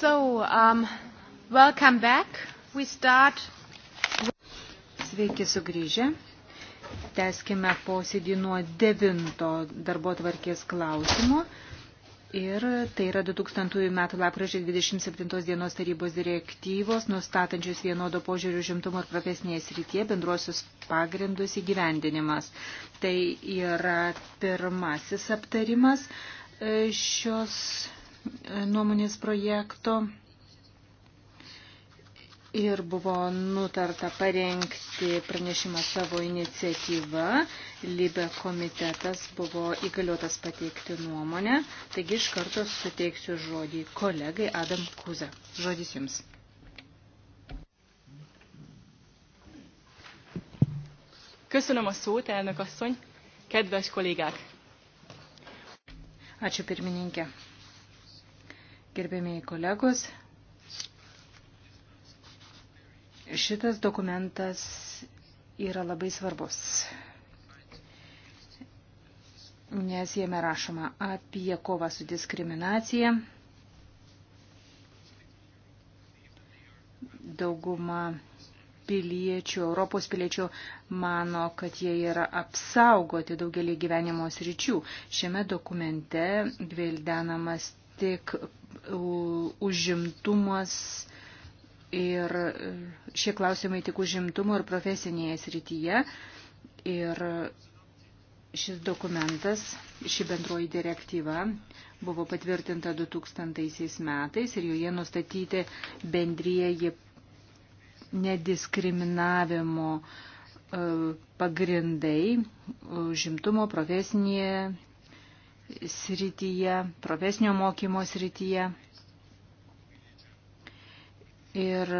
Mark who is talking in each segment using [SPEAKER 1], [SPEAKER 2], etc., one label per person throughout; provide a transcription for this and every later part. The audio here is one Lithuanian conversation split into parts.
[SPEAKER 1] So, um, welcome back. We start. Sveiki sugrįžę. Teskime posėdį nuo devinto darbo tvarkės klausimo. Ir tai yra 2000 metų lapkričio 27 dienos tarybos direktyvos, nustatančios vienodo požiūrių žimtumo ir profesinėje srityje bendruosius pagrindus įgyvendinimas. Tai yra pirmasis aptarimas e, šios nuomonės projekto ir buvo nutarta parengti pranešimą savo iniciatyvą. Libe komitetas buvo įgaliotas pateikti nuomonę, taigi iš karto suteiksiu žodį kolegai Adam Kuza. Žodis jums. Köszönöm a szót, elnök asszony, kedves kollégák! Ačiū pirmininkė. Gerbėmiai kolegos, šitas dokumentas yra labai svarbus, nes jame rašoma apie kovą su diskriminacija. Dauguma piliečių, Europos piliečių mano, kad jie yra apsaugoti daugelį gyvenimo sričių. Šiame dokumente gvildenamas tik užimtumas ir e, šie klausimai tik užimtumo ir profesinėje srityje. Ir šis dokumentas, ši bendroji direktyva buvo patvirtinta 2000 metais ir joje nustatyti bendrieji nediskriminavimo e, pagrindai žimtumo profesinėje srityje, profesinio mokymo srityje. Ir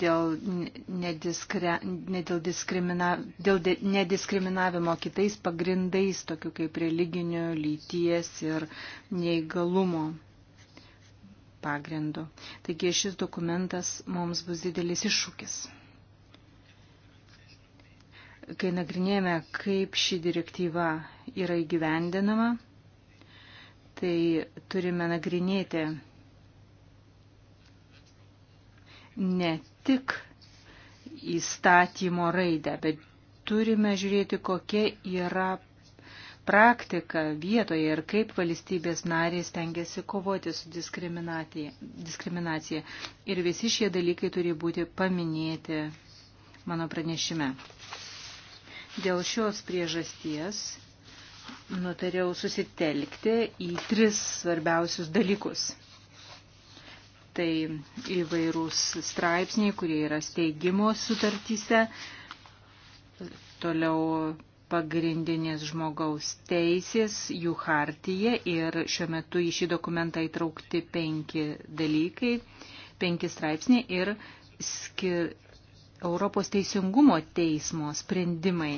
[SPEAKER 1] dėl, nediskre, ne dėl, diskrimina, dėl de, nediskriminavimo kitais pagrindais, tokių kaip religinio, lyties ir neįgalumo pagrindu. Taigi šis dokumentas mums bus didelis iššūkis kai nagrinėjame, kaip ši direktyva yra įgyvendinama, tai turime nagrinėti ne tik įstatymo raidę, bet turime žiūrėti, kokia yra praktika vietoje ir kaip valstybės narės tengiasi kovoti su diskriminacija. Ir visi šie dalykai turi būti paminėti mano pranešime. Dėl šios priežasties nutariau susitelkti į tris svarbiausius dalykus. Tai įvairūs straipsniai, kurie yra steigimo sutartyse, toliau pagrindinės žmogaus teisės, jų hartyje ir šiuo metu į šį dokumentą įtraukti penki dalykai, penki straipsniai ir skir Europos teisingumo teismo sprendimai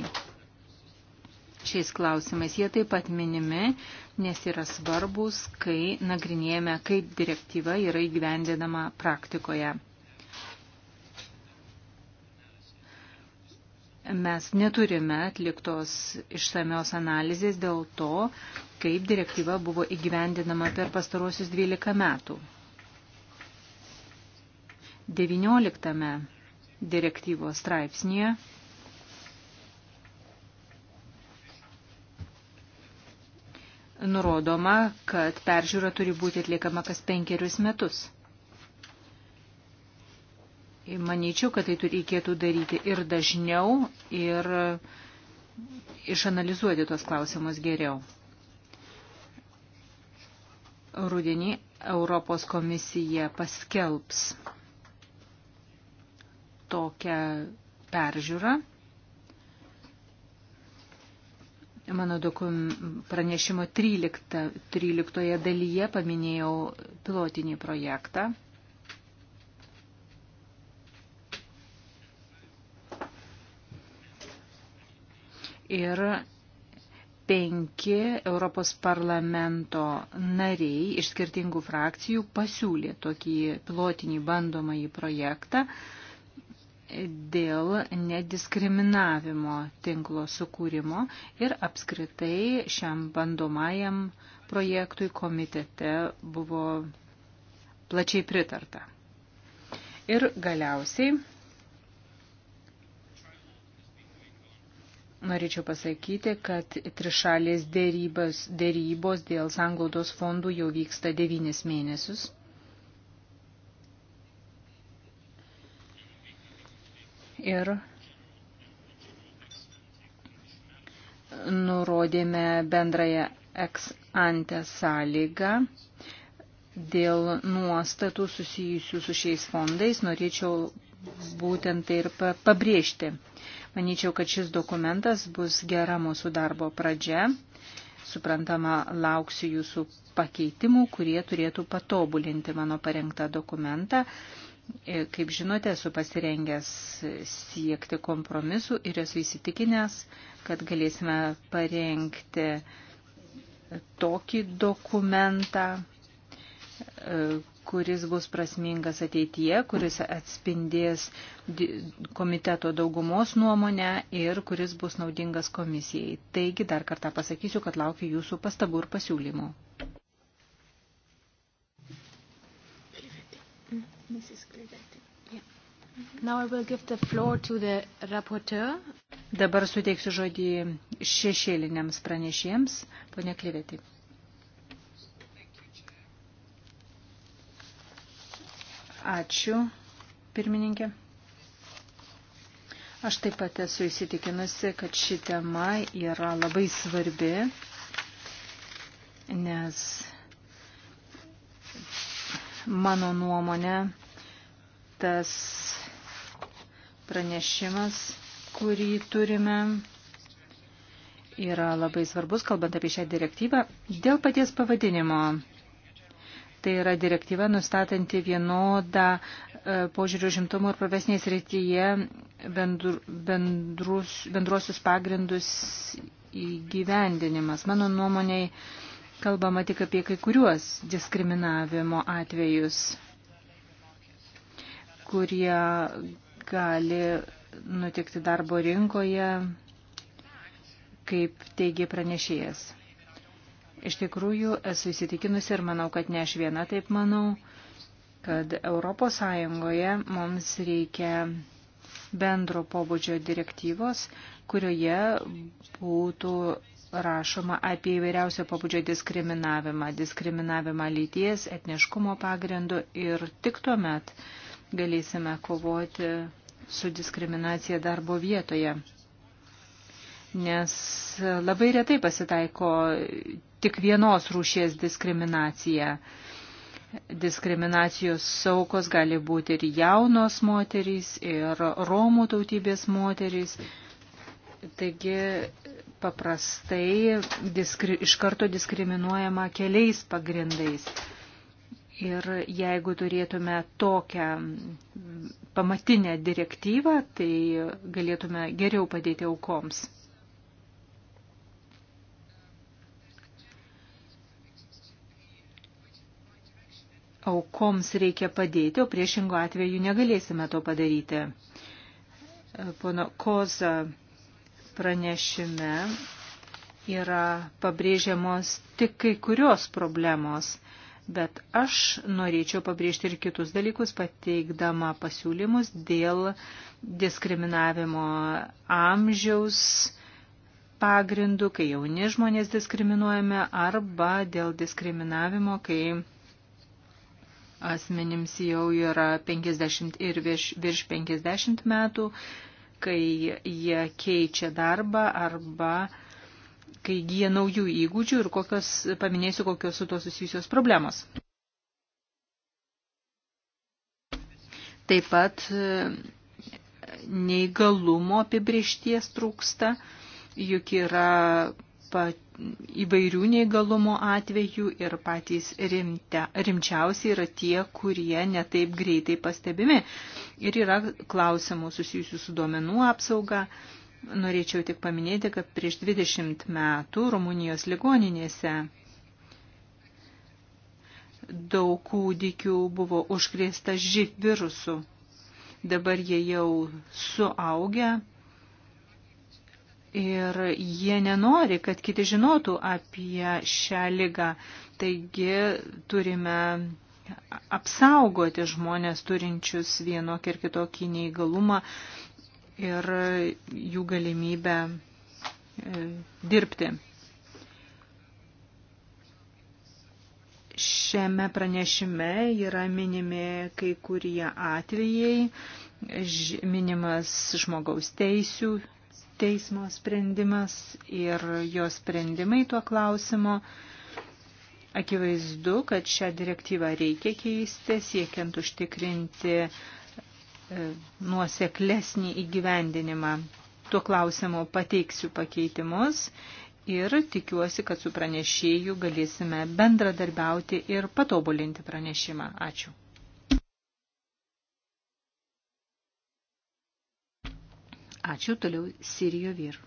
[SPEAKER 1] šiais klausimais. Jie taip pat minimi, nes yra svarbus, kai nagrinėjame, kaip direktyva yra įgyvendinama praktikoje. Mes neturime atliktos išsamios analizės dėl to, kaip direktyva buvo įgyvendinama per pastarosius 12 metų. 19 direktyvos straipsnėje. Nurodoma, kad peržiūra turi būti atliekama kas penkerius metus. Manyčiau, kad tai reikėtų daryti ir dažniau, ir išanalizuoti tos klausimus geriau. Rudenį Europos komisija paskelbs tokią peržiūrą. Mano dokum, pranešimo 13, 13 dalyje paminėjau pilotinį projektą. Ir penki Europos parlamento nariai iš skirtingų frakcijų pasiūlė tokį pilotinį bandomąjį projektą, uh, dėl nediskriminavimo tinklo sukūrimo ir apskritai šiam bandomajam projektui komitete buvo plačiai pritarta. Ir galiausiai norėčiau pasakyti, kad trišalės dėrybos, dėrybos dėl sanglaudos fondų jau vyksta devynis mėnesius. ir nurodėme bendrąją ex ante sąlygą dėl nuostatų susijusių su šiais fondais. Norėčiau būtent tai ir pabrėžti. Manyčiau, kad šis dokumentas bus gera mūsų darbo pradžia. Suprantama, lauksiu jūsų pakeitimų, kurie turėtų patobulinti mano parengtą dokumentą E, kaip žinote, esu pasirengęs siekti kompromisų ir esu įsitikinęs, kad galėsime parengti tokį dokumentą, e, kuris bus prasmingas ateityje, kuris atspindės komiteto daugumos nuomonę ir kuris bus naudingas komisijai. Taigi dar kartą pasakysiu, kad laukiu jūsų pastabų ir pasiūlymų. Mrs. Klidaitė. Yeah. Now I will give the floor to the rapporteur. Dabar suteiksiu žodį šešėliniams pranešėjams. Pone Klivetį. Ačiū, pirmininkė. Aš taip pat esu įsitikinusi, kad ši tema yra labai svarbi, nes mano nuomonė tas pranešimas, kurį turime, yra labai svarbus, kalbant apie šią direktyvą, dėl paties pavadinimo. Tai yra direktyva nustatanti vienodą e, požiūrių žimtumų ir profesinės rytyje bendru, bendrus, bendruosius pagrindus įgyvendinimas. Mano nuomoniai kalbama tik apie kai kuriuos diskriminavimo atvejus kurie gali nutikti darbo rinkoje, kaip teigia pranešėjas. Iš tikrųjų, esu įsitikinusi ir manau, kad ne aš viena taip manau, kad Europos Sąjungoje mums reikia bendro pobūdžio direktyvos, kurioje būtų rašoma apie įvairiausio pobūdžio diskriminavimą, diskriminavimą lyties, etniškumo pagrindu ir tik tuomet met galėsime kovoti su diskriminacija darbo vietoje. Nes labai retai pasitaiko tik vienos rūšies diskriminacija. Diskriminacijos saukos gali būti ir jaunos moterys, ir romų tautybės moterys. Taigi paprastai diskri, iš karto diskriminuojama keliais pagrindais. Ir jeigu turėtume tokią pamatinę direktyvą, tai galėtume geriau padėti aukoms. Aukoms reikia padėti, o priešingo atveju negalėsime to padaryti. Pono Koza pranešime yra pabrėžiamos tik kai kurios problemos – Bet aš norėčiau pabrėžti ir kitus dalykus, pateikdama pasiūlymus dėl diskriminavimo amžiaus pagrindų, kai jauni žmonės diskriminuojame, arba dėl diskriminavimo, kai asmenims jau yra 50 ir virš, virš 50 metų, kai jie keičia darbą arba uh, kai gyja naujų įgūdžių ir kokios, paminėsiu, kokios su to susijusios problemos. Taip pat e, neįgalumo apibriešties trūksta, juk yra pa, įvairių neįgalumo atvejų ir patys rimte, rimčiausiai yra tie, kurie netaip greitai pastebimi. Ir yra klausimų susijusių su duomenų apsauga, Norėčiau tik paminėti, kad prieš 20 metų Rumunijos ligoninėse daug kūdikių buvo užkrėsta živ virusu. Dabar jie jau suaugę ir jie nenori, kad kiti žinotų apie šią ligą. Taigi turime apsaugoti žmonės turinčius vienokį ir kitokį neįgalumą ir jų galimybę e, dirbti. Šiame pranešime yra minimi kai kurie atvejai, minimas žmogaus teisių teismo sprendimas ir jo sprendimai tuo klausimo. Akivaizdu, kad šią direktyvą reikia keisti, siekiant užtikrinti uh, E, nuoseklesnį įgyvendinimą. Tuo klausimu pateiksiu pakeitimus ir tikiuosi, kad su pranešėju galėsime bendradarbiauti ir patobulinti pranešimą. Ačiū. Ačiū toliau Sirijo vyrų.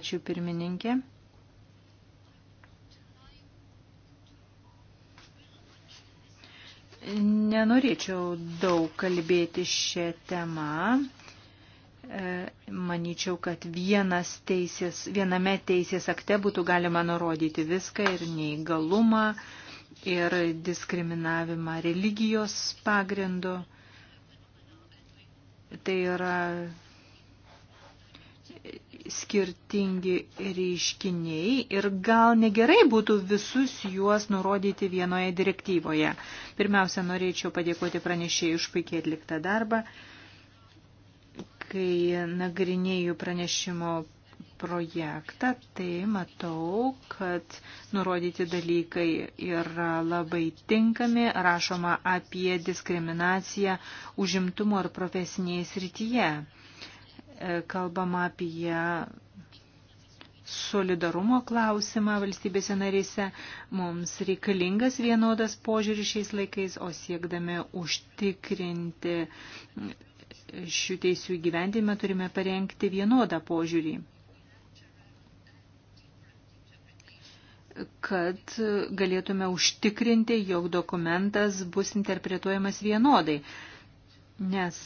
[SPEAKER 1] Ačiū pirmininkė. Nenorėčiau daug kalbėti šią temą. E, manyčiau, kad vienas teisės, viename teisės akte būtų galima nurodyti viską ir neįgalumą, ir diskriminavimą religijos pagrindu. Tai yra skirtingi reiškiniai ir gal negerai būtų visus juos nurodyti vienoje direktyvoje. Pirmiausia, norėčiau padėkoti pranešėjai už puikiai atliktą darbą. Kai nagrinėjau pranešimo projektą, tai matau, kad nurodyti dalykai yra labai tinkami, rašoma apie diskriminaciją užimtumo ir profesinėje srityje. E, kalbama apie solidarumo klausimą valstybėse narėse. Mums reikalingas vienodas požiūris šiais laikais, o siekdami užtikrinti šių teisių įgyvendimą turime parengti vienodą požiūrį. kad galėtume užtikrinti, jog dokumentas bus interpretuojamas vienodai. Nes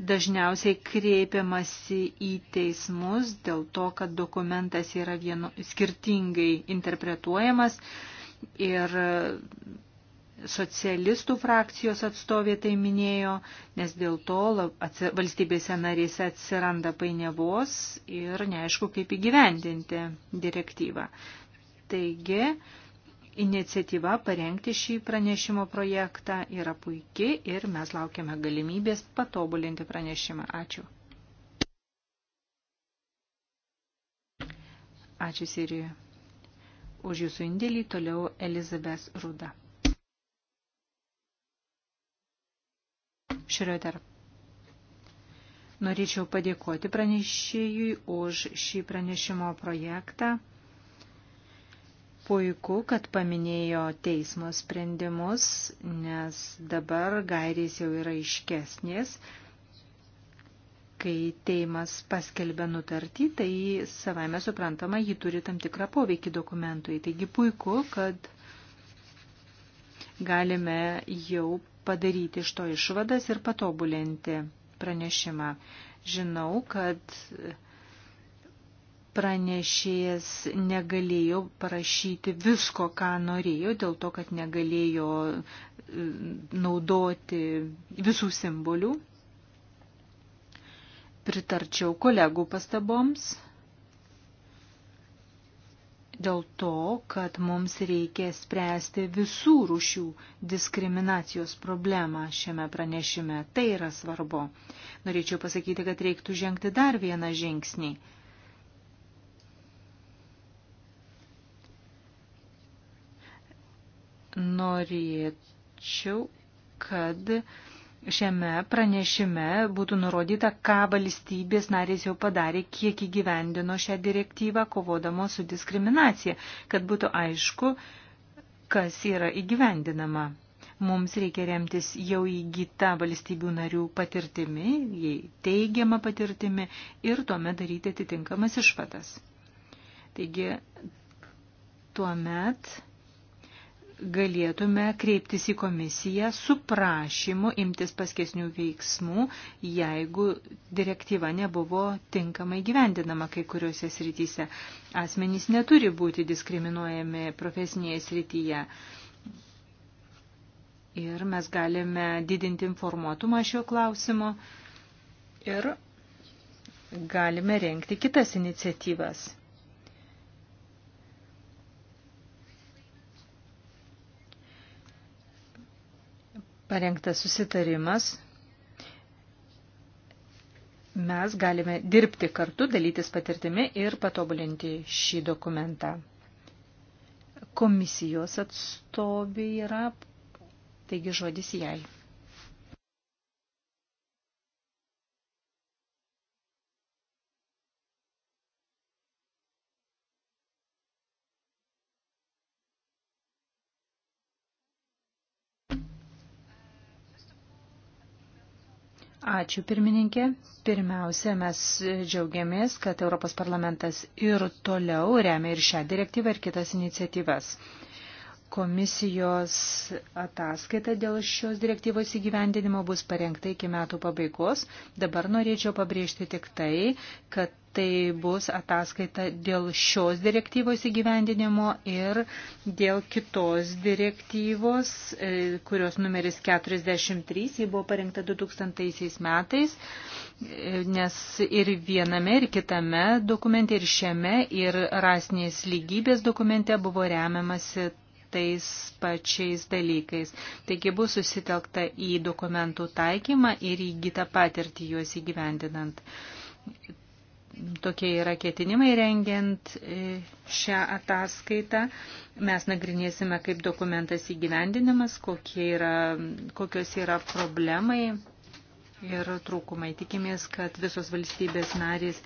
[SPEAKER 1] dažniausiai kreipiamasi į teismus dėl to, kad dokumentas yra vienu, skirtingai interpretuojamas ir socialistų frakcijos atstovė tai minėjo, nes dėl to valstybėse narėse atsiranda painiavos ir neaišku, kaip įgyvendinti direktyvą. Taigi, iniciatyva parengti šį pranešimo projektą yra puikiai ir mes laukiame galimybės patobulinti pranešimą. Ačiū. Ačiū Sirijoje. Už jūsų indėlį toliau Elizabeth Ruda. Šrioder. Norėčiau padėkoti pranešėjui už šį pranešimo projektą. Puiku, kad paminėjo teismo sprendimus, nes dabar gairės jau yra iškesnės. Kai teimas paskelbė nutartį, tai savai mes suprantama, ji turi tam tikrą poveikį dokumentui. Taigi puiku, kad galime jau padaryti iš to išvadas ir patobulinti pranešimą. Žinau, kad pranešėjas negalėjo parašyti visko, ką norėjo, dėl to, kad negalėjo e, naudoti visų simbolių. Pritarčiau kolegų pastaboms dėl to, kad mums reikia spręsti visų rušių diskriminacijos problemą šiame pranešime. Tai yra svarbu. Norėčiau pasakyti, kad reiktų žengti dar vieną žingsnį norėčiau, kad šiame pranešime būtų nurodyta, ką valstybės narės jau padarė, kiek įgyvendino šią direktyvą kovodamo su diskriminacija, kad būtų aišku, kas yra įgyvendinama. Mums reikia remtis jau įgyta valstybių narių patirtimi, jai teigiama patirtimi ir tuomet daryti atitinkamas išvadas. Taigi, tuomet galėtume kreiptis į komisiją su prašymu imtis paskesnių veiksmų, jeigu direktyva nebuvo tinkamai gyvendinama kai kuriuose srityse. Asmenys neturi būti diskriminuojami profesinėje srityje. Ir mes galime didinti informuotumą šio klausimo ir galime renkti kitas iniciatyvas. parengtas susitarimas, mes galime dirbti kartu, dalytis patirtimi ir patobulinti šį dokumentą. Komisijos atstovai yra, taigi žodis jai. Ačiū pirmininkė. Pirmiausia, mes džiaugiamės, kad Europos parlamentas ir toliau remia ir šią direktyvą, ir kitas iniciatyvas. Komisijos ataskaita dėl šios direktyvos įgyvendinimo bus parengta iki metų pabaigos. Dabar norėčiau pabrėžti tik tai, kad tai bus ataskaita dėl šios direktyvos įgyvendinimo ir dėl kitos direktyvos, e, kurios numeris 43, jį buvo parengta 2000 metais, e, nes ir viename, ir kitame dokumente, ir šiame, ir rasinės lygybės dokumente buvo remiamasi tais pačiais dalykais. Taigi bus susitelkta į dokumentų taikymą ir įgytą patirtį juos įgyvendinant. Tokie yra ketinimai rengiant e, šią ataskaitą. Mes nagrinėsime, kaip dokumentas įgyvendinamas, kokie yra, kokios yra problemai ir trūkumai. Tikimės, kad visos valstybės narys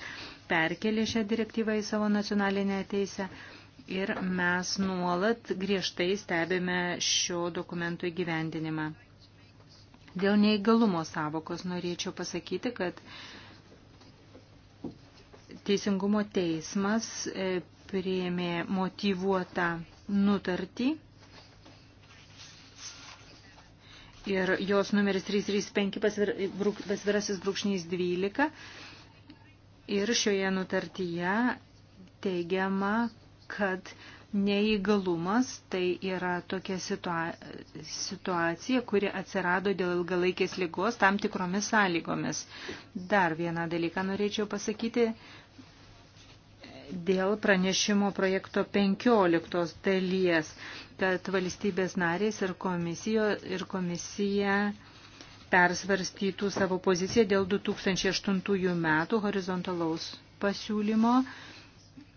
[SPEAKER 1] perkelė šią direktyvą į savo nacionalinę teisę ir mes nuolat griežtai stebime šio dokumento įgyvendinimą. Dėl neįgalumo savokos norėčiau pasakyti, kad Teisingumo teismas e, priėmė motyvuotą nutartį ir jos numeris 335 pasvirasis brūkšnys 12 ir šioje nutartyje teigiama, kad neįgalumas tai yra tokia situa situacija, kuri atsirado dėl ilgalaikės lygos tam tikromis sąlygomis. Dar vieną dalyką norėčiau pasakyti dėl pranešimo projekto 15 dalies, kad valstybės narės ir, komisijo, ir komisija persvarstytų savo poziciją dėl 2008 metų horizontalaus pasiūlymo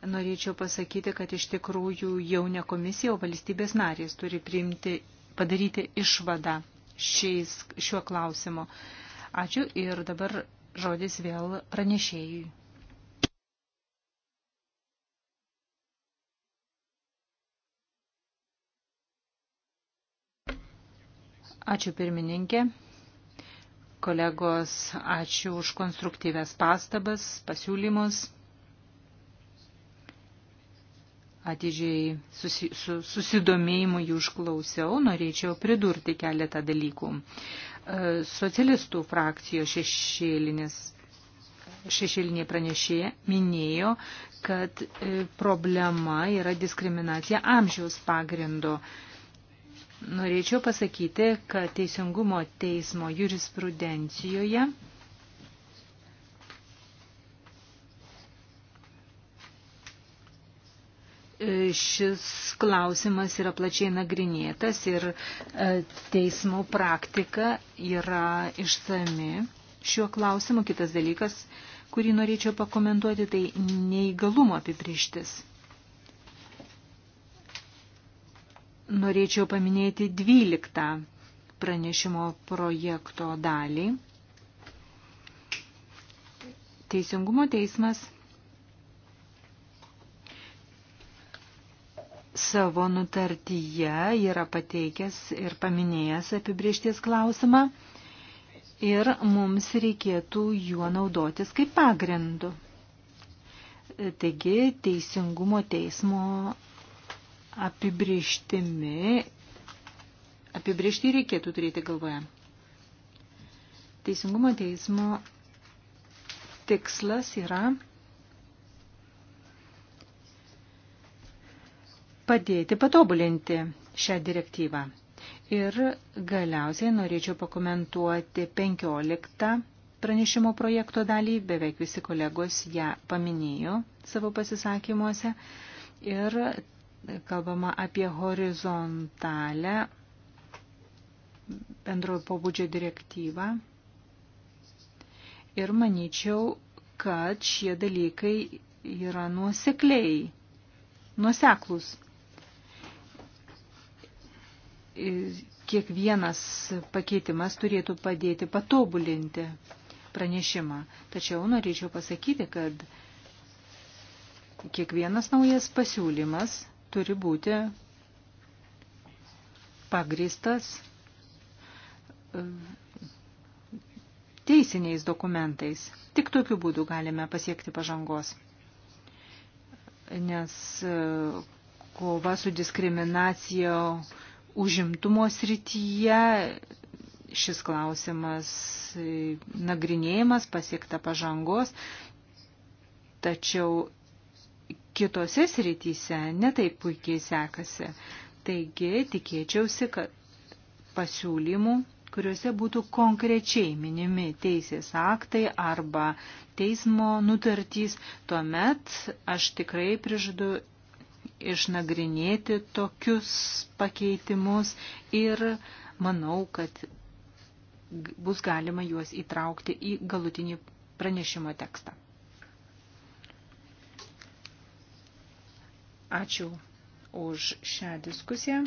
[SPEAKER 1] norėčiau pasakyti, kad iš tikrųjų jau ne komisija, o valstybės narės turi priimti, padaryti išvadą šiais, šiuo klausimu. Ačiū ir dabar žodis vėl pranešėjui. Ačiū pirmininkė. Kolegos, ačiū už konstruktyves pastabas, pasiūlymus. atidžiai susi, su susidomėjimu jų išklausiau, norėčiau pridurti keletą dalykų. E, socialistų frakcijos šešėlinis šešėlinė pranešėja minėjo, kad e, problema yra diskriminacija amžiaus pagrindo. Norėčiau pasakyti, kad Teisingumo teismo jurisprudencijoje E, šis klausimas yra plačiai nagrinėtas ir e, teismo praktika yra išsami šiuo klausimu. Kitas dalykas, kurį norėčiau pakomentuoti, tai neįgalumo apibrištis. Norėčiau paminėti 12 pranešimo projekto dalį. Teisingumo teismas savo nutartyje yra pateikęs ir paminėjęs apibriešties klausimą ir mums reikėtų juo naudotis kaip pagrindu. Taigi teisingumo teismo apibrieštimi, apibriešti reikėtų turėti galvoje. Teisingumo teismo tikslas yra padėti patobulinti šią direktyvą. Ir galiausiai norėčiau pakomentuoti 15 pranešimo projekto dalį, beveik visi kolegos ją paminėjo savo pasisakymuose. Ir kalbama apie horizontalę bendrojo pobūdžio direktyvą. Ir manyčiau, kad šie dalykai yra nuosekliai, nuoseklus kiekvienas pakeitimas turėtų padėti patobulinti pranešimą. Tačiau norėčiau pasakyti, kad kiekvienas naujas pasiūlymas turi būti pagristas e, teisiniais dokumentais. Tik tokiu būdu galime pasiekti pažangos. Nes e, kova su diskriminacija užimtumo srityje šis klausimas nagrinėjimas pasiekta pažangos, tačiau kitose srityse netaip puikiai sekasi. Taigi tikėčiausi, kad pasiūlymų, kuriuose būtų konkrečiai minimi teisės aktai arba teismo nutartys, tuomet aš tikrai prižadu išnagrinėti tokius pakeitimus ir manau, kad bus galima juos įtraukti į galutinį pranešimo tekstą. Ačiū už šią diskusiją.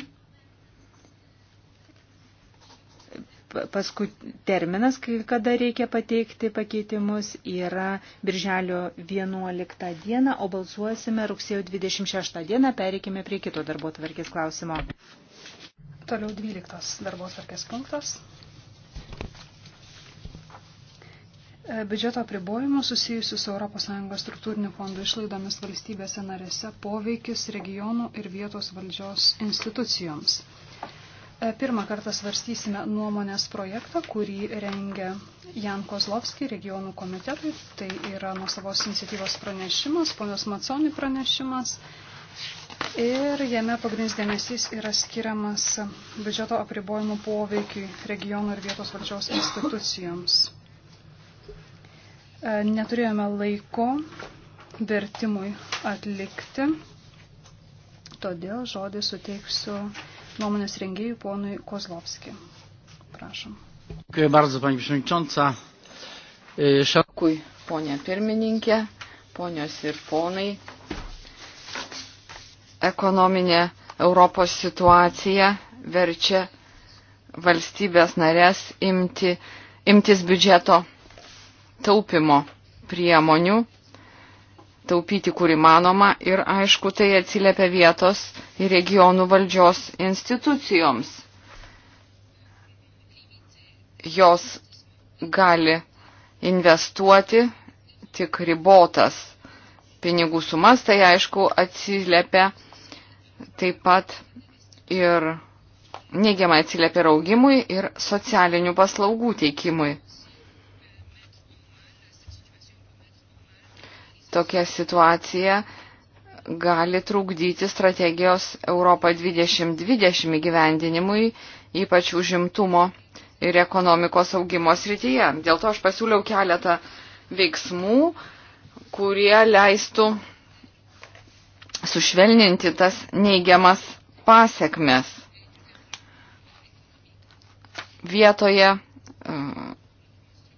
[SPEAKER 1] paskui terminas, kai kada reikia pateikti pakeitimus, yra birželio 11 dieną, o balsuosime rugsėjo 26 dieną. Pereikime prie kito darbo tvarkės klausimo.
[SPEAKER 2] Toliau 12 darbo tvarkės punktas. E, biudžeto apribojimų susijusių su ES struktūrinių fondų išlaidomis valstybėse narėse poveikis regionų ir vietos valdžios institucijoms. E, pirmą kartą svarstysime nuomonės projektą, kurį rengia Jan Kozlovski regionų komitetui. Tai yra nuo savos iniciatyvos pranešimas, ponios Maconi pranešimas. Ir jame pagrindinis dėmesys yra skiriamas biudžeto apribojimų poveikiui regionų ir vietos valdžios institucijoms. E, neturėjome laiko vertimui atlikti, todėl žodį suteiksiu nuomonės rengėjų ponui Kozlovski. Prašom.
[SPEAKER 1] Dziękuję bardzo, pani
[SPEAKER 3] przewodnicząca. Šakui, e,
[SPEAKER 2] ponė pirmininkė, ponios
[SPEAKER 3] ir ponai, ekonominė Europos situacija verčia valstybės narės imti, imtis biudžeto taupimo priemonių taupyti kur įmanoma ir aišku tai atsiliepia vietos ir regionų valdžios institucijoms. Jos gali investuoti tik ribotas pinigų sumas, tai aišku atsiliepia taip pat ir neigiamai atsiliepia augimui ir socialinių paslaugų teikimui. tokia situacija gali trukdyti strategijos Europą 2020 įgyvendinimui, ypač užimtumo ir ekonomikos augimo srityje. Dėl to aš pasiūliau keletą veiksmų, kurie leistų sušvelninti tas neigiamas pasiekmes. Vietoje, e,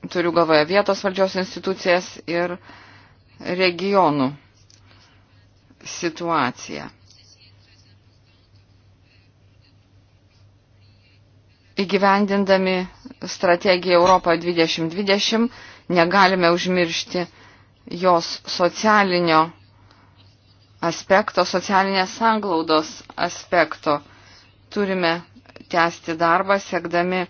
[SPEAKER 3] turiu galvoje vietos valdžios institucijas ir uh, regionų situaciją. Įgyvendindami strategiją Europą 2020 negalime užmiršti jos socialinio aspekto, socialinės sanglaudos aspekto. Turime tęsti darbą, siekdami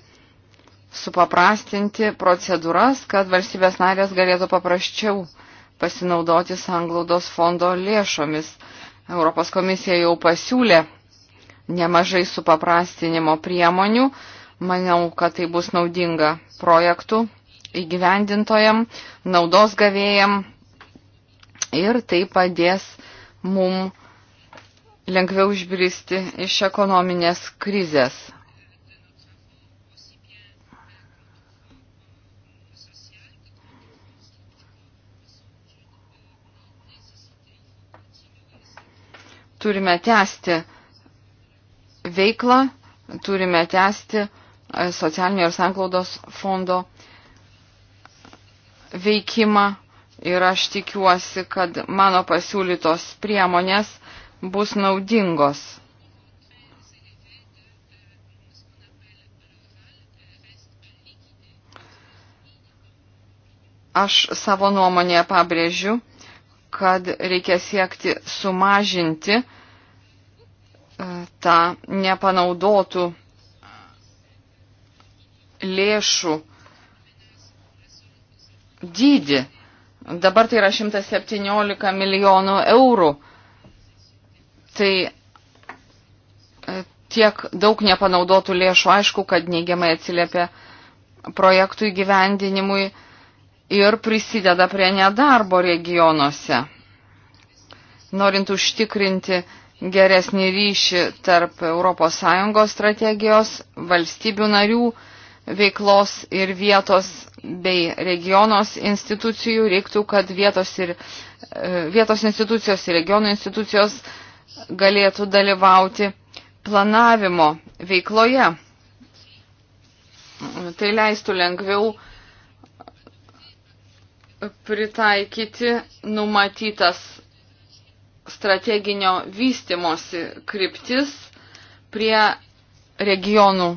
[SPEAKER 3] supaprastinti procedūras, kad valstybės narės galėtų paprasčiau pasinaudoti sanglaudos fondo lėšomis. Europos komisija jau pasiūlė nemažai supaprastinimo priemonių. Maniau, kad tai bus naudinga projektų įgyvendintojam, naudos gavėjam ir tai padės mum lengviau išbristi iš ekonominės krizės. turime tęsti veiklą, turime tęsti e, socialinio ir sanklaudos fondo veikimą ir aš tikiuosi, kad mano pasiūlytos priemonės bus naudingos. Aš savo nuomonėje pabrėžiu, kad reikia siekti sumažinti E, tą nepanaudotų lėšų dydį. Dabar tai yra 117 milijonų eurų. Tai e, tiek daug nepanaudotų lėšų, aišku, kad neigiamai atsiliepia projektų įgyvendinimui ir prisideda prie nedarbo regionuose. Norint užtikrinti geresnį ryšį tarp ES strategijos, valstybių narių veiklos ir vietos bei regionos institucijų. Reiktų, kad vietos, ir, e, vietos institucijos ir regionų institucijos galėtų dalyvauti planavimo veikloje. Tai leistų lengviau pritaikyti numatytas strateginio vystimosi kryptis prie regionų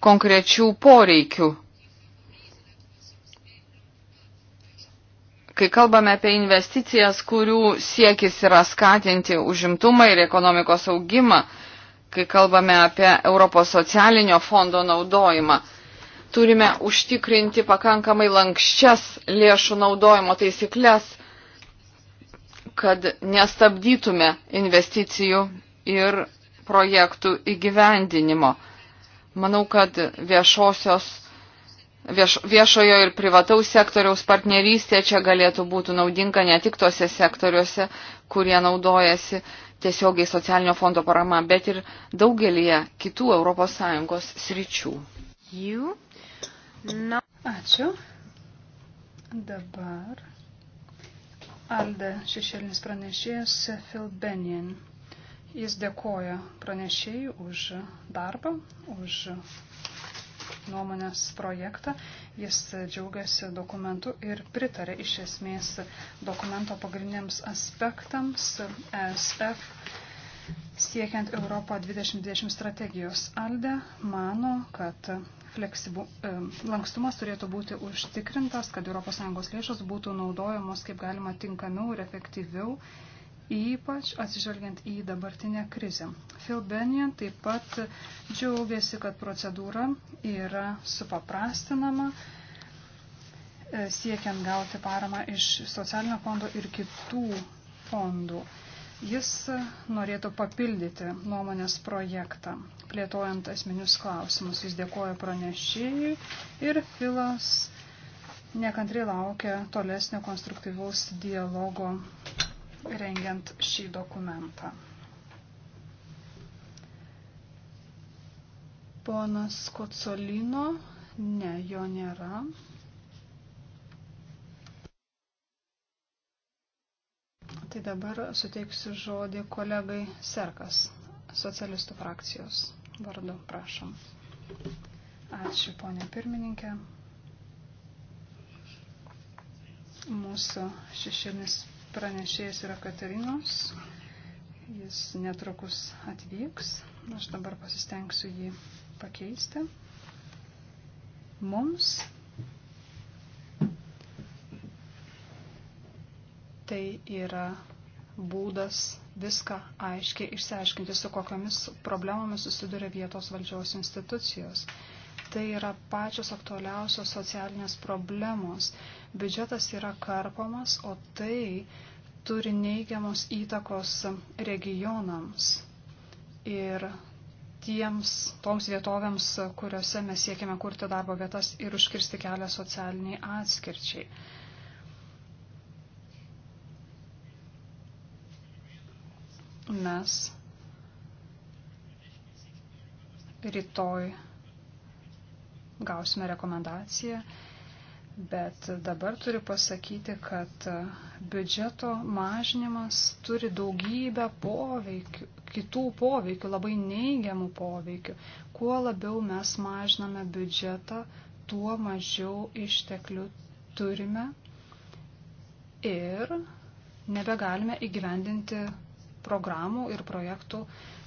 [SPEAKER 3] konkrečių poreikių. Kai kalbame apie investicijas, kurių siekis yra skatinti užimtumą ir ekonomikos augimą, kai kalbame apie Europos socialinio fondo naudojimą, turime užtikrinti pakankamai lankščias lėšų naudojimo taisyklės, kad nestabdytume investicijų ir projektų įgyvendinimo. Manau, kad viešosios, vieš, viešojo ir privataus sektoriaus partnerystė čia galėtų būti naudinga ne tik tose sektoriuose, kurie naudojasi tiesiogiai socialinio fondo parama, bet ir daugelie kitų ES sričių.
[SPEAKER 2] Ačiū. Dabar Alde šešėlinis pranešėjas Phil Benjen. Jis dėkoja pranešėjai už darbą, už nuomonės projektą. Jis džiaugiasi dokumentu ir pritarė iš esmės dokumento pagrindiniams aspektams ESF siekiant Europą 2020 strategijos. Alde mano, kad fleksibu, e, lankstumas turėtų būti užtikrintas, kad ES lėšos būtų naudojamos kaip galima tinkamiau ir efektyviau, ypač atsižvelgiant į dabartinę krizę. Phil Benjen taip pat džiaugiasi, kad procedūra yra supaprastinama e, siekiant gauti paramą iš socialinio fondo ir kitų fondų. Jis norėtų papildyti nuomonės projektą, plėtojant asmenius klausimus. Jis dėkoja pranešėjui ir Filas nekantri laukia tolesnio konstruktyvaus dialogo rengiant šį dokumentą. Ponas Kocolino, ne, jo nėra. Tai dabar suteiksiu žodį kolegai Serkas, socialistų frakcijos vardu, prašom. Ačiū, ponė pirmininkė. Mūsų šešėlis pranešėjas yra Katarinos. Jis netrukus atvyks. Aš dabar pasistengsiu jį pakeisti. Mums Tai yra būdas viską aiškiai išsiaiškinti, su kokiamis problemomis susiduria vietos valdžios institucijos. Tai yra pačios aktualiausios socialinės problemos. Biudžetas yra karpomas, o tai turi neigiamos įtakos regionams ir tiems, toms vietovėms, kuriuose mes siekime kurti darbo vietas ir užkirsti kelią socialiniai atskirčiai. mes rytoj gausime rekomendaciją, bet dabar turiu pasakyti, kad biudžeto mažinimas turi daugybę poveikių, kitų poveikių, labai neigiamų poveikių. Kuo labiau mes mažiname biudžetą, tuo mažiau išteklių turime ir nebegalime įgyvendinti programų ir projektų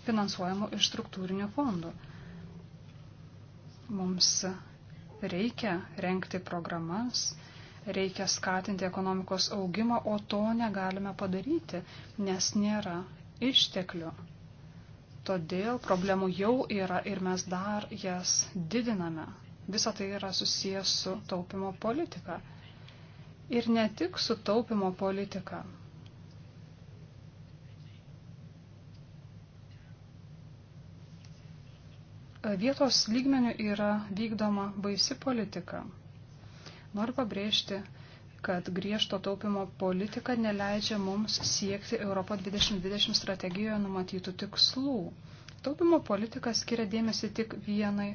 [SPEAKER 2] finansuojamų iš struktūrinių fondų. Mums reikia renkti programas, reikia skatinti ekonomikos augimą, o to negalime padaryti, nes nėra išteklių. Todėl problemų jau yra ir mes dar jas didiname. Visa tai yra susijęs su taupimo politika. Ir ne tik su taupimo politika, Vietos lygmenių yra vykdoma baisi politika. Noriu pabrėžti, kad griežto taupimo politika neleidžia mums siekti Europo 2020 strategijoje numatytų tikslų. Taupimo politika skiria dėmesį tik vienai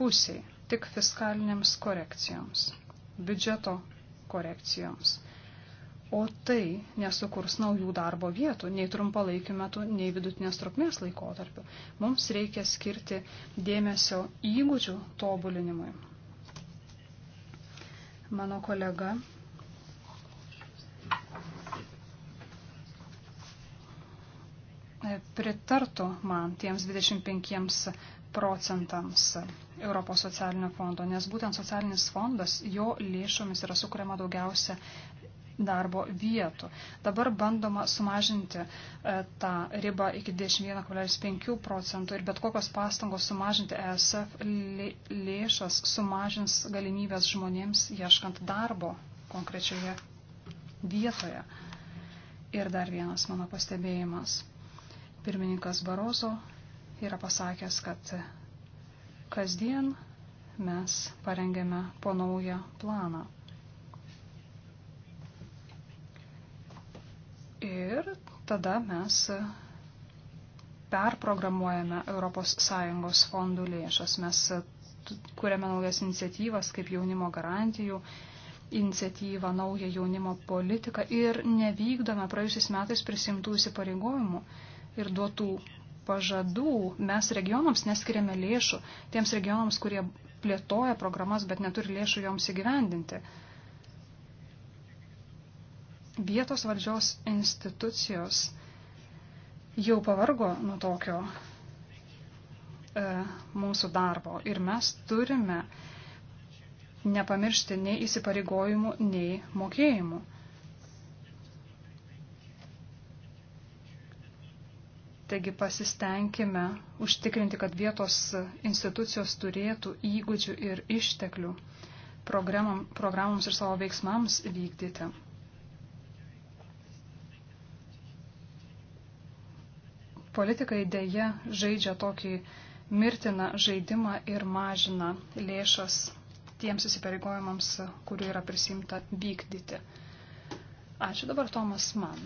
[SPEAKER 2] pusiai, tik fiskalinėms korekcijoms, biudžeto korekcijoms o tai nesukurs naujų darbo vietų nei trumpalaikiu metu, nei vidutinės trukmės laikotarpiu. Mums reikia skirti dėmesio įgūdžių tobulinimui. Mano kolega pritartų man tiems 25 procentams Europos socialinio fondo, nes būtent socialinis fondas, jo lėšomis yra sukuriama daugiausia darbo vietų. Dabar bandoma sumažinti e, tą ribą iki 21,5 procentų ir bet kokios pastangos sumažinti ESF lėšas sumažins galimybės žmonėms ieškant darbo konkrečioje vietoje. Ir dar vienas mano pastebėjimas. Pirmininkas Barozo yra pasakęs, kad kasdien mes parengėme po naują planą Ir tada mes perprogramuojame ES fondų lėšas. Mes kuriame naujas iniciatyvas kaip jaunimo garantijų iniciatyvą, naują jaunimo politiką ir nevykdome praėjusiais metais prisimtų įsipareigojimų ir duotų pažadų. Mes regionams neskiriame lėšų, tiems regionams, kurie plėtoja programas, bet neturi lėšų joms įgyvendinti. Vietos valdžios institucijos jau pavargo nuo tokio e, mūsų darbo ir mes turime nepamiršti nei įsipareigojimų, nei mokėjimų. Taigi pasistengime užtikrinti, kad vietos institucijos turėtų įgūdžių ir išteklių programoms ir savo veiksmams vykdyti. Politikai dėja žaidžia tokį mirtiną žaidimą ir mažina lėšas tiems įsipareigojimams, kurių yra prisimta vykdyti. Ačiū dabar Tomas Man.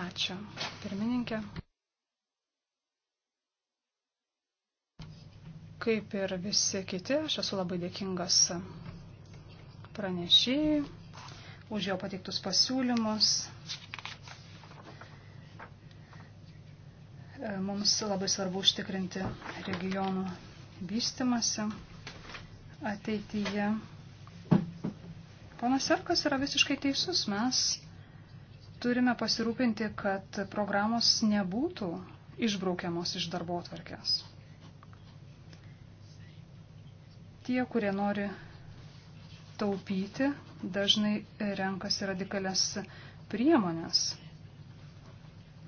[SPEAKER 2] Ačiū. Pirmininkė. Kaip ir visi kiti, aš esu labai dėkingas pranešėjai už jo pateiktus pasiūlymus Mums labai svarbu užtikrinti regionų vystimasi ateityje. Ponas Serkas yra visiškai teisus. Mes turime pasirūpinti, kad programos nebūtų išbraukiamos iš darbo atvarkės. Tie, kurie nori taupyti, dažnai renkasi radikalias priemonės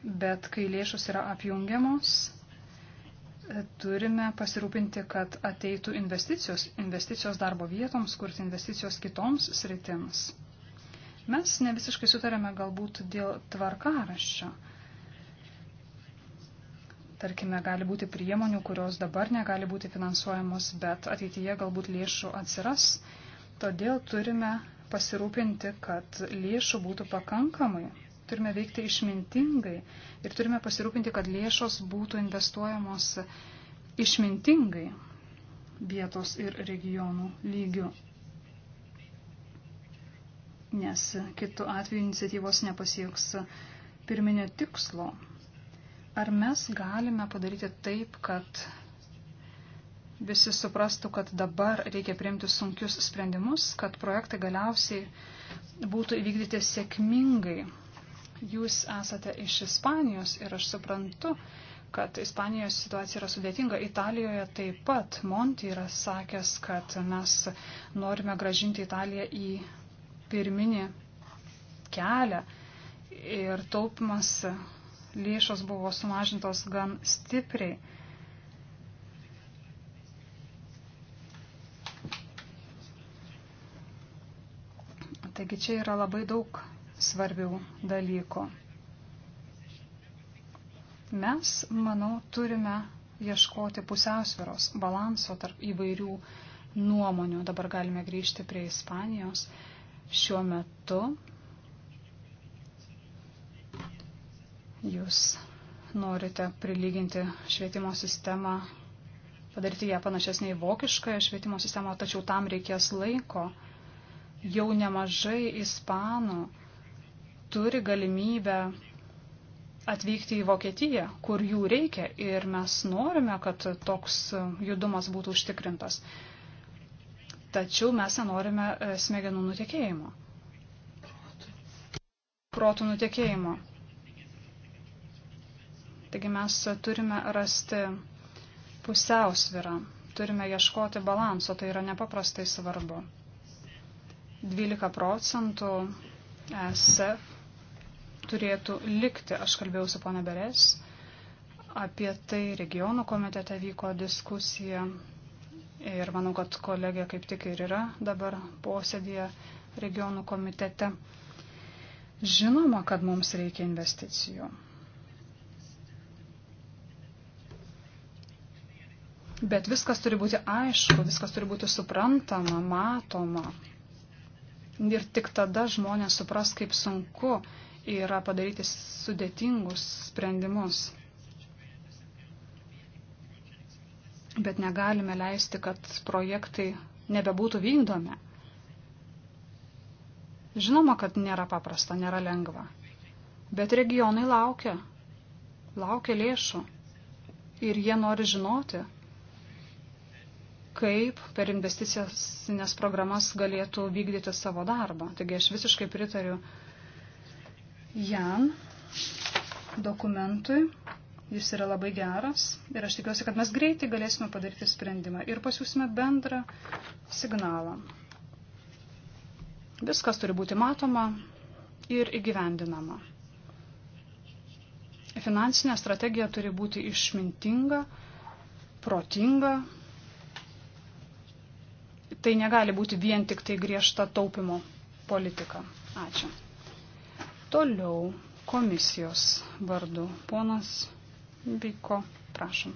[SPEAKER 2] bet kai lėšos yra apjungiamos, e, turime pasirūpinti, kad ateitų investicijos, investicijos darbo vietoms, kurti investicijos kitoms sritims. Mes ne visiškai sutarėme galbūt dėl tvarkaraščio. Tarkime, gali būti priemonių, kurios dabar negali būti finansuojamos, bet ateityje galbūt lėšų atsiras. Todėl turime pasirūpinti, kad lėšų būtų pakankamai Turime veikti išmintingai ir turime pasirūpinti, kad lėšos būtų investuojamos išmintingai vietos ir regionų lygių. Nes kitų atveju iniciatyvos nepasieks pirminio tikslo. Ar mes galime padaryti taip, kad visi suprastų, kad dabar reikia priimti sunkius sprendimus, kad projektai galiausiai būtų įvykdyti sėkmingai, Jūs esate iš Ispanijos ir aš suprantu, kad Ispanijos situacija yra sudėtinga. Italijoje taip pat Monti yra sakęs, kad mes norime gražinti Italiją į pirminį kelią. Ir taupimas lėšos buvo sumažintos gan stipriai. Taigi čia yra labai daug svarbių dalykų. Mes, manau, turime ieškoti pusiausviros, balanso tarp įvairių nuomonių. Dabar galime grįžti prie Ispanijos. Šiuo metu jūs norite prilyginti švietimo sistemą, padaryti ją panašesnį į vokiškąją švietimo sistemą, tačiau tam reikės laiko. Jau nemažai ispanų turi galimybę atvykti į Vokietiją, kur jų reikia ir mes norime, kad toks judumas būtų užtikrintas. Tačiau mes nenorime e, smegenų nutekėjimo. Protų nutekėjimo. Taigi mes turime rasti pusiausvirą, turime ieškoti balanso, tai yra nepaprastai svarbu. 12 procentų SF e turėtų likti. Aš kalbėjau su pana Beres, apie tai regionų komitete vyko diskusija ir manau, kad kolegė kaip tik ir yra dabar posėdėje regionų komitete. Žinoma, kad mums reikia investicijų. Bet viskas turi būti aišku, viskas turi būti suprantama, matoma. Ir tik tada žmonės supras, kaip sunku yra padaryti sudėtingus sprendimus. Bet negalime leisti, kad projektai nebebūtų vykdomi. Žinoma, kad nėra paprasta, nėra lengva. Bet regionai laukia, laukia lėšų. Ir jie nori žinoti, kaip per investicinės programas galėtų vykdyti savo darbą. Taigi aš visiškai pritariu uh, Jan dokumentui. Jis yra labai geras ir aš tikiuosi, kad mes greitai galėsime padaryti sprendimą ir pasiūsime bendrą signalą. Viskas turi būti matoma ir įgyvendinama. Finansinė strategija turi būti išmintinga, protinga. Tai negali būti vien tik tai griežta taupimo politika. Ačiū. Toliau komisijos vardu. Ponas Biko, prašom.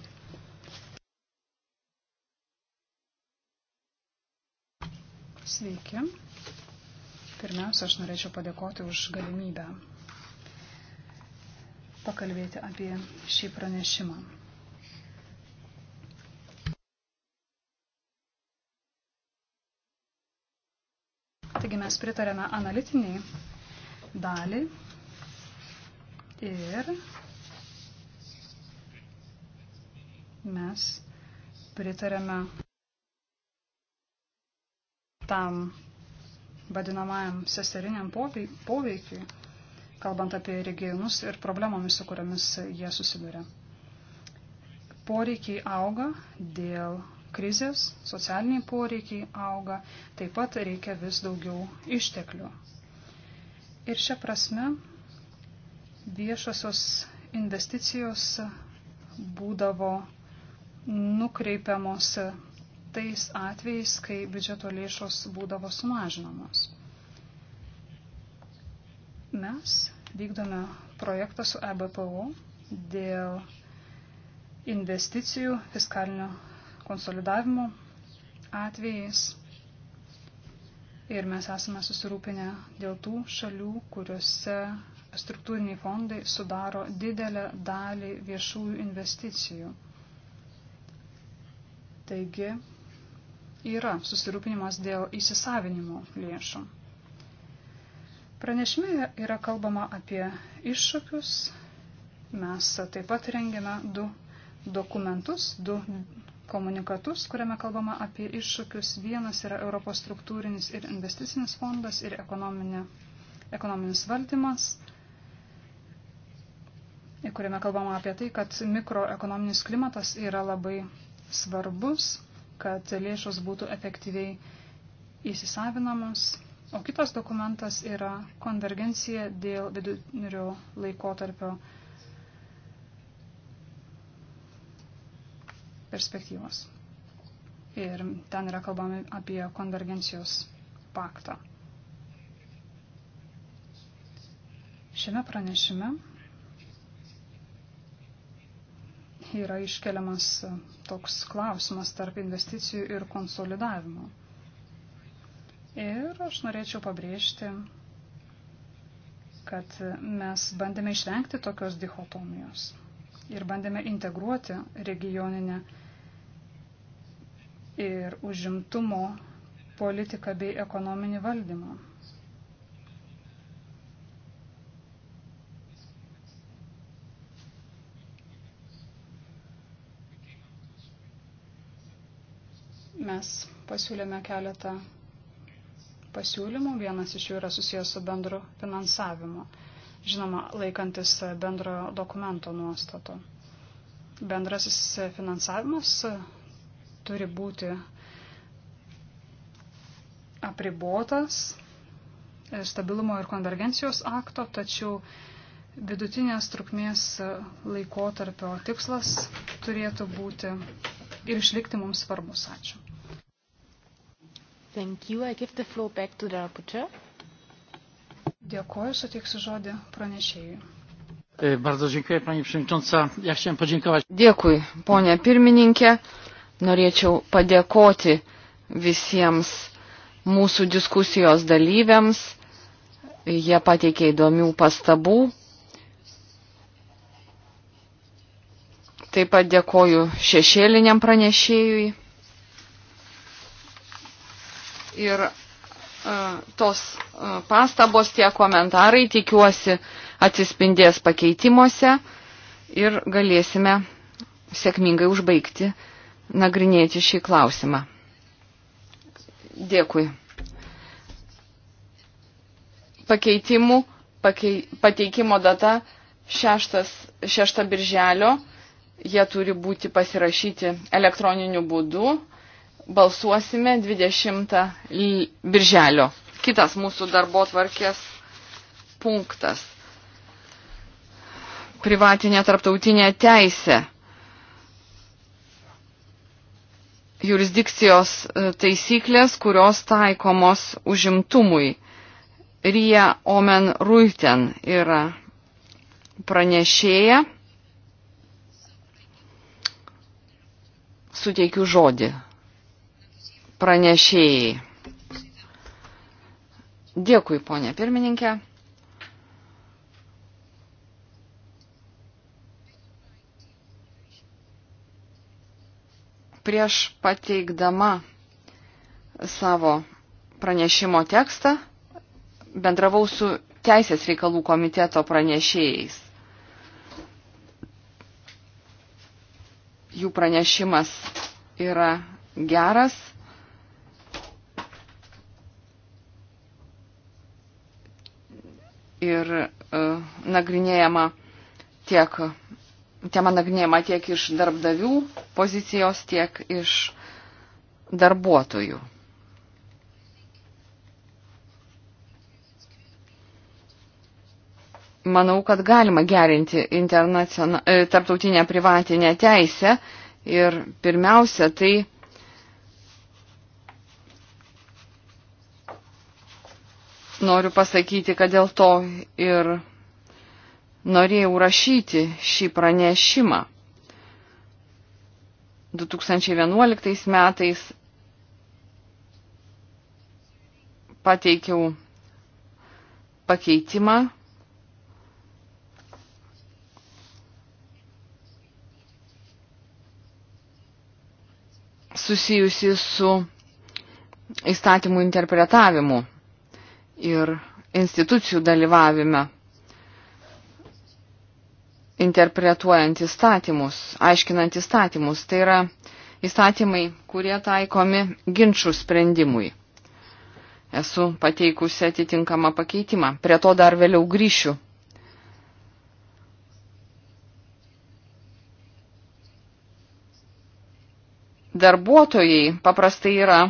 [SPEAKER 2] Sveiki. Pirmiausia, aš norėčiau padėkoti už galimybę pakalbėti apie šį pranešimą. Taigi mes pritarėme analitiniai dalį ir mes pritarėme tam vadinamajam seseriniam poveikiui, kalbant apie regionus ir problemomis, su kuriamis jie susiduria. Poreikiai auga dėl krizės, socialiniai poreikiai auga, taip pat reikia vis daugiau išteklių Ir šią prasme viešosios investicijos būdavo nukreipiamos tais atvejais, kai biudžeto lėšos būdavo sumažinamos. Mes vykdome projektą su EBPO dėl investicijų fiskalinio konsolidavimo atvejais Ir mes esame susirūpinę dėl tų šalių, kuriuose struktūriniai fondai sudaro didelę dalį viešųjų investicijų. Taigi yra susirūpinimas dėl įsisavinimo lėšų. Pranešime yra kalbama apie iššūkius. Mes taip pat rengiame du dokumentus, du komunikatus, kuriame kalbama apie iššūkius. Vienas yra Europos struktūrinis ir investicinis fondas ir ekonominis valdymas, kuriame kalbama apie tai, kad mikroekonominis klimatas yra labai svarbus, kad lėšos būtų efektyviai įsisavinamos. O kitas dokumentas yra konvergencija dėl vidutinio laikotarpio tarpio perspektyvos. Ir ten yra kalbami apie konvergencijos paktą. Šiame pranešime yra iškeliamas toks klausimas tarp investicijų ir konsolidavimo. Ir aš norėčiau pabrėžti, kad mes bandėme išvengti tokios dichotomijos ir bandėme integruoti regioninę ir užimtumo politiką bei ekonominį valdymą. Mes pasiūlėme keletą pasiūlymų, vienas iš jų yra susijęs su bendru finansavimu, žinoma, laikantis bendro dokumento nuostato. Bendrasis finansavimas turi būti apribotas stabilumo ir konvergencijos akto, tačiau vidutinės trukmės laikotarpio tikslas turėtų būti ir išlikti mums svarbus. Ačiū. Thank you. I give the floor back to the rapporteur. Dėkuoju, suteiksiu žodį pranešėjui.
[SPEAKER 3] E, bardzo dziękuję, pani przewodnicząca. Ja chciałem podziękować. Dėkui, ponia pirmininkė norėčiau padėkoti visiems mūsų diskusijos dalyviams. Jie pateikė įdomių pastabų. Taip pat dėkoju šešėliniam pranešėjui. Ir e, tos e, pastabos, tie komentarai, tikiuosi, atsispindės pakeitimuose ir galėsime sėkmingai užbaigti nagrinėti šį klausimą. Dėkui. Pakeitimų pakei, pateikimo data 6, 6 birželio. Jie turi būti pasirašyti elektroniniu būdu. Balsuosime 20 birželio. Kitas mūsų darbo tvarkės punktas. Privatinė tarptautinė teisė. jurisdikcijos e, taisyklės, kurios taikomos užimtumui. Rija Omen Ruiten yra pranešėja. Suteikiu žodį pranešėjai. Dėkui, ponė pirmininkė. Prieš pateikdama savo pranešimo tekstą bendravau su Teisės reikalų komiteto pranešėjais. Jų pranešimas yra geras. Ir uh, nagrinėjama tiek tema nagrinėjama tiek iš darbdavių pozicijos, tiek iš darbuotojų. Manau, kad galima gerinti e, tarptautinę privatinę teisę ir pirmiausia, tai noriu pasakyti, kad dėl to ir norėjau rašyti šį pranešimą. 2011 metais pateikiau pakeitimą susijusi su įstatymų interpretavimu ir institucijų dalyvavime interpretuojant įstatymus, aiškinant įstatymus. Tai yra įstatymai, kurie taikomi ginčių sprendimui. Esu pateikusi atitinkamą pakeitimą. Prie to dar vėliau grįšiu. Darbuotojai paprastai yra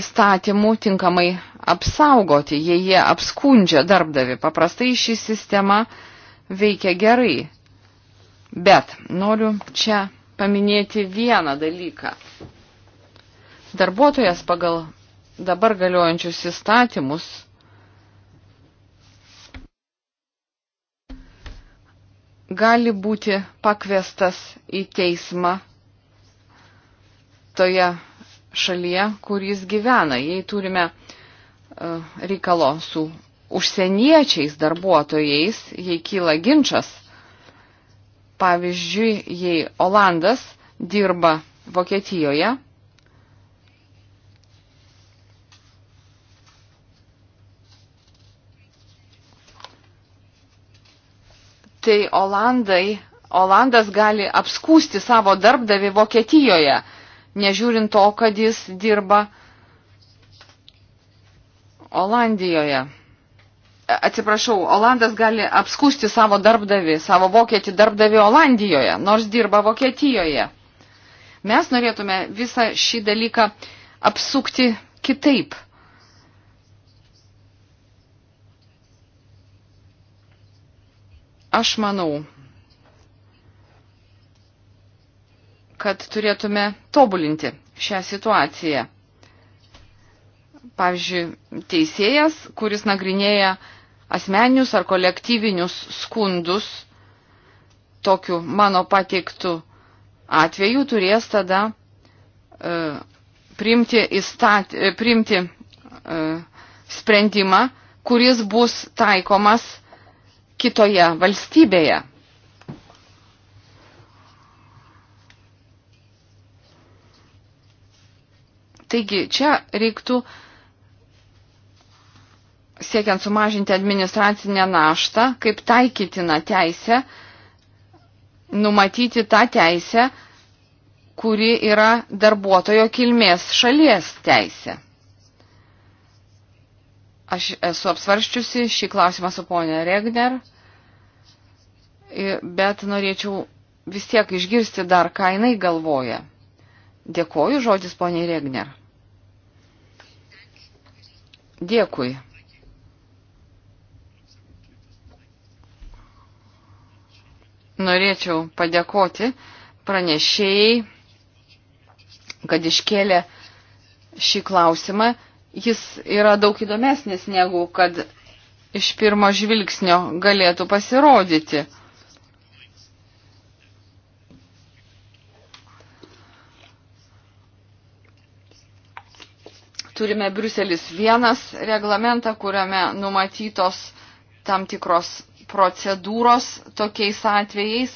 [SPEAKER 3] įstatymų tinkamai apsaugoti, jei jie apskundžia darbdavi. Paprastai ši sistema veikia gerai. Bet noriu čia paminėti vieną dalyką. Darbuotojas pagal dabar galiojančius įstatymus gali būti pakviestas į teismą toje šalyje, kur jis gyvena. Jei turime e, reikalo su užsieniečiais darbuotojais, jei kyla ginčas. Pavyzdžiui, jei Olandas dirba Vokietijoje, tai Olandai, Olandas gali apskūsti savo darbdavį Vokietijoje, nežiūrint to, kad jis dirba Olandijoje atsiprašau, Olandas gali apskusti savo darbdavį, savo vokietį darbdavį Olandijoje, nors dirba Vokietijoje. Mes norėtume visą šį dalyką apsukti kitaip. Aš manau, kad turėtume tobulinti šią situaciją. Pavyzdžiui, teisėjas, kuris nagrinėja uh, asmeninius ar kolektyvinius skundus tokiu mano pateiktu atveju turės tada e, priimti, įstat, e, priimti e, sprendimą, kuris bus taikomas kitoje valstybėje. Taigi čia reiktų siekiant sumažinti administracinę naštą, kaip taikytina teisė, numatyti tą teisę, kuri yra darbuotojo kilmės šalies teisė. Aš esu apsvarščiusi šį klausimą su ponė Regner, bet norėčiau vis tiek išgirsti dar, ką jinai galvoja. Dėkoju žodis ponė Regner. Dėkui. norėčiau padėkoti pranešėjai, kad iškėlė šį klausimą. Jis yra daug įdomesnis negu kad iš pirmo žvilgsnio galėtų pasirodyti. Turime Bruselis vienas reglamentą, kuriame numatytos tam tikros procedūros tokiais atvejais,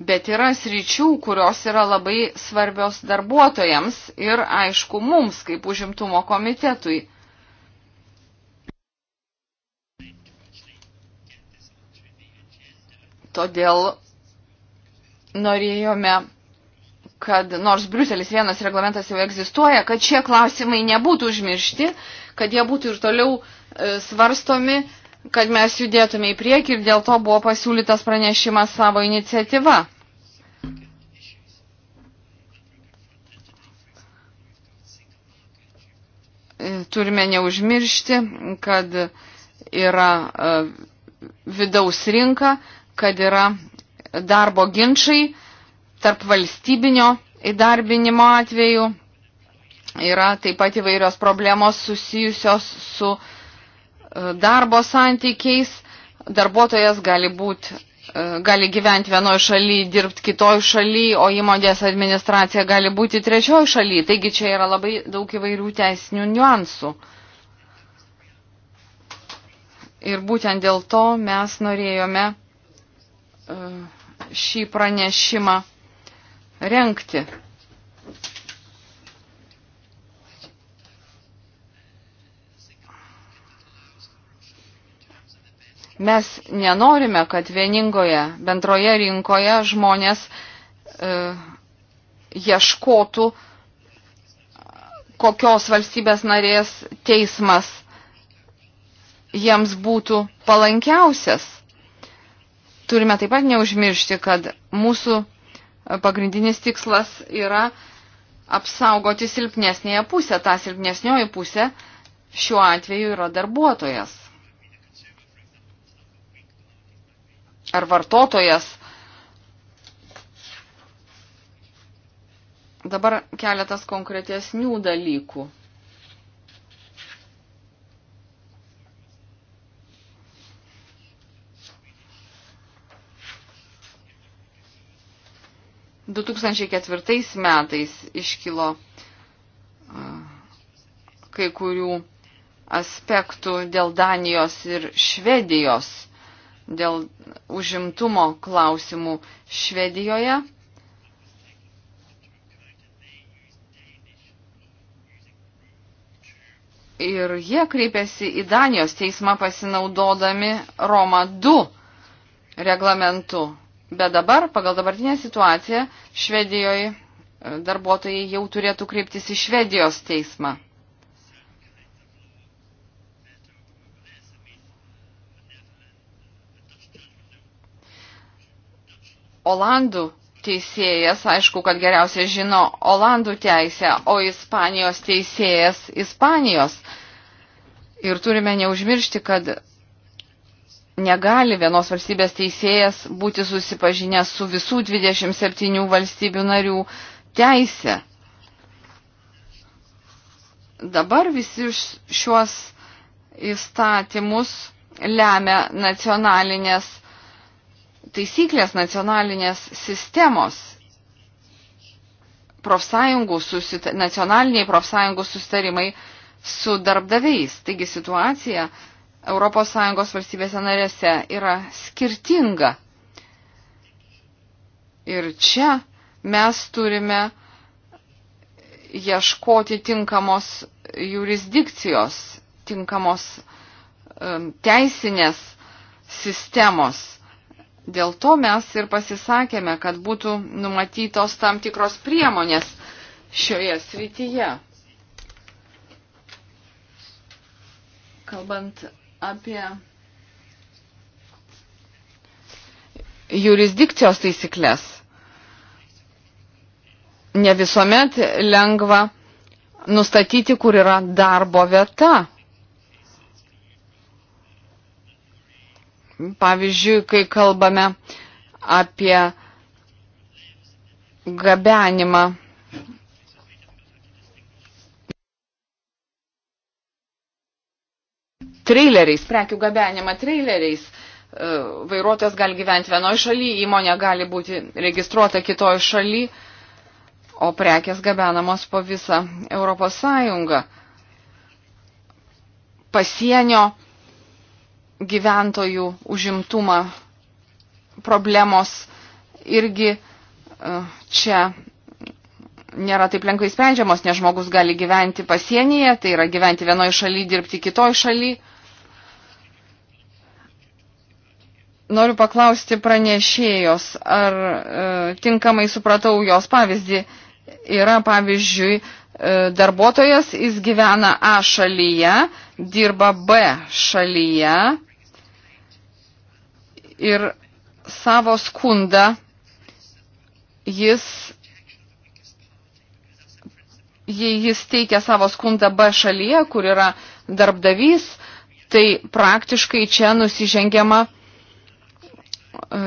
[SPEAKER 3] bet yra sričių, kurios yra labai svarbios darbuotojams ir aišku mums kaip užimtumo komitetui. Todėl norėjome, kad nors Briuselis vienas reglamentas jau egzistuoja, kad šie klausimai nebūtų užmiršti, kad jie būtų ir toliau e, svarstomi kad mes judėtume į priekį ir dėl to buvo pasiūlytas pranešimas savo iniciatyva. E, turime neužmiršti, kad yra e, vidaus rinka, kad yra darbo ginčiai tarp valstybinio įdarbinimo atveju. Yra taip pat įvairios problemos susijusios su uh, darbo santykiais. Darbuotojas gali, būt, e, gali gyventi vienoje šalyje, dirbti kitoje šalyje, o įmonės administracija gali būti trečioje šalyje. Taigi čia yra labai daug įvairių teisinių niuansų. Ir būtent dėl to mes norėjome e, šį pranešimą renkti. Mes nenorime, kad vieningoje bendroje rinkoje žmonės e, ieškotų, kokios valstybės narės teismas jiems būtų palankiausias. Turime taip pat neužmiršti, kad mūsų pagrindinis tikslas yra apsaugoti silpnesnėje pusę. Ta silpnesnioji pusė šiuo atveju yra darbuotojas. ar vartotojas. Dabar keletas konkretesnių dalykų. Du tūkstančiai ketvirtais metais iškilo kai kurių aspektų dėl Danijos ir Švedijos dėl užimtumo klausimų Švedijoje. Ir jie kreipėsi į Danijos teismą pasinaudodami Roma 2 reglamentu. Bet dabar, pagal dabartinę situaciją, Švedijoje e, darbuotojai jau turėtų kreiptis į Švedijos teismą. Olandų teisėjas, aišku, kad geriausiai žino Olandų teisę, o Ispanijos teisėjas Ispanijos. Ir turime neužmiršti, kad negali vienos valstybės teisėjas būti susipažinęs su visų 27 valstybių narių teisė. Dabar visi šiuos įstatymus lemia nacionalinės taisyklės nacionalinės sistemos profsąjungų susita, nacionaliniai profsąjungų sustarimai su darbdaviais. Taigi situacija ES valstybėse narėse yra skirtinga. Ir čia mes turime ieškoti tinkamos jurisdikcijos, tinkamos um, teisinės sistemos Dėl to mes ir pasisakėme, kad būtų numatytos tam tikros priemonės šioje srityje. Kalbant apie jurisdikcijos taisyklės, ne visuomet lengva nustatyti, kur yra darbo vieta Pavyzdžiui, kai kalbame apie gabenimą. Traileriais, prekių gabenimą traileriais e, vairuotojas gali gyventi vienoje šalyje, įmonė gali būti registruota kitoje šalyje, o prekės gabenamos po visą Europos Sąjungą. Pasienio gyventojų užimtumą problemos irgi e, čia nėra taip lengvai sprendžiamos, nes žmogus gali gyventi pasienyje, tai yra gyventi vienoje šalyje, dirbti kitoje šalyje. Noriu paklausti pranešėjos, ar e, tinkamai supratau jos pavyzdį. Yra, pavyzdžiui, e, E, darbuotojas, jis gyvena A šalyje, dirba B šalyje ir savo skundą jis, jei jis teikia savo skundą B šalyje, kur yra darbdavys, tai praktiškai čia nusižengiama e,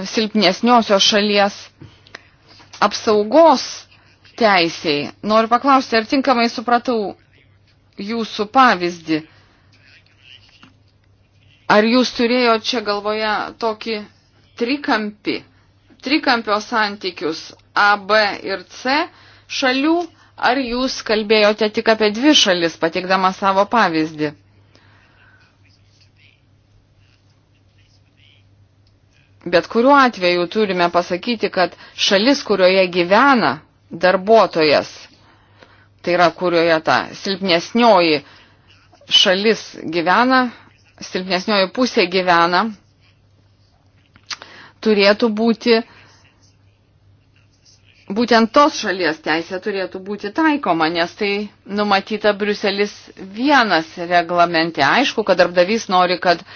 [SPEAKER 3] silpnesniosios šalies apsaugos teisiai. Noriu paklausti, ar tinkamai supratau jūsų pavyzdį? Ar jūs turėjo čia galvoje tokį trikampį, trikampio santykius A, B ir C šalių, ar jūs kalbėjote tik apie dvi šalis, pateikdama savo pavyzdį? Bet kuriuo atveju turime pasakyti, kad šalis, kurioje gyvena darbuotojas, tai yra kurioje ta silpnesnioji šalis gyvena, silpnesnioji pusė gyvena, turėtų būti, būtent tos šalies teisė turėtų būti taikoma, nes tai numatyta Briuselis vienas reglamente. Aišku, kad darbdavys nori, kad uh,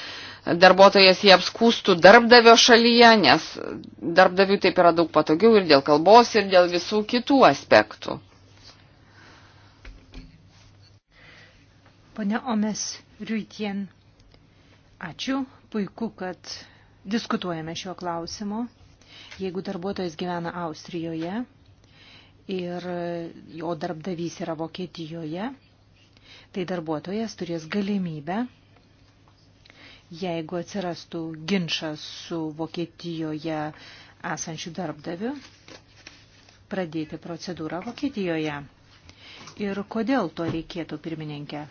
[SPEAKER 3] darbuotojas jį apskūstų darbdavio šalyje, nes darbdavių taip yra daug patogiau ir dėl kalbos, ir dėl visų kitų aspektų.
[SPEAKER 1] Pane Omes Riutien, ačiū, puiku, kad diskutuojame šiuo klausimu. Jeigu darbuotojas gyvena Austrijoje ir jo darbdavys yra Vokietijoje, tai darbuotojas turės galimybę jeigu atsirastų ginčas su Vokietijoje esančių darbdavių, pradėti procedūrą Vokietijoje. Ir kodėl to reikėtų, pirmininkė?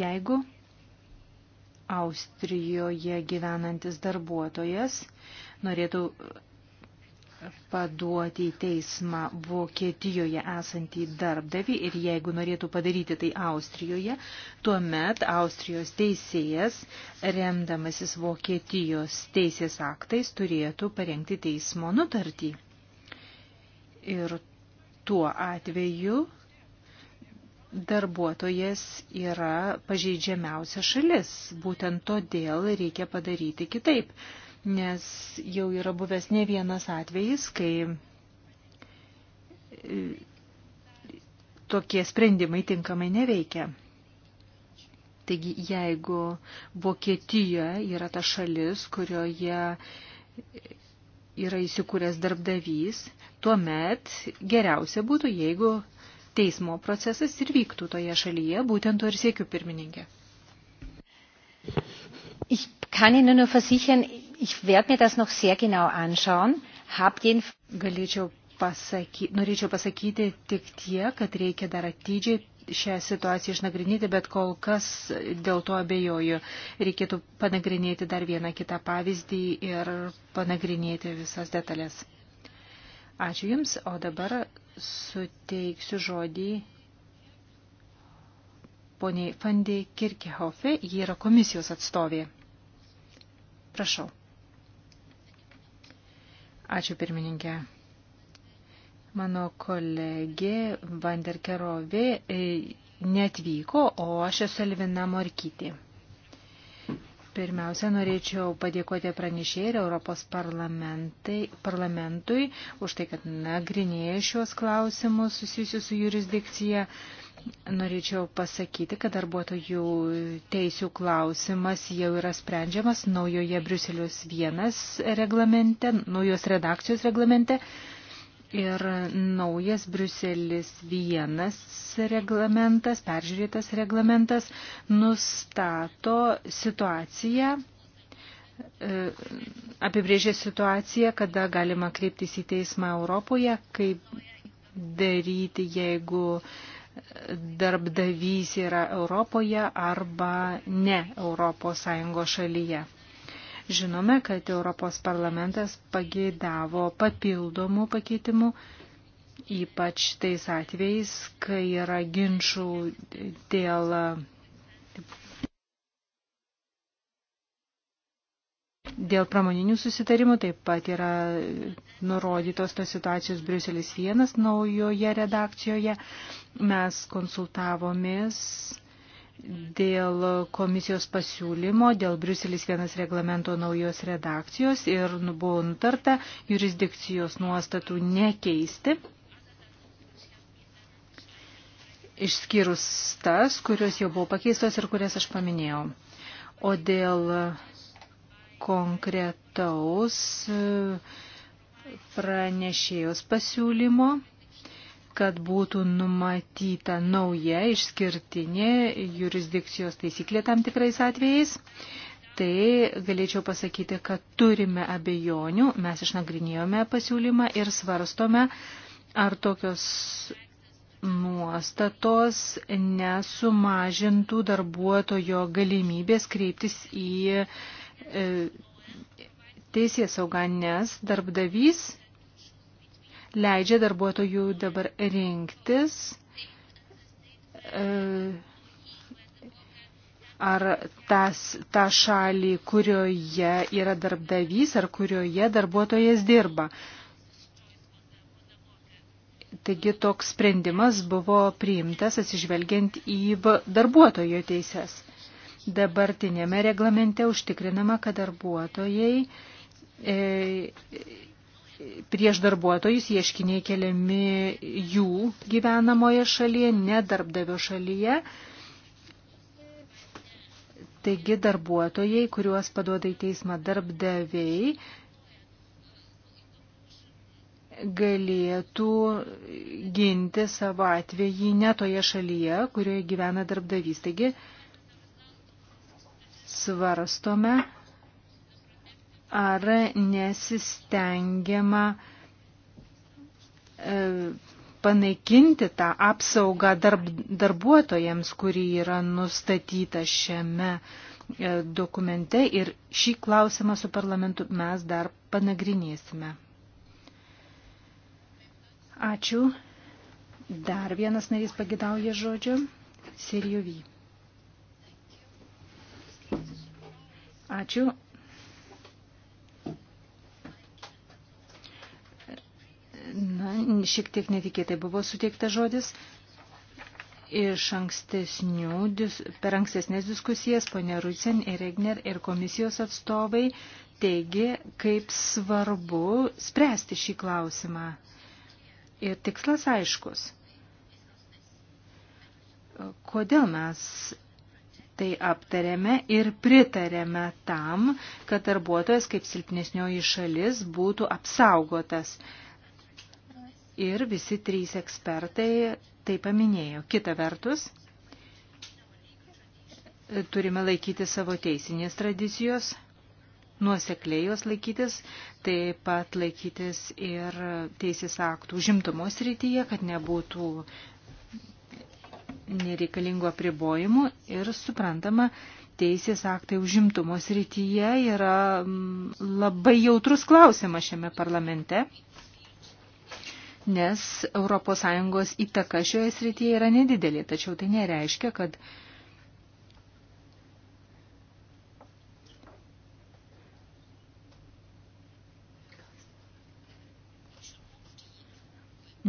[SPEAKER 1] Jeigu Austrijoje gyvenantis darbuotojas norėtų paduoti į teismą Vokietijoje esantį darbdavį ir jeigu norėtų padaryti tai Austrijoje, tuomet Austrijos teisėjas, remdamasis Vokietijos teisės aktais, turėtų parengti teismo nutartį. Ir tuo atveju darbuotojas yra pažeidžiamiausia šalis. Būtent todėl reikia padaryti kitaip nes jau yra buvęs ne vienas atvejis, kai e, tokie sprendimai tinkamai neveikia. Taigi, jeigu Vokietija yra ta šalis, kurioje yra įsikūręs darbdavys, tuomet geriausia būtų, jeigu teismo procesas ir vyktų toje šalyje, būtent to ir siekiu pirmininkė. Ich kann Ihnen nur versichern, Ich werde mir das noch sehr genau anschauen. Habt den galėčiau pasakyti, norėčiau pasakyti tik tie, kad reikia dar atidžiai šią situaciją išnagrinėti, bet kol kas dėl to abejoju. Reikėtų panagrinėti dar vieną kitą pavyzdį ir panagrinėti visas detalės. Ačiū Jums, o dabar suteiksiu žodį poniai Fandi Kirkehofe, ji yra komisijos atstovė. Prašau. Ačiū pirmininkė. Mano kolegė Vanderkerovė e, netvyko, o aš esu Elvina Morkytė. Pirmiausia, norėčiau padėkoti pranešėjai ir Europos parlamentui už tai, kad nagrinėjo šios klausimus susijusius su jurisdikcija. Norėčiau pasakyti, kad darbuotojų teisių klausimas jau yra sprendžiamas naujoje Briuselius vienas reglamente, naujos redakcijos reglamente. Ir naujas Briuselis vienas reglamentas, peržiūrėtas reglamentas, nustato situaciją, e, apibrėžė situaciją, kada galima kreiptis į teismą Europoje, kaip daryti, jeigu uh, darbdavys yra Europoje arba ne ES šalyje. Žinome, kad Europos parlamentas pageidavo papildomų pakeitimų, ypač tais atvejais, kai yra ginčių dėl Dėl pramoninių susitarimų taip pat yra nurodytos tos situacijos Briuselis 1 naujoje redakcijoje. Mes konsultavomis dėl komisijos pasiūlymo, dėl Briuselis 1 reglamento naujos redakcijos ir nu, buvo nutarta jurisdikcijos nuostatų nekeisti išskyrus tas, kurios jau buvo pakeistos ir kurias aš paminėjau. O dėl konkretaus e, pranešėjos pasiūlymo, kad būtų numatyta nauja išskirtinė jurisdikcijos taisyklė tam tikrais atvejais. Tai galėčiau pasakyti, kad turime abejonių, mes išnagrinėjome pasiūlymą ir svarstome, ar tokios nuostatos nesumažintų darbuotojo galimybės kreiptis į uh, E, teisės sauganės darbdavys leidžia darbuotojų dabar rinktis, e, ar tas, tą šalį, kurioje yra darbdavys, ar kurioje darbuotojas dirba. Taigi toks sprendimas buvo priimtas atsižvelgiant į darbuotojo teises. Dabartinėme reglamente užtikrinama, kad darbuotojai e, prieš darbuotojus ieškiniai keliami jų gyvenamoje šalyje, ne darbdavio šalyje. Taigi darbuotojai, kuriuos paduoda į teismą darbdaviai, galėtų ginti savo atvejį ne toje šalyje, kurioje gyvena darbdavys. Taigi, svarstome, ar nesistengiama e, panaikinti tą apsaugą darb, darbuotojams, kuri yra nustatyta šiame e, dokumente ir šį klausimą su parlamentu mes dar panagrinėsime. Ačiū. Dar vienas narys pagidauja žodžio. Sirjovy. Ačiū. Na, šiek tiek netikėtai buvo suteikta žodis. Iš ankstesnių, per ankstesnės diskusijas ponė Rucen ir Regner ir komisijos atstovai teigi, kaip svarbu spręsti šį klausimą. Ir tikslas aiškus. Kodėl mes tai aptarėme ir pritarėme tam, kad darbuotojas kaip silpnesnioji šalis būtų apsaugotas. Ir visi trys ekspertai tai paminėjo. Kita vertus, turime laikyti savo teisinės tradicijos, nuosekliai jos laikytis, taip pat laikytis ir teisės aktų užimtumo srityje, kad nebūtų nereikalingų apribojimų ir suprantama, teisės aktai užimtumo srityje yra labai jautrus klausimas šiame parlamente, nes ES įtaka šioje srityje yra nedidelė, tačiau tai nereiškia, kad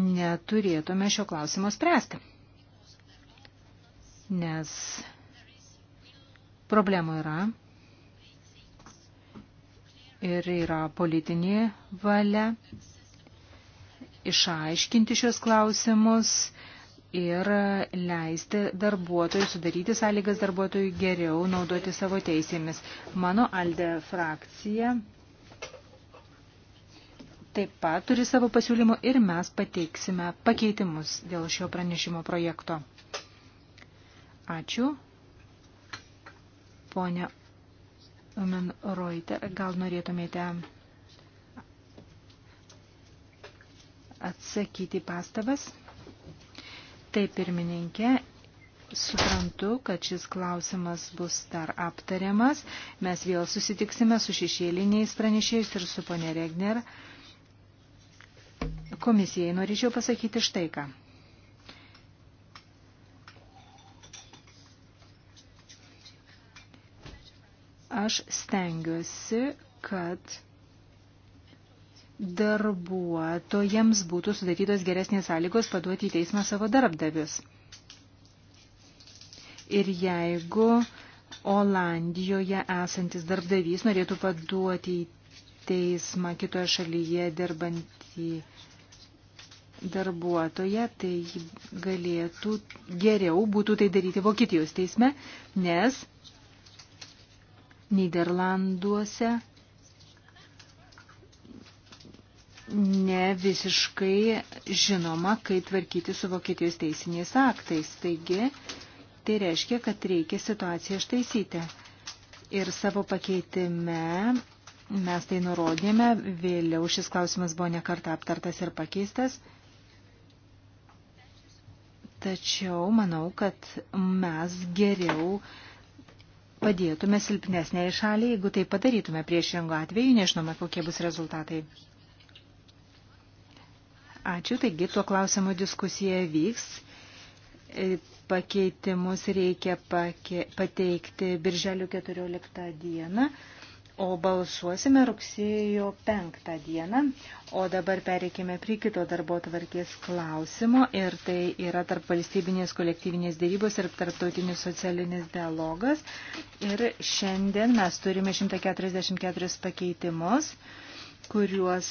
[SPEAKER 1] neturėtume šio klausimo spręsti nes problemų yra ir yra politinė valia išaiškinti šios klausimus ir leisti darbuotojui sudaryti sąlygas darbuotojui geriau naudoti savo teisėmis. Mano Alde frakcija taip pat turi savo pasiūlymų ir mes pateiksime pakeitimus dėl šio pranešimo projekto. Ačiū. Pone Omen Reuter, gal norėtumėte atsakyti pastabas? Taip, pirmininkė, suprantu, kad šis klausimas bus dar aptariamas. Mes vėl susitiksime su šešėliniais pranešėjais ir su ponė Regner. Komisijai norėčiau pasakyti štai ką. Aš stengiuosi, kad darbuotojams būtų sudarytos geresnės sąlygos paduoti į teismą savo darbdavius. Ir jeigu Olandijoje esantis darbdavys norėtų paduoti į teismą kitoje šalyje dirbantį darbuotoją, tai galėtų geriau būtų tai daryti Vokietijos teisme, nes Niderlanduose ne visiškai žinoma, kaip tvarkyti su Vokietijos teisiniais aktais. Taigi, tai reiškia, kad reikia situaciją ištaisyti. Ir savo pakeitime mes tai nurodėme, vėliau šis klausimas buvo nekarta aptartas ir pakeistas. Tačiau manau, kad mes geriau uh, padėtume silpnesnėje šaliai, jeigu tai padarytume priešingo atveju, nežinome, kokie bus rezultatai. Ačiū, taigi tuo klausimu diskusija vyks. E, pakeitimus reikia pake, pateikti birželio 14 dieną o balsuosime rugsėjo 5 dieną. O dabar pereikime prie kito darbo tvarkės klausimo ir tai yra tarp valstybinės kolektyvinės dėrybos ir tarptautinis socialinis dialogas. Ir šiandien mes turime 144 pakeitimus kuriuos,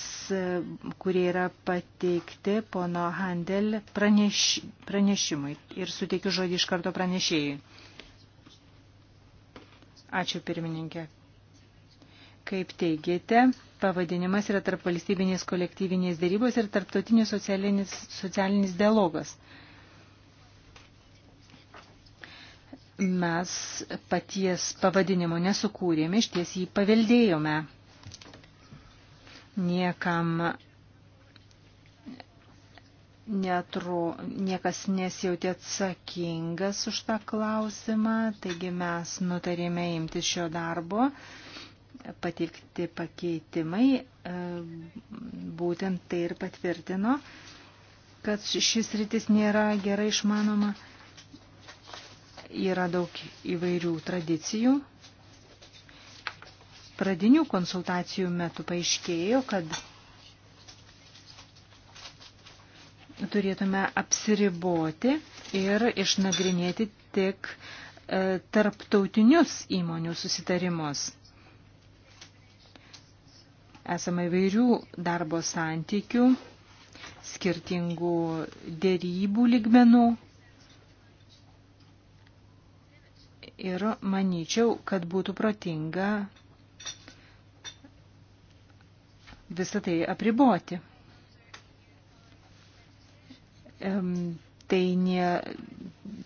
[SPEAKER 1] kurie yra pateikti pono Handel praneš, pranešimui. Ir suteikiu žodį iš karto pranešėjai. Ačiū pirmininkė. Kaip teigiate, pavadinimas yra tarp valstybinės kolektyvinės dėrybos ir tarptautinis socialinis, socialinis dialogas. Mes paties pavadinimo nesukūrėme, iš ties jį paveldėjome. Niekam netru, niekas nesijauti atsakingas už tą klausimą, taigi mes nutarėme imti šio darbo. Uh, pateikti pakeitimai e, būtent tai ir patvirtino, kad šis rytis nėra gerai išmanoma. Yra daug įvairių tradicijų. Pradinių konsultacijų metu paaiškėjo, kad turėtume apsiriboti ir išnagrinėti tik e, tarptautinius įmonių susitarimus Esama įvairių darbo santykių, skirtingų dėrybų ligmenų. Ir manyčiau, kad būtų protinga visą tai apriboti. Tai, ne,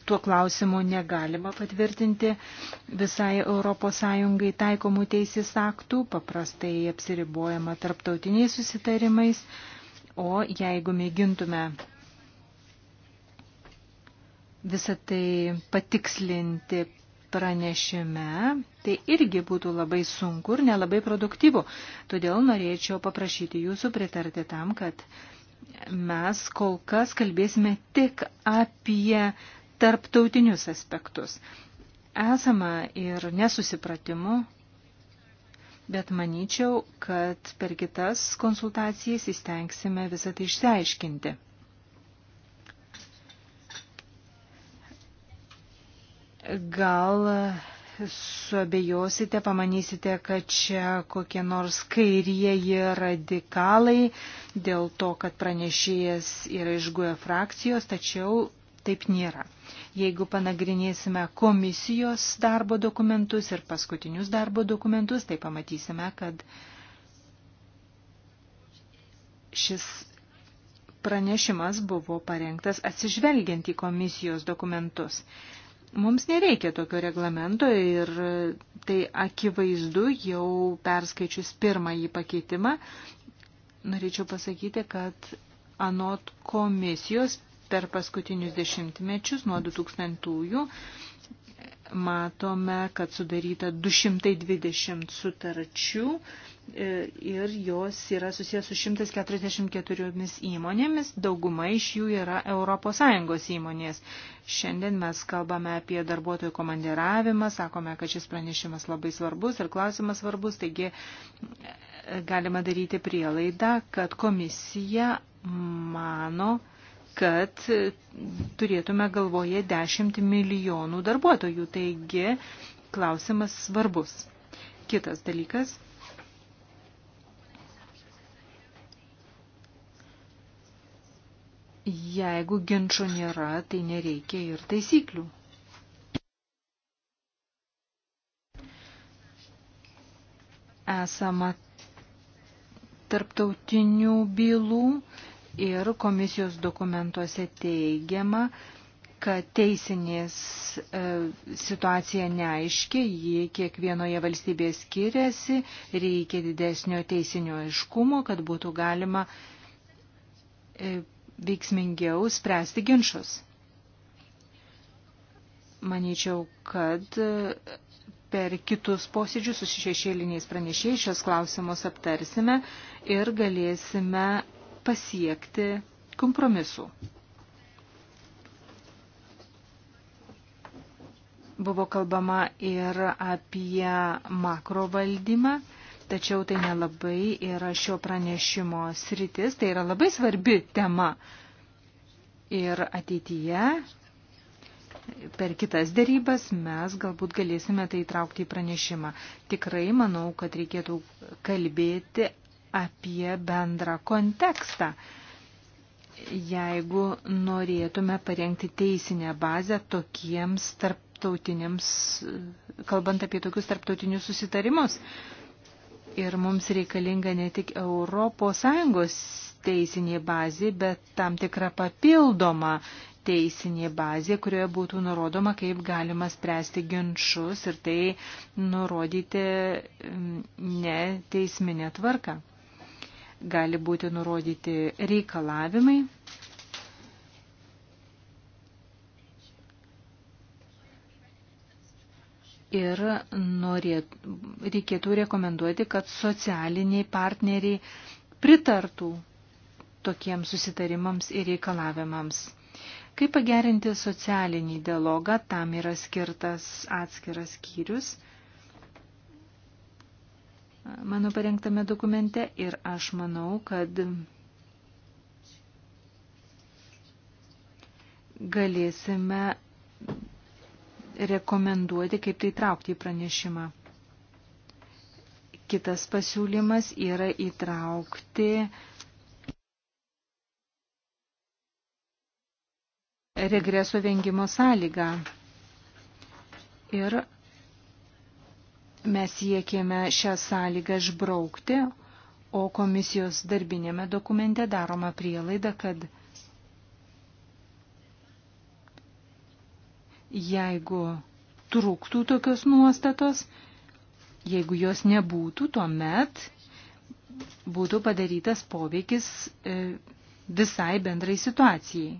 [SPEAKER 1] tuo klausimu negalima patvirtinti visai ES taikomų teisės aktų, paprastai apsiribojama tarptautiniais susitarimais, o jeigu mėgintume visą tai patikslinti pranešime, tai irgi būtų labai sunku ir nelabai produktyvu. Todėl norėčiau paprašyti jūsų pritarti tam, kad mes kol kas kalbėsime tik apie tarptautinius aspektus. Esama ir nesusipratimu, bet manyčiau, kad per kitas konsultacijas įstengsime visą tai išsiaiškinti. Gal suabejosite, pamanysite, kad čia kokie nors kairieji radikalai dėl to, kad pranešėjas yra iš GUE frakcijos, tačiau taip nėra. Jeigu panagrinėsime komisijos darbo dokumentus ir paskutinius darbo dokumentus, tai pamatysime, kad šis pranešimas buvo parengtas atsižvelgiant į komisijos dokumentus. Mums nereikia tokio reglamento ir tai akivaizdu jau perskaičius pirmąjį pakeitimą. Norėčiau pasakyti, kad anot komisijos per paskutinius dešimtmečius nuo 2000-ųjų matome, kad sudaryta 220 sutarčių e, ir jos yra susijęs su 144 įmonėmis, dauguma iš jų yra ES įmonės. Šiandien mes kalbame apie darbuotojų komandiravimą, sakome, kad šis pranešimas labai svarbus ir klausimas svarbus, taigi e, galima daryti prielaidą, kad komisija mano, kad turėtume galvoje 10 milijonų darbuotojų. Taigi klausimas svarbus. Kitas dalykas. Jeigu ginčio nėra, tai nereikia ir taisyklių. Esama tarptautinių bylų, ir komisijos dokumentuose teigiama, kad teisinės e, situacija neaiški, ji kiekvienoje valstybėje skiriasi, reikia didesnio teisinio aiškumo, kad būtų galima e, veiksmingiau spręsti ginčius. Manyčiau, kad e, per kitus posėdžius su šešėliniais pranešėjais šios klausimus aptarsime ir galėsime pasiekti kompromisų. Buvo kalbama ir apie makrovaldymą, tačiau tai nelabai yra šio pranešimo sritis, tai yra labai svarbi tema. Ir ateityje per kitas dėrybas mes galbūt galėsime tai įtraukti į pranešimą. Tikrai manau, kad reikėtų kalbėti apie bendrą kontekstą. Jeigu norėtume parengti teisinę bazę tokiems tarptautiniams, kalbant apie tokius tarptautinius susitarimus, ir mums reikalinga ne tik ES teisinė bazė, bet tam tikra papildoma teisinė bazė, kurioje būtų nurodoma, kaip galima spręsti ginčius ir tai nurodyti mm, ne teisminę tvarką gali būti nurodyti reikalavimai. Ir norėt, reikėtų rekomenduoti, kad socialiniai partneriai pritartų tokiems susitarimams ir reikalavimams. Kaip pagerinti socialinį dialogą, tam yra skirtas atskiras skyrius – mano parengtame dokumente ir aš manau, kad galėsime rekomenduoti, kaip tai traukti į pranešimą. Kitas pasiūlymas yra įtraukti regreso vengimo sąlygą. Ir Mes siekėme šią sąlygą išbraukti, o komisijos darbinėme dokumente daroma prielaida, kad jeigu trūktų tokios nuostatos, jeigu jos nebūtų, tuomet būtų padarytas poveikis e, visai bendrai situacijai.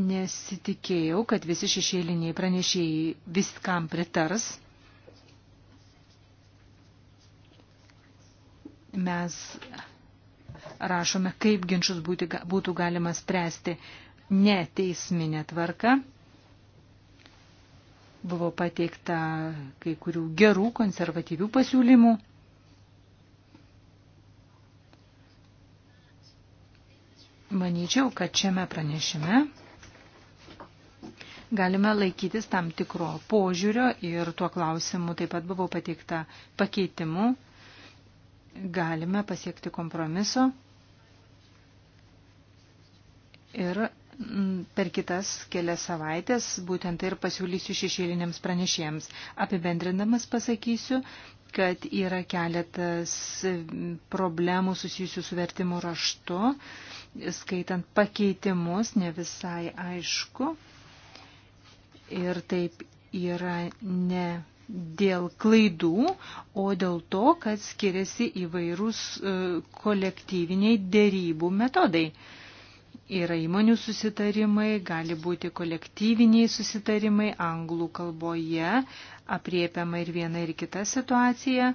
[SPEAKER 1] Nesitikėjau, kad visi šešėliniai pranešėjai viskam pritars. Mes rašome, kaip ginčius būtų galima spręsti ne teisminė tvarka. Buvo pateikta kai kurių gerų konservatyvių pasiūlymų. Manyčiau, kad šiame pranešime galime laikytis tam tikro požiūrio ir tuo klausimu taip pat buvo pateikta pakeitimu. Galime pasiekti kompromiso ir mm, per kitas kelias savaitės būtent tai ir pasiūlysiu šešėliniams pranešėjams. Apibendrindamas pasakysiu, kad yra keletas mm, problemų susijusių su vertimu raštu, skaitant pakeitimus, ne visai aišku, Ir taip yra ne dėl klaidų, o dėl to, kad skiriasi įvairūs e, kolektyviniai dėrybų metodai. Yra įmonių susitarimai, gali būti kolektyviniai susitarimai, anglų kalboje apriepiama ir viena ir kita situacija.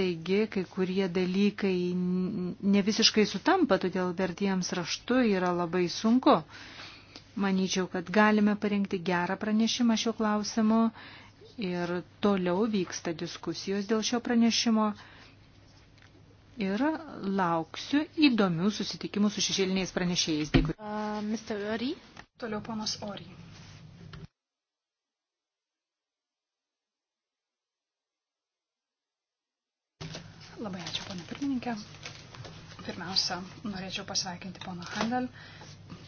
[SPEAKER 1] Taigi, kai kurie dalykai ne visiškai sutampa, todėl vertiems raštu yra labai sunku. Uh, Manyčiau, kad galime parengti gerą pranešimą šio klausimo ir toliau vyksta diskusijos dėl šio pranešimo ir lauksiu įdomių susitikimų su šešėliniais pranešėjais. Dėkui. Uh, Mr. Ori.
[SPEAKER 2] Toliau ponas Ori. Labai ačiū, pana pirmininkė. Pirmiausia, norėčiau pasveikinti poną Handel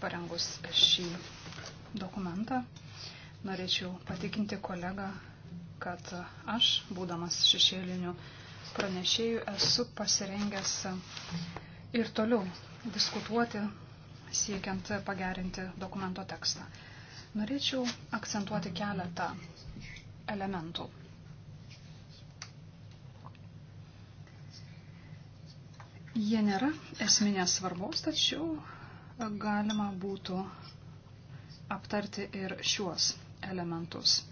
[SPEAKER 2] parengus šį dokumentą. Norėčiau patikinti kolegą, kad aš, būdamas šešėliniu pranešėjų, esu pasirengęs ir toliau diskutuoti, siekiant pagerinti dokumento tekstą. Norėčiau akcentuoti keletą elementų. Jie nėra esminės svarbos, tačiau galima būtų aptarti ir šiuos elementus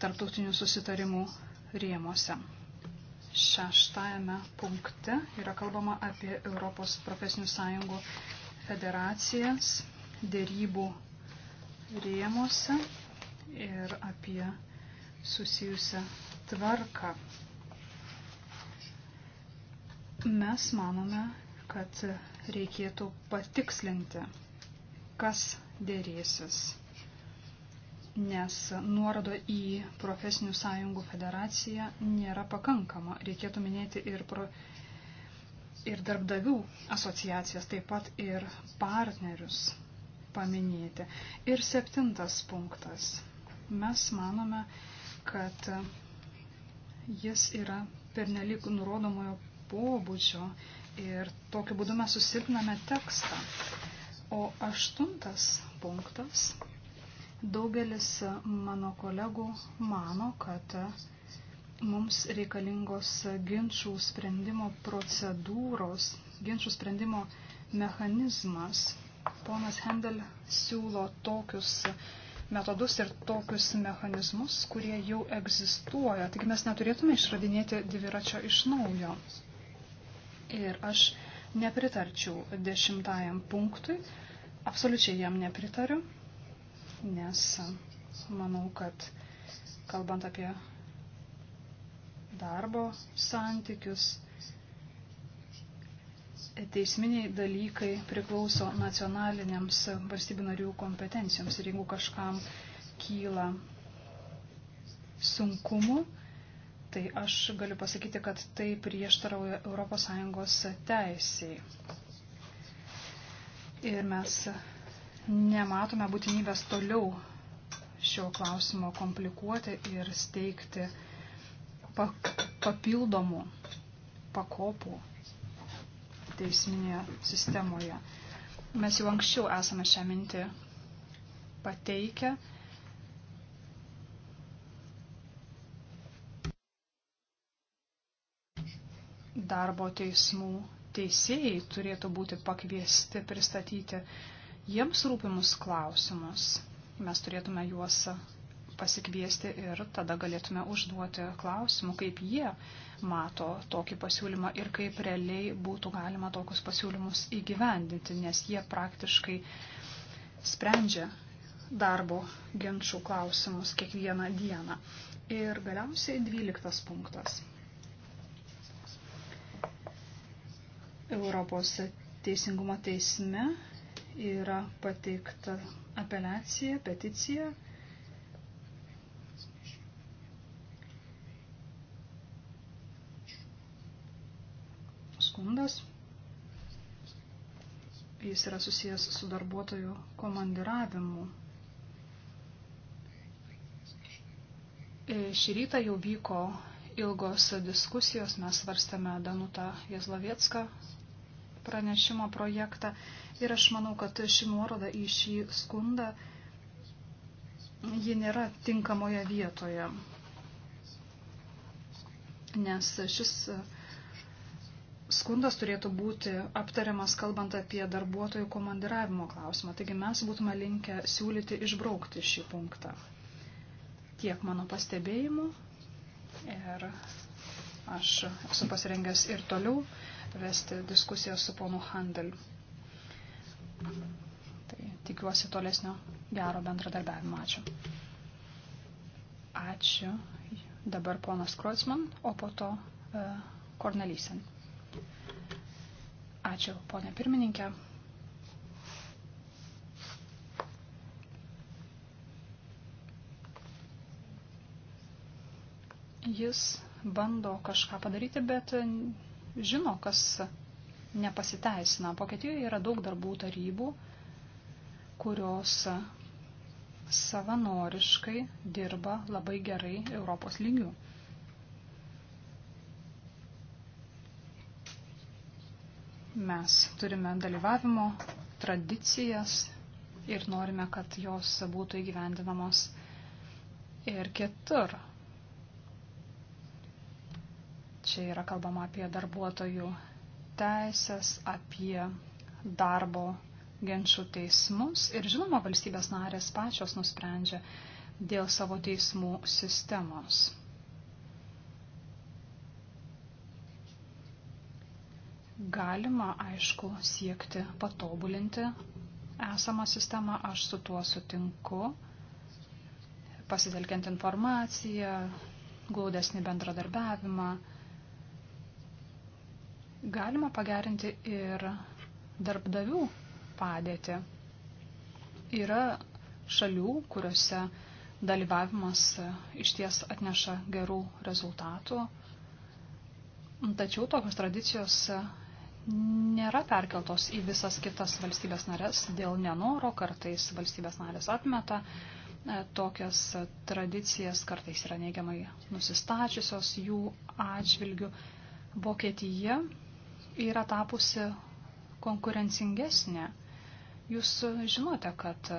[SPEAKER 2] tarptautinių susitarimų rėmose. Šeštajame punkte yra kalbama apie Europos profesinių sąjungų federacijas dėrybų rėmose ir apie susijusią tvarką. Mes manome, kad reikėtų patikslinti, kas dėrėsis, nes nuorodo į profesinių sąjungų federaciją nėra pakankama. Reikėtų minėti ir, pro, ir darbdavių asociacijas, taip pat ir partnerius paminėti. Ir septintas punktas. Mes manome, kad jis yra pernelik nurodomojo pobūdžio ir tokiu būdu mes susilpname tekstą. O aštuntas punktas. Daugelis mano kolegų mano, kad mums reikalingos ginčių sprendimo procedūros, ginčių sprendimo mechanizmas. Ponas Hendel siūlo tokius metodus ir tokius mechanizmus, kurie jau egzistuoja. Tik mes neturėtume išradinėti dviračio iš naujo. Ir aš nepritarčiau dešimtajam punktui, absoliučiai jam nepritariu, nes manau, kad kalbant apie darbo santykius, teisminiai dalykai priklauso nacionaliniams valstybių narių kompetencijoms ir jeigu kažkam kyla sunkumų, tai aš galiu pasakyti, kad tai prieštarauja ES teisiai. Ir mes nematome būtinybės toliau šio klausimo komplikuoti ir steigti papildomų pakopų teisminėje sistemoje. Mes jau anksčiau esame šią mintį pateikę darbo teismų teisėjai turėtų būti pakviesti pristatyti jiems rūpimus klausimus. Mes turėtume juos pasikviesti ir tada galėtume užduoti klausimų, kaip jie mato tokį pasiūlymą ir kaip realiai būtų galima tokius pasiūlymus įgyvendinti, nes jie praktiškai sprendžia darbo ginčių klausimus kiekvieną dieną. Ir galiausiai dvyliktas punktas. Europos teisingumo teisme yra pateikta apeliacija, peticija. Skundas. Jis yra susijęs su darbuotojų komandiravimu. E, šį rytą jau vyko ilgos diskusijos, mes svarstame Danutą Jezlovietską, pranešimo projektą ir aš manau, kad ši nuoroda į šį skundą, ji nėra tinkamoje vietoje, nes šis skundas turėtų būti aptariamas kalbant apie darbuotojų komandiravimo klausimą. Taigi mes būtume linkę siūlyti išbraukti šį punktą. Tiek mano pastebėjimų ir aš esu pasirengęs ir toliau vesti diskusiją su ponu Handel. Tai tikiuosi tolesnio gero bendradarbiavimo. Ačiū. Ačiū. Dabar ponas Kreutzmann, o po to e, Kornelysen. Ačiū, ponė pirmininkė. Jis bando kažką padaryti, bet žino, kas nepasiteisina. Vokietijoje yra daug darbų tarybų, kurios savanoriškai dirba labai gerai Europos lygių. Mes turime dalyvavimo tradicijas ir norime, kad jos būtų įgyvendinamos ir kitur. Čia yra kalbama apie darbuotojų teisės, apie darbo ginčių teismus ir žinoma, valstybės narės pačios nusprendžia dėl savo teismų sistemos. Galima, aišku, siekti patobulinti esamą sistemą, aš su tuo sutinku, pasitelkiant informaciją, glaudesnį bendradarbiavimą Galima pagerinti ir darbdavių padėtį. Yra šalių, kuriuose dalyvavimas išties atneša gerų rezultatų, tačiau tokios tradicijos nėra perkeltos į visas kitas valstybės narės dėl nenoro, kartais valstybės narės atmeta e, tokias tradicijas, kartais yra neigiamai nusistačiusios jų atžvilgių. Vokietija yra tapusi konkurencingesnė. Jūs žinote, kad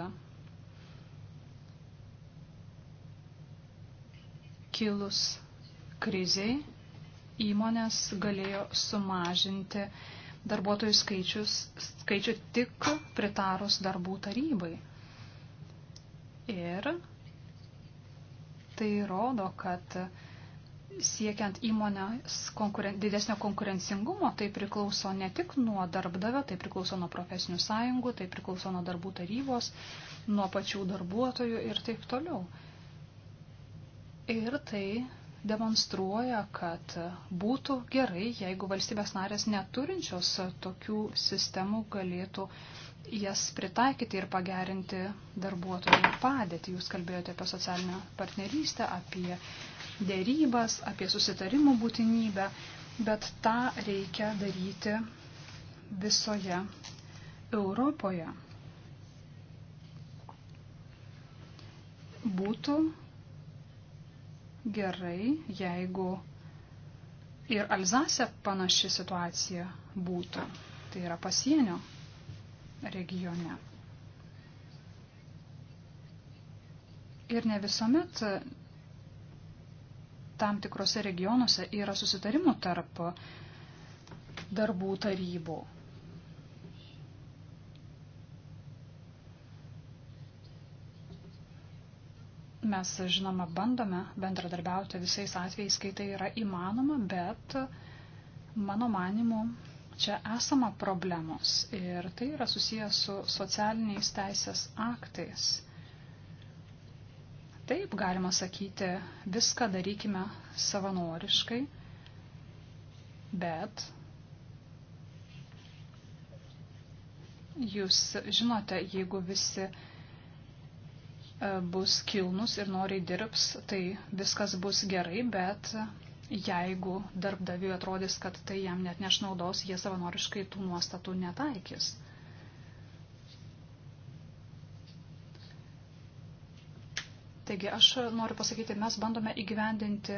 [SPEAKER 2] kilus kriziai įmonės galėjo sumažinti darbuotojų skaičius, skaičių tik pritarus darbų tarybai. Ir tai rodo, kad siekiant įmonės konkuren, didesnio konkurencingumo, tai priklauso ne tik nuo darbdavio, tai priklauso nuo profesinių sąjungų, tai priklauso nuo darbų tarybos, nuo pačių darbuotojų ir taip toliau. Ir tai demonstruoja, kad būtų gerai, jeigu valstybės narės neturinčios tokių sistemų galėtų jas pritaikyti ir pagerinti darbuotojų padėtį. Jūs kalbėjote apie socialinę partnerystę, apie dėrybas, apie susitarimų būtinybę, bet tą reikia daryti visoje Europoje. Būtų gerai, jeigu ir Alzase panaši situacija būtų, tai yra pasienio regione. Ir ne visuomet tam tikrose regionuose yra susitarimų tarp darbų tarybų. Mes, žinoma, bandome bendradarbiauti visais atvejais, kai tai yra įmanoma, bet mano manimu, čia esama problemos ir tai yra susijęs su socialiniais teisės aktais Taip galima sakyti, viską darykime savanoriškai, bet jūs žinote, jeigu visi e, bus kilnus ir noriai dirbs, tai viskas bus gerai, bet jeigu darbdaviui atrodys, kad tai jam net neš naudos, jie savanoriškai tų nuostatų netaikys. Taigi aš noriu pasakyti, mes bandome įgyvendinti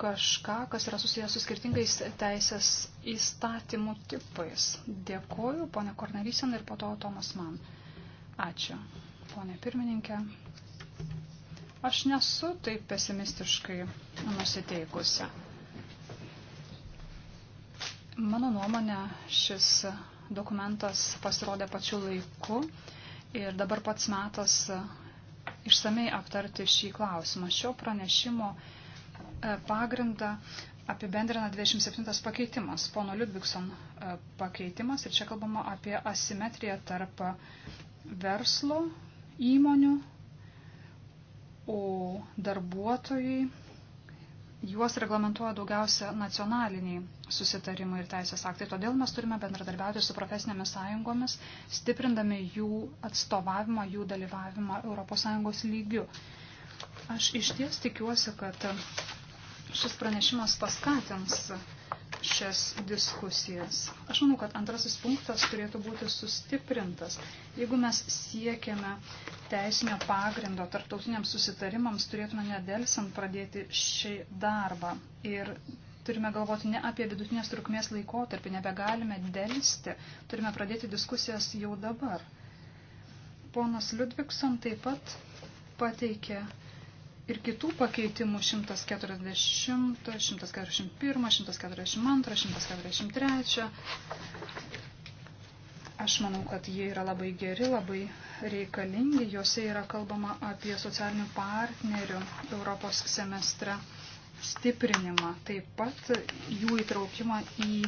[SPEAKER 2] kažką, kas yra susijęs su skirtingais teisės įstatymų tipais. Dėkuoju, ponė Kornelysen ir po to Tomas Man. Ačiū, ponė pirmininkė. Aš nesu taip pesimistiškai nusiteikusi. Mano nuomonė, šis dokumentas pasirodė pačiu laiku ir dabar pats metas išsamei aptarti šį klausimą. Šio pranešimo e, pagrindą apibendrina 27 pakeitimas, pono Ludvigson e, pakeitimas ir čia kalbama apie asimetriją tarp verslo įmonių, o darbuotojai Juos reglamentuoja daugiausia nacionaliniai susitarimai ir teisės aktai, todėl mes turime bendradarbiauti su profesinėmis sąjungomis, stiprindami jų atstovavimą, jų dalyvavimą ES lygiu. Aš iš ties tikiuosi, kad šis pranešimas paskatins šias diskusijas. Aš manau, kad antrasis punktas turėtų būti sustiprintas. Jeigu mes siekiame teisinio pagrindo tarptautiniams susitarimams, turėtume nedelsant pradėti šį darbą. Ir turime galvoti ne apie vidutinės trukmės laikotarpį, nebegalime delsti, turime pradėti diskusijas jau dabar. Ponas Ludvikson taip pat pateikė ir kitų pakeitimų 140, 141, 142, 143. Aš manau, kad jie yra labai geri, labai reikalingi. Juose yra kalbama apie socialinių partnerių Europos semestre stiprinimą, taip pat jų įtraukimą į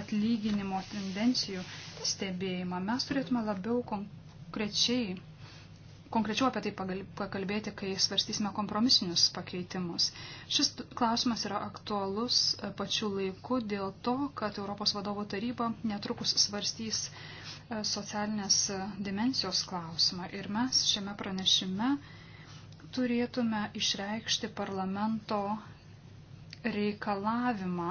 [SPEAKER 2] atlyginimo tendencijų stebėjimą. Mes turėtume labiau konkrečiai konkrečiau apie tai pakalbėti, kai svarstysime kompromisinius pakeitimus. Šis klausimas yra aktualus e, pačiu laiku dėl to, kad Europos vadovų taryba netrukus svarstys e, socialinės e, dimensijos klausimą. Ir mes šiame pranešime turėtume išreikšti parlamento reikalavimą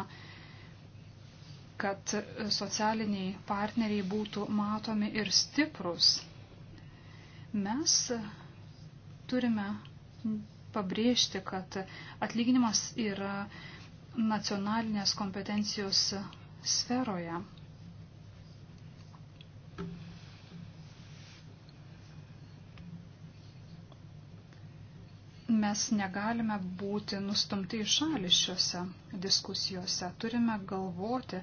[SPEAKER 2] kad socialiniai partneriai būtų matomi ir stiprus Mes turime pabrėžti, kad atlyginimas yra nacionalinės kompetencijos sferoje. Mes negalime būti nustumti į šalį šiuose diskusijose. Turime galvoti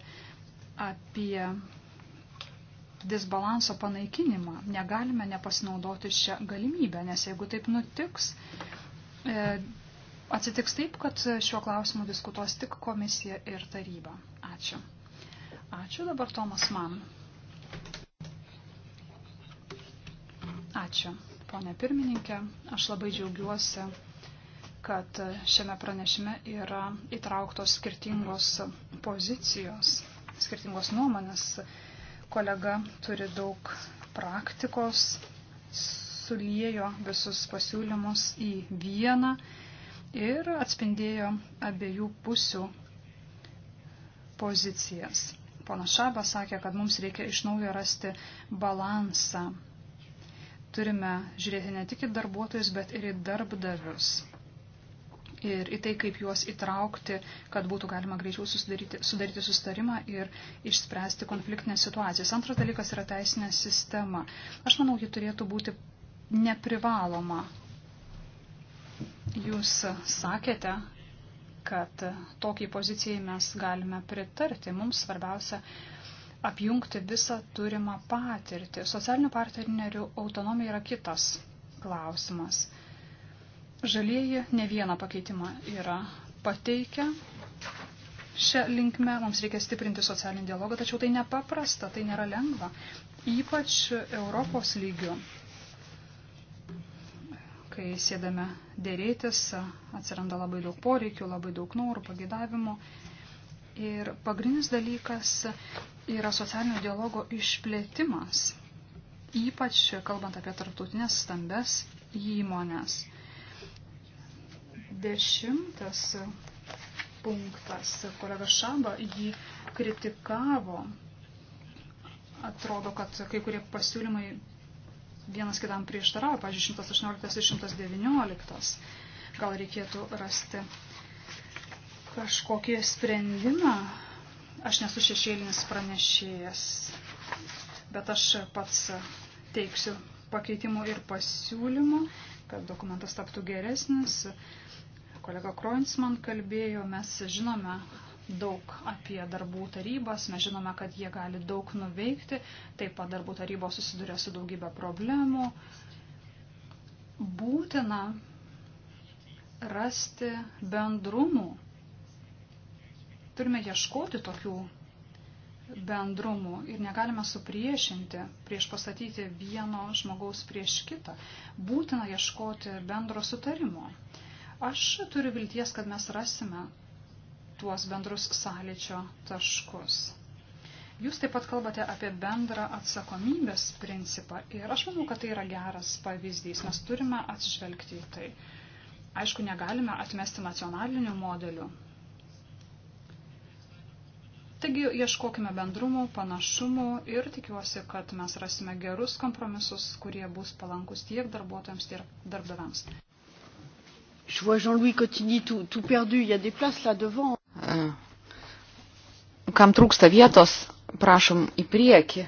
[SPEAKER 2] apie disbalanso panaikinimą. Negalime nepasinaudoti šią galimybę, nes jeigu taip nutiks, e, atsitiks taip, kad šiuo klausimu diskutuos tik komisija ir taryba. Ačiū. Ačiū dabar Tomas Man. Ačiū, ponė pirmininkė. Aš labai džiaugiuosi, kad šiame pranešime yra įtrauktos skirtingos pozicijos, skirtingos nuomonės Kolega turi daug praktikos, suliejo visus pasiūlymus į vieną ir atspindėjo abiejų pusių pozicijas. Pana Šaba sakė, kad mums reikia iš naujo rasti balansą. Turime žiūrėti ne tik į darbuotojus, bet ir į darbdavius ir į tai, kaip juos įtraukti, kad būtų galima greičiau sudaryti, sudaryti sustarimą ir išspręsti konfliktinės situacijas. Antras dalykas yra teisinė sistema. Aš manau, ji turėtų būti neprivaloma. Jūs sakėte, kad tokiai pozicijai mes galime pritarti. Mums svarbiausia apjungti visą turimą patirtį. Socialinių partnerių autonomija yra kitas klausimas. Žalieji ne vieną pakeitimą yra pateikę. Šią linkmę mums reikia stiprinti socialinį dialogą, tačiau tai nepaprasta, tai nėra lengva, ypač Europos lygiu. Kai sėdame dėrėtis, atsiranda labai daug poreikių, labai daug norų, pagėdavimų. Ir pagrindinis dalykas yra socialinio dialogo išplėtimas, ypač kalbant apie tarptautinės stambes įmonės. Dešimtas punktas, kolega Šaba jį kritikavo. Atrodo, kad kai kurie pasiūlymai vienas kitam prieštarauja, pavyzdžiui, 118 ir 119. Gal reikėtų rasti kažkokį sprendimą. Aš nesu šešėlinis pranešėjas, bet aš pats teiksiu pakeitimų ir pasiūlymų, kad dokumentas taptų geresnis kolega Kroinsman kalbėjo, mes žinome daug apie darbų tarybas, mes žinome, kad jie gali daug nuveikti, taip pat darbų tarybos susiduria su daugybė problemų. Būtina rasti bendrumų. Turime ieškoti tokių bendrumų ir negalime supriešinti, prieš pastatyti vieno žmogaus prieš kitą. Būtina ieškoti bendro sutarimo. Aš turiu vilties, kad mes rasime tuos bendrus sąlyčio taškus. Jūs taip pat kalbate apie bendrą atsakomybės principą ir aš manau, kad tai yra geras pavyzdys. Mes turime atsižvelgti į tai. Aišku, negalime atmesti nacionalinių modelių. Taigi ieškokime bendrumų, panašumų ir tikiuosi, kad mes rasime gerus kompromisus, kurie bus palankus tiek darbuotojams, tiek darbdaviams. Je vois Jean-Louis Cotigny tout, tout perdu. Il y a des places là devant.
[SPEAKER 3] Kam trūksta vietos, prašom į priekį.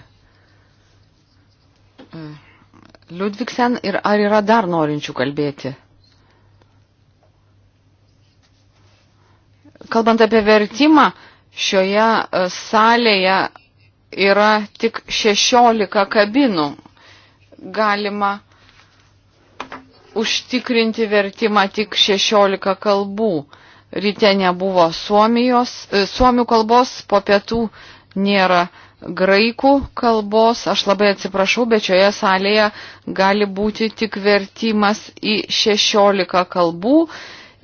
[SPEAKER 3] Liudviksen ir ar yra dar norinčių kalbėti? Kalbant apie vertimą, šioje salėje yra tik 16 kabinų. Galima uh, užtikrinti vertimą tik 16 kalbų. Ryte nebuvo suomijos, e, suomių kalbos, po pietų nėra graikų kalbos. Aš labai atsiprašau, bet šioje salėje gali būti tik vertimas į 16 kalbų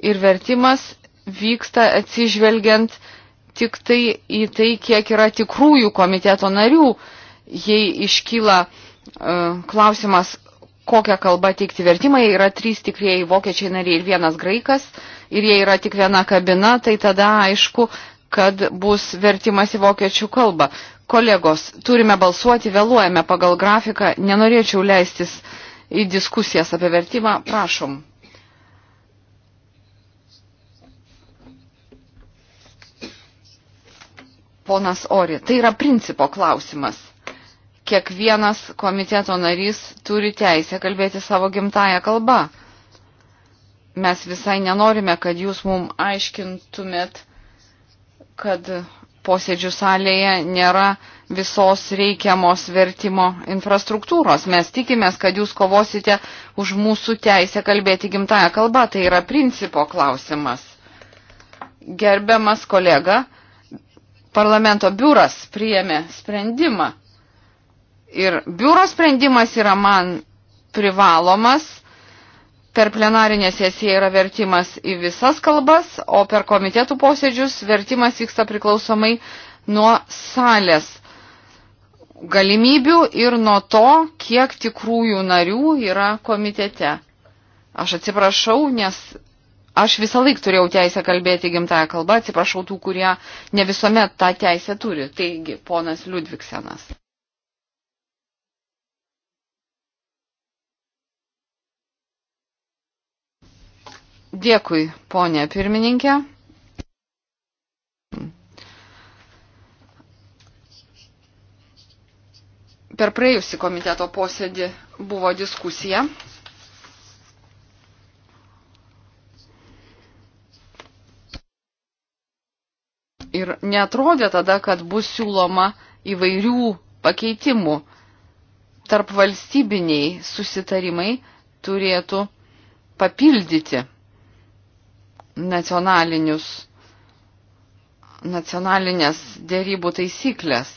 [SPEAKER 3] ir vertimas vyksta atsižvelgiant tik tai į tai, kiek yra tikrųjų komiteto narių, jei iškyla e, klausimas, kokią kalbą teikti vertimai. Yra trys tikrieji vokiečiai nariai ir vienas graikas. Ir jie yra tik viena kabina, tai tada aišku, kad bus vertimas į vokiečių kalbą. Kolegos, turime balsuoti, vėluojame pagal grafiką. Nenorėčiau leistis į diskusijas apie vertimą. Prašom. Ponas Ori, tai yra principo klausimas kiekvienas komiteto narys turi teisę kalbėti savo gimtają kalbą. Mes visai nenorime, kad jūs mum aiškintumėt, kad posėdžių salėje nėra visos reikiamos vertimo infrastruktūros. Mes tikimės, kad jūs kovosite už mūsų teisę kalbėti gimtają kalbą. Tai yra principo klausimas. Gerbiamas kolega, parlamento biuras priėmė sprendimą Ir biuro sprendimas yra man privalomas, per plenarinę sesiją yra vertimas į visas kalbas, o per komitetų posėdžius vertimas vyksta priklausomai nuo salės galimybių ir nuo to, kiek tikrųjų narių yra komitete. Aš atsiprašau, nes aš visą laiką turėjau teisę kalbėti gimtają kalbą, atsiprašau tų, kurie ne visuomet tą teisę turi. Taigi, ponas Liudviksenas. Dėkui, ponė pirmininkė. Per praėjusi komiteto posėdį buvo diskusija. Ir netrodė tada, kad bus siūloma įvairių pakeitimų. Tarp valstybiniai susitarimai turėtų papildyti nacionalinius, nacionalinės dėrybų taisyklės.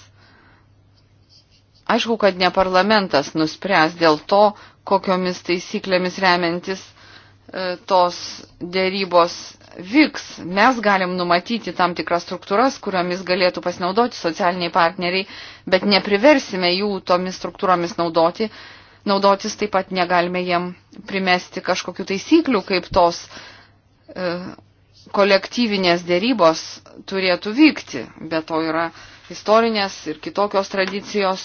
[SPEAKER 3] Aišku, kad ne parlamentas nuspręs dėl to, kokiomis taisyklėmis remiantis e, tos dėrybos vyks. Mes galim numatyti tam tikras struktūras, kuriomis galėtų pasinaudoti socialiniai partneriai, bet nepriversime jų tomis struktūromis naudoti. Naudotis taip pat negalime jiem primesti kažkokių taisyklių, kaip tos E, kolektyvinės dėrybos turėtų vykti, bet to yra istorinės ir kitokios tradicijos.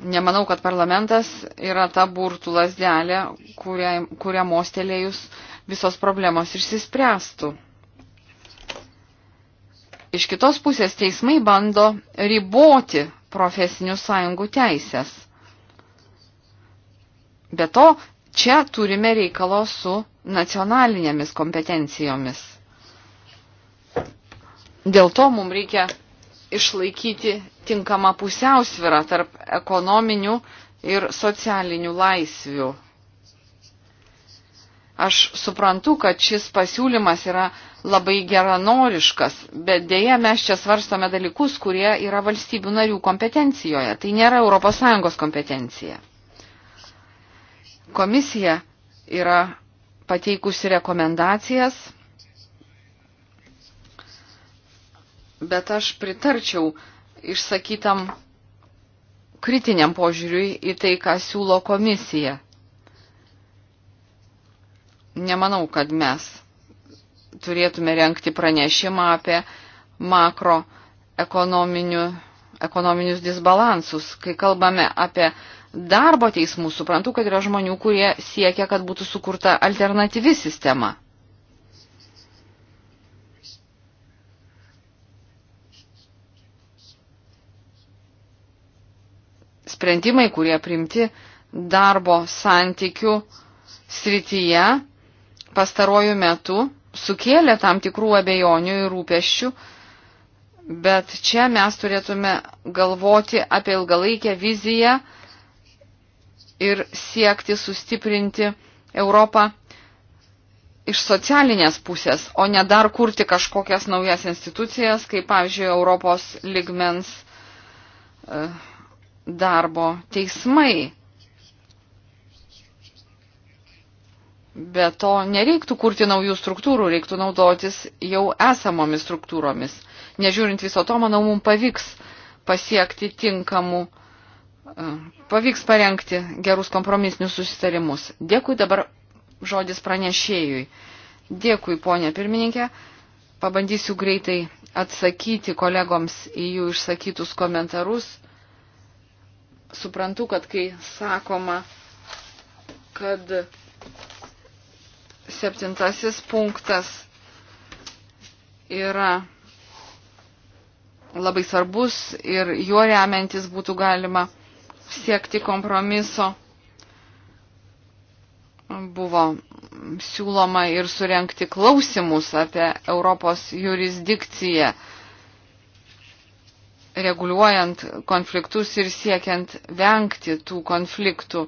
[SPEAKER 3] Nemanau, kad parlamentas yra ta burtų lasdelė, kurią, kurią mostelėjus visos problemos išsispręstų. Iš kitos pusės teismai bando riboti profesinių sąjungų teisės. Be to, čia turime reikalo su nacionalinėmis kompetencijomis. Dėl to mums reikia išlaikyti tinkamą pusiausvyrą tarp ekonominių ir socialinių laisvių. Aš suprantu, kad šis pasiūlymas yra labai geranoriškas, bet dėja mes čia svarstome dalykus, kurie yra valstybių narių kompetencijoje. Tai nėra ES kompetencija. Komisija yra pateikusi rekomendacijas, bet aš pritarčiau išsakytam kritiniam požiūriui į tai, ką siūlo komisija. Nemanau, kad mes turėtume renkti pranešimą apie makroekonominius disbalansus. Kai kalbame apie darbo teismų. Suprantu, kad yra žmonių, kurie siekia, kad būtų sukurta alternatyvi sistema. Sprendimai, kurie primti darbo santykių srityje pastarojų metų sukėlė tam tikrų abejonių ir rūpeščių, bet čia mes turėtume galvoti apie ilgalaikę viziją, ir siekti sustiprinti Europą iš socialinės pusės, o ne dar kurti kažkokias naujas institucijas, kaip pavyzdžiui Europos ligmens e, darbo teismai. Be to nereiktų kurti naujų struktūrų, reiktų naudotis jau esamomis struktūromis. Nežiūrint viso to, manau, mums pavyks pasiekti tinkamų pavyks parengti gerus kompromisinius susitarimus. Dėkui dabar žodis pranešėjui. Dėkui, ponė pirmininkė. Pabandysiu greitai atsakyti kolegoms į jų išsakytus komentarus. Suprantu, kad kai sakoma, kad septintasis punktas yra labai svarbus ir juo remiantis būtų galima siekti kompromiso. Buvo siūloma ir surenkti klausimus apie Europos jurisdikciją, reguliuojant konfliktus ir siekiant vengti tų konfliktų.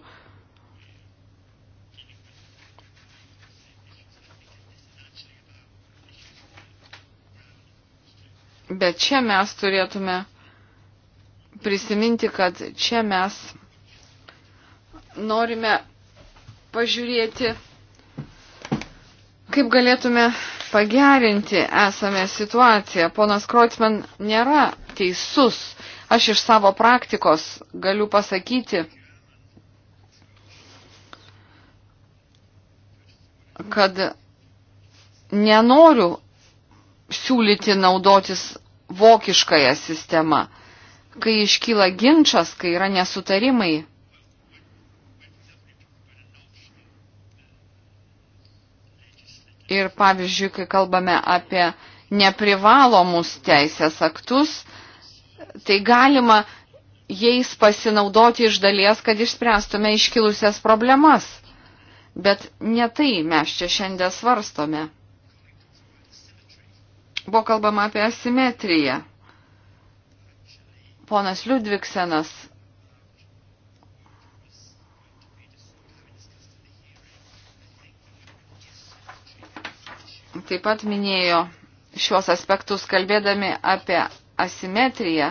[SPEAKER 3] Bet čia mes turėtume prisiminti, kad čia mes norime pažiūrėti, kaip galėtume pagerinti esamę situaciją. Ponas Kreutzmann nėra teisus. Aš iš savo praktikos galiu pasakyti, kad nenoriu siūlyti naudotis vokiškąją sistemą kai iškyla ginčas, kai yra nesutarimai. Ir pavyzdžiui, kai kalbame apie neprivalomus teisės aktus, tai galima jais pasinaudoti iš dalies, kad išspręstume iškilusias problemas. Bet ne tai mes čia šiandien svarstome. Buvo kalbama apie asimetriją. Ponas Liudviksenas. Taip pat minėjo šios aspektus kalbėdami apie asimetriją.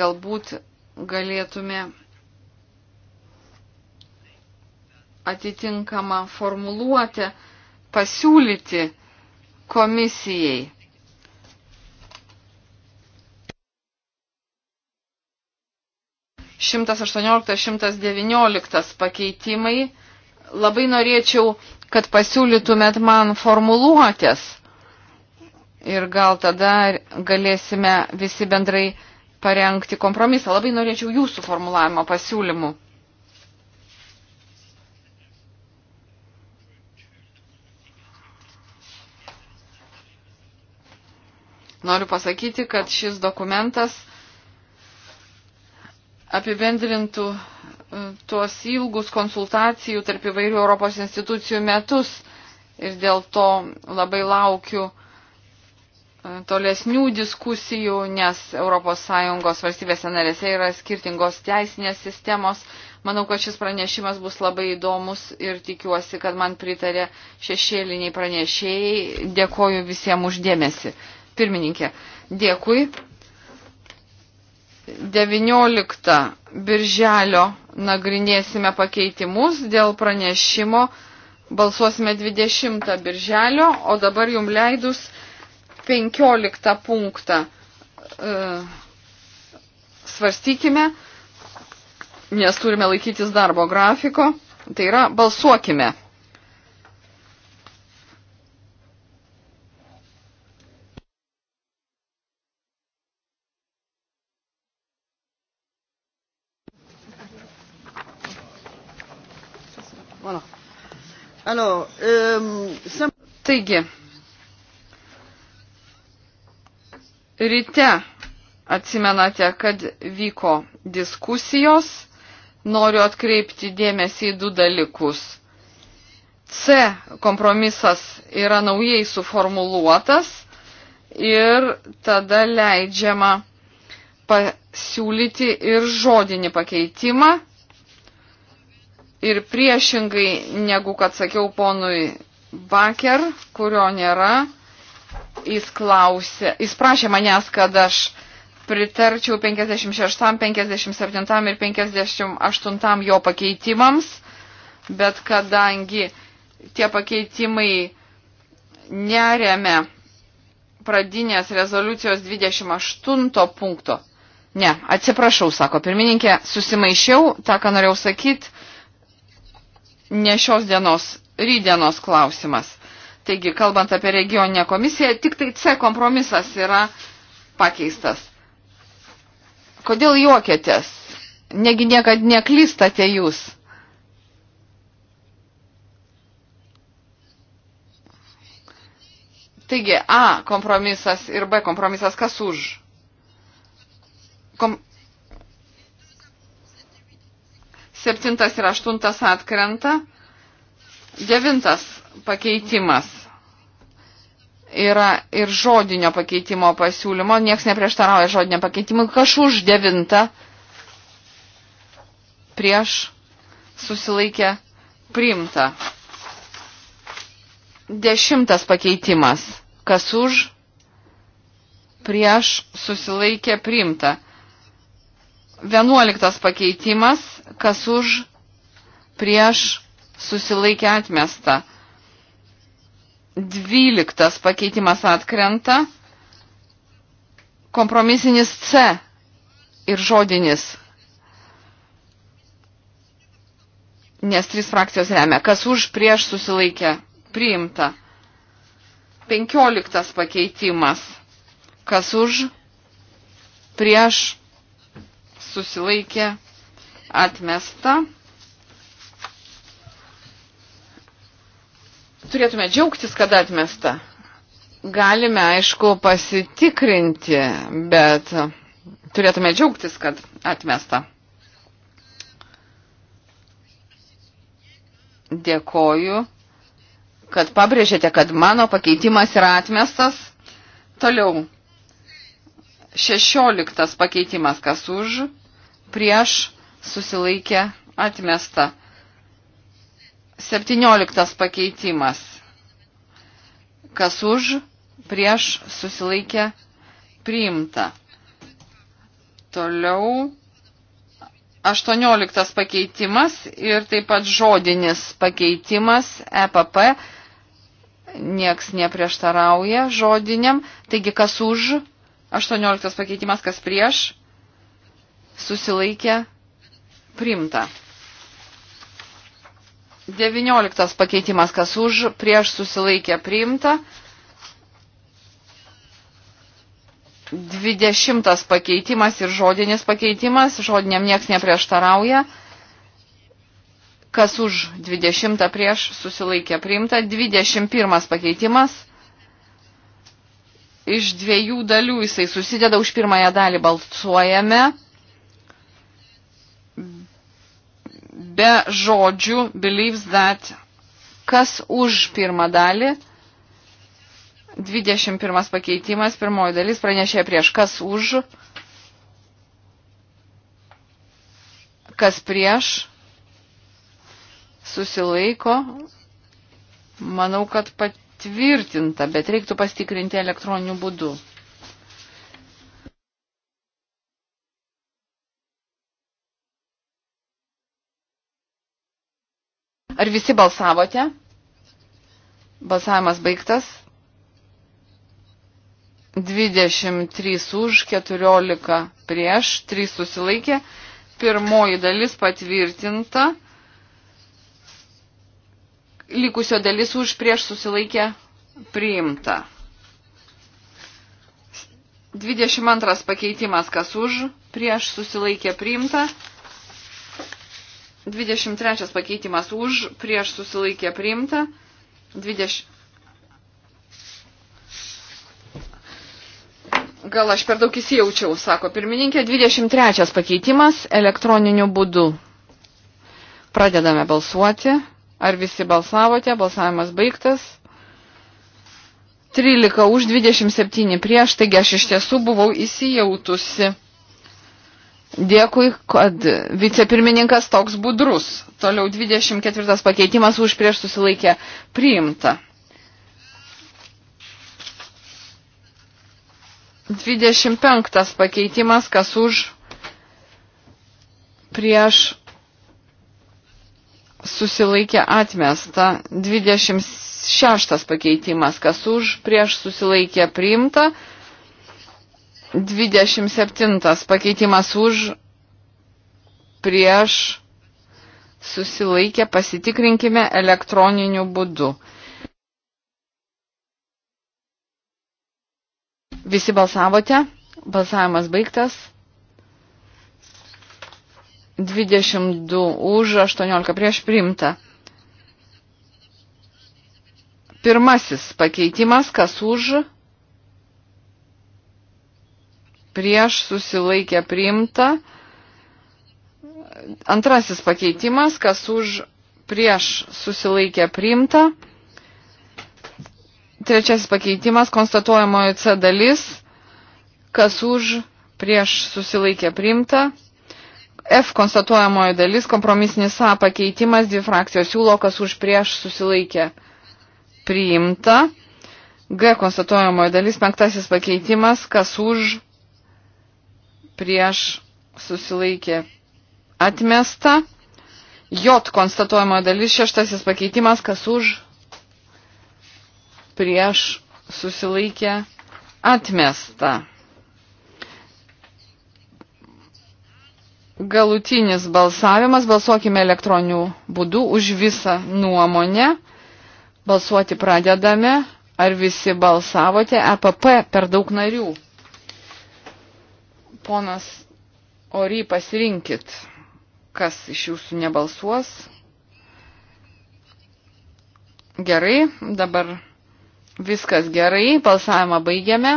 [SPEAKER 3] Galbūt galėtume atitinkamą formuluotę pasiūlyti komisijai. 118-119 pakeitimai. Labai norėčiau, kad pasiūlytumėt man formuluotės ir gal tada galėsime visi bendrai parengti kompromisą. Labai norėčiau jūsų formulavimo pasiūlymų. Noriu pasakyti, kad šis dokumentas apibendrintų e, tuos ilgus konsultacijų tarp įvairių Europos institucijų metus ir dėl to labai laukiu e, tolesnių diskusijų, nes ES valstybėse narėse yra skirtingos teisinės sistemos. Manau, kad šis pranešimas bus labai įdomus ir tikiuosi, kad man pritarė šešėliniai pranešėjai. Dėkoju visiems uždėmesi. Pirmininkė, dėkui. 19 birželio nagrinėsime pakeitimus dėl pranešimo. Balsuosime 20 birželio, o dabar jum leidus 15 punktą e, svarstykime, nes turime laikytis darbo grafiko. Tai yra balsuokime. Alors, um, euh, sam... Taigi, ryte atsimenate, kad vyko diskusijos, noriu atkreipti dėmesį į du dalykus. C kompromisas yra naujai suformuluotas ir tada leidžiama pasiūlyti ir žodinį pakeitimą ir priešingai negu kad sakiau ponui Baker, kurio nėra, jis, klausė, jis prašė manęs, kad aš pritarčiau 56, 57 ir 58 jo pakeitimams, bet kadangi tie pakeitimai neremia pradinės rezoliucijos 28 punkto. Ne, atsiprašau, sako pirmininkė, susimaišiau tą, ką norėjau sakyti ne šios dienos, rydienos klausimas. Taigi, kalbant apie regioninę komisiją, tik tai C kompromisas yra pakeistas. Kodėl juokėtės? Negi niekad neklystate jūs. Taigi, A kompromisas ir B kompromisas, kas už? Kom Septintas ir aštuntas atkrenta. Devintas pakeitimas yra ir žodinio pakeitimo pasiūlymo. Niekas neprieštarauja žodinio pakeitimui. Kaž už devintą prieš susilaikę priimta. Dešimtas pakeitimas. Kas už prieš susilaikę priimta. Vienuoliktas pakeitimas, kas už, prieš, susilaikė atmesta. Dvyliktas pakeitimas atkrenta. Kompromisinis C ir žodinis. Nes trys frakcijos remia. Kas už, prieš, susilaikė, priimta. Penkioliktas pakeitimas. Kas už, prieš, susilaikė atmesta. Turėtume džiaugtis, kad atmesta. Galime, aišku, pasitikrinti, bet turėtume džiaugtis, kad atmesta. Dėkoju, kad pabrėžėte, kad mano pakeitimas yra atmestas. Toliau. Šešioliktas pakeitimas, kas už, prieš susilaikė atmesta. 17 pakeitimas. Kas už, prieš susilaikė priimta. Toliau 18 pakeitimas ir taip pat žodinis pakeitimas EPP. Nieks neprieštarauja žodiniam. Taigi kas už, 18 pakeitimas, kas prieš, susilaikė primta. 19 pakeitimas, kas už, prieš susilaikė priimta. 20 pakeitimas ir žodinis pakeitimas, žodiniam nieks neprieštarauja. Kas už 20 prieš susilaikė priimta. 21 pakeitimas. Iš dviejų dalių jisai susideda, už pirmąją dalį balsuojame be žodžių believes that kas už pirmą dalį. 21 pakeitimas, pirmoji dalis pranešė prieš kas už, kas prieš, susilaiko, manau, kad patvirtinta, bet reiktų pastikrinti elektroniniu būdu. Ar visi balsavote? Balsavimas baigtas. 23 už, 14 prieš, 3 susilaikė. Pirmoji dalis patvirtinta. Likusio dalis už prieš susilaikė priimta. 22 pakeitimas, kas už, prieš susilaikė priimta. 23 pakeitimas už, prieš susilaikė priimta. 20. Gal aš per daug įsijaučiau, sako pirmininkė. 23 pakeitimas elektroniniu būdu. Pradedame balsuoti. Ar visi balsavote? Balsavimas baigtas. 13 už 27 prieš, taigi aš iš tiesų buvau įsijautusi. Dėkui, kad vicepirmininkas toks budrus. Toliau 24 pakeitimas už prieš susilaikė priimta. 25 pakeitimas, kas už prieš susilaikė atmesta. 26 pakeitimas, kas už prieš susilaikė priimta. 27 pakeitimas už, prieš, susilaikę, pasitikrinkime elektroniniu būdu. Visi balsavote, balsavimas baigtas. 22 už, 18 prieš priimta. Pirmasis pakeitimas, kas už, prieš susilaikė priimta. Antrasis pakeitimas, kas už prieš susilaikė priimta. Trečiasis pakeitimas, konstatuojamojo C dalis, kas už prieš susilaikė priimta. F konstatuojamojo dalis, kompromisinis A pakeitimas, dvi frakcijos siūlo, kas už prieš susilaikė priimta. G konstatuojamojo dalis, penktasis pakeitimas, kas už prieš susilaikė atmesta. J konstatuojamoje dalis šeštasis pakeitimas, kas už prieš susilaikė atmesta. Galutinis balsavimas, balsuokime elektroniniu būdu už visą nuomonę. Balsuoti pradedame. Ar visi balsavote? EPP per daug narių. Ponas Ory, pasirinkit, kas iš jūsų nebalsuos. Gerai, dabar viskas gerai, balsavimą baigiame.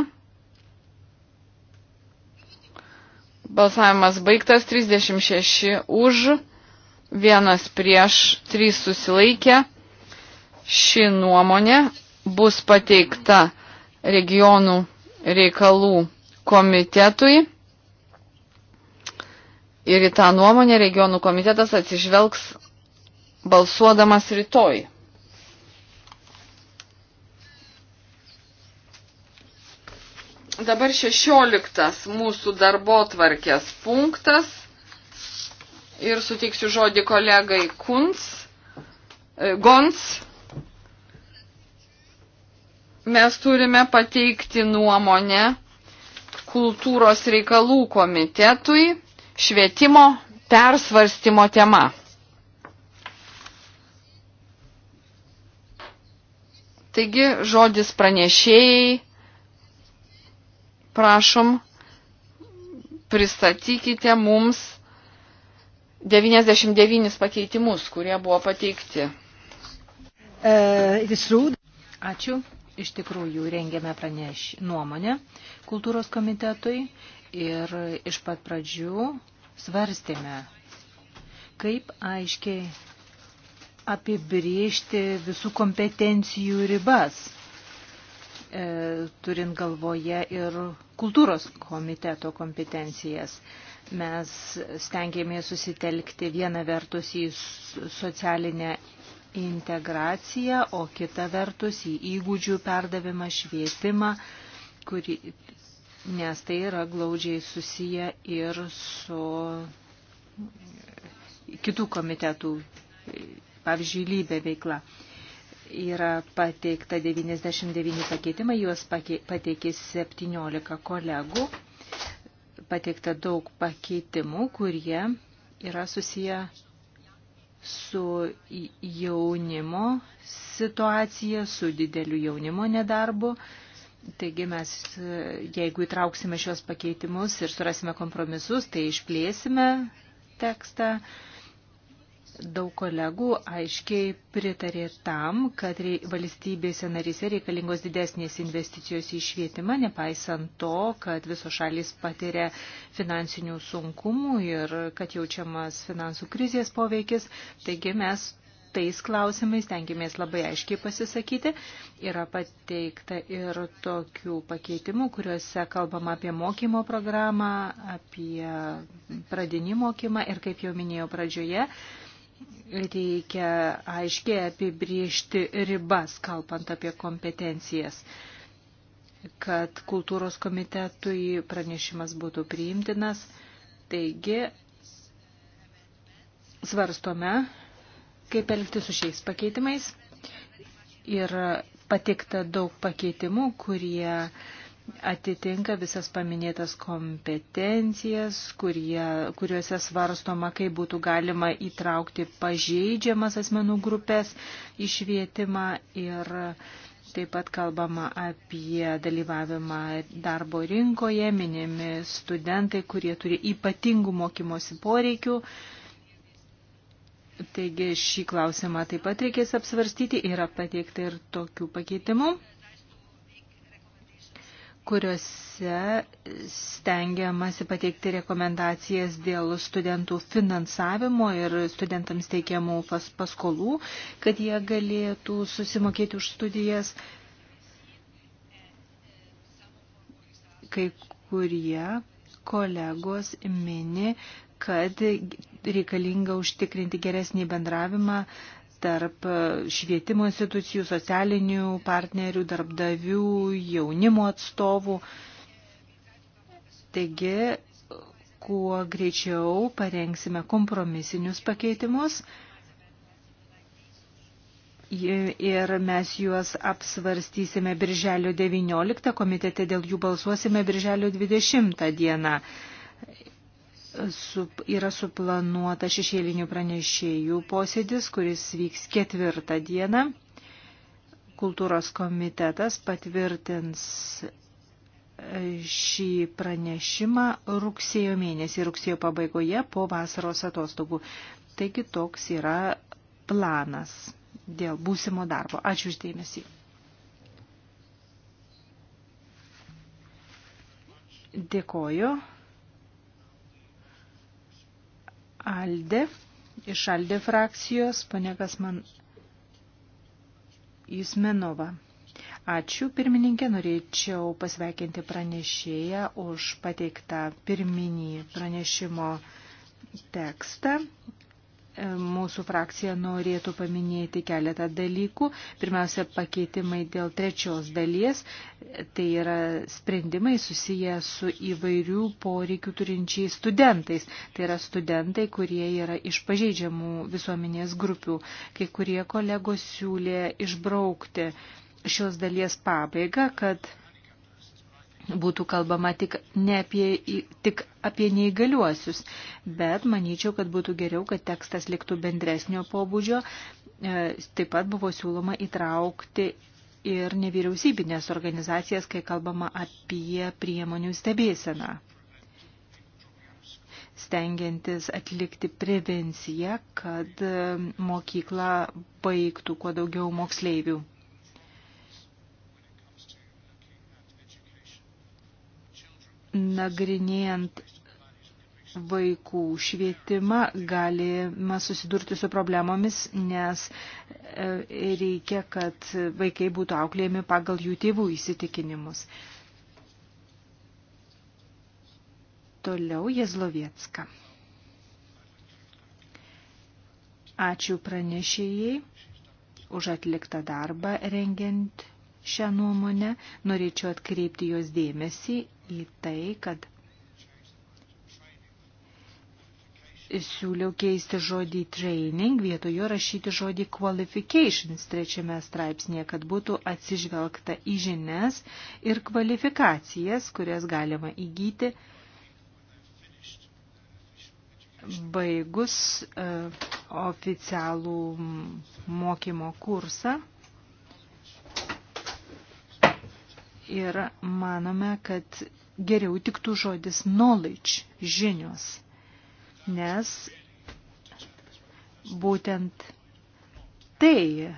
[SPEAKER 3] Balsavimas baigtas 36 už, vienas prieš, trys susilaikė. Ši nuomonė bus pateikta regionų reikalų komitetui. Ir į tą nuomonę regionų komitetas atsižvelgs balsuodamas rytoj. Dabar šešioliktas mūsų darbo tvarkės punktas ir suteiksiu žodį kolegai Kunz, e, Gons. Mes turime pateikti nuomonę kultūros reikalų komitetui švietimo persvarstymo tema. Taigi žodis pranešėjai, prašom, pristatykite mums 99
[SPEAKER 1] pakeitimus, kurie buvo pateikti. E, Ačiū. Iš tikrųjų, rengėme praneš nuomonę kultūros komitetui ir iš pat pradžių svarstėme, kaip aiškiai apibriežti visų kompetencijų ribas, e, turint galvoje ir kultūros komiteto kompetencijas mes stengiamės susitelkti vieną vertus į socialinę integraciją, o kitą vertus į įgūdžių perdavimą, švietimą, kuri, nes tai yra glaudžiai susiję ir su kitų komitetų, pavyzdžiui, lybė veikla. Yra pateikta 99 pakeitimai, juos pateikė 17 kolegų, pateikta daug pakeitimų, kurie yra susiję su jaunimo situacija, su dideliu jaunimo nedarbu, Taigi mes, jeigu įtrauksime šios pakeitimus ir surasime kompromisus, tai išplėsime tekstą. Daug kolegų aiškiai pritarė tam, kad valstybėse narise reikalingos didesnės investicijos į švietimą, nepaisant to, kad visos šalis patiria finansinių sunkumų ir kad jaučiamas finansų krizės poveikis. Taigi mes tais klausimais tengiamės labai aiškiai pasisakyti. Yra pateikta ir tokių pakeitimų, kuriuose kalbama apie mokymo programą, apie pradinį mokymą ir, kaip jau minėjau pradžioje, reikia aiškiai apibriežti ribas, kalbant apie kompetencijas kad kultūros komitetui pranešimas būtų priimtinas. Taigi, svarstome kaip elgti su šiais pakeitimais. Ir patikta daug pakeitimų, kurie atitinka visas paminėtas kompetencijas, kurie, kuriuose svarstoma, kaip būtų galima įtraukti pažeidžiamas asmenų grupės išvietimą ir taip pat kalbama apie dalyvavimą darbo rinkoje, minimi studentai, kurie turi ypatingų mokymosi poreikių. Uh, Taigi šį klausimą taip pat reikės apsvarstyti, yra pateikta ir tokių pakeitimų, kuriuose stengiamasi pateikti rekomendacijas dėl studentų finansavimo ir studentams teikiamų paskolų, kad jie galėtų susimokėti už studijas. Kai kurie kolegos mini, kad reikalinga užtikrinti geresnį bendravimą tarp švietimo institucijų, socialinių partnerių, darbdavių, jaunimo atstovų. Taigi, kuo greičiau parengsime kompromisinius pakeitimus ir mes juos apsvarstysime birželio 19 komitete, dėl jų balsuosime birželio 20 dieną su, yra suplanuota šešėlinių pranešėjų posėdis, kuris vyks ketvirtą dieną. Kultūros komitetas patvirtins e, šį pranešimą rugsėjo mėnesį, rugsėjo pabaigoje po vasaros atostogų. Taigi toks yra planas dėl būsimo darbo. Ačiū uždėmesį. Dėkoju. Alde, iš Alde frakcijos, panekas man Jusmenova. Ačiū, pirmininkė, norėčiau pasveikinti pranešėją už pateiktą pirminį pranešimo tekstą. E, mūsų frakcija norėtų paminėti keletą dalykų. Pirmiausia, pakeitimai dėl trečios dalies. Tai yra sprendimai susiję su įvairių poreikių turinčiais studentais. Tai yra studentai, kurie yra iš pažeidžiamų visuomenės grupių. Kai kurie kolegos siūlė išbraukti šios dalies pabaigą, kad būtų kalbama tik, ne apie, tik apie neįgaliuosius, bet manyčiau, kad būtų geriau, kad tekstas liktų bendresnio pobūdžio. E, taip pat buvo siūloma įtraukti ir nevyriausybinės organizacijas, kai kalbama apie priemonių stebėseną. Stengiantis atlikti prevenciją, kad e, mokykla baigtų kuo daugiau moksleivių. nagrinėjant vaikų švietimą galima susidurti su problemomis, nes e, reikia, kad vaikai būtų auklėjami pagal jų tėvų įsitikinimus. Toliau Jezlovietska. Ačiū pranešėjai už atliktą darbą rengiant šią nuomonę. Norėčiau atkreipti jos dėmesį į tai, kad siūliau keisti žodį training, vietojo rašyti žodį qualifications trečiame straipsnėje, kad būtų atsižvelgta į žinias ir kvalifikacijas, kurias galima įgyti baigus uh, oficialų mokymo kursą. Ir manome, kad geriau tiktų žodis knowledge, žinios, nes būtent tai e,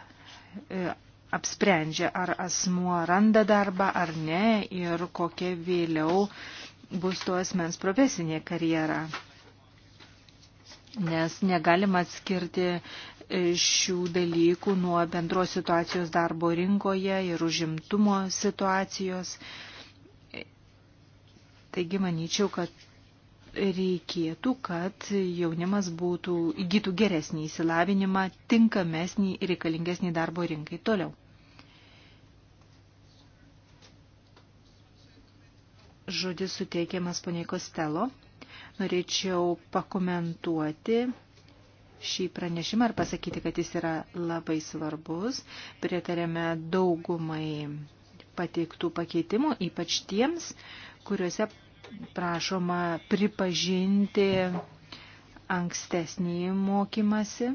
[SPEAKER 1] apsprendžia, ar asmuo randa darbą ar ne ir kokia vėliau bus to asmens profesinė karjera. Nes negalima atskirti e, šių dalykų nuo bendros situacijos darbo rinkoje ir užimtumo situacijos. Uh, Taigi manyčiau, kad reikėtų, kad jaunimas būtų įgytų geresnį įsilavinimą, tinkamesnį ir reikalingesnį darbo rinkai toliau. Žodis suteikiamas poniai Kostelo. Norėčiau pakomentuoti šį pranešimą ir pasakyti, kad jis yra labai svarbus. Pritarėme daugumai pateiktų pakeitimų, ypač tiems, kuriuose prašoma pripažinti ankstesnį mokymasi.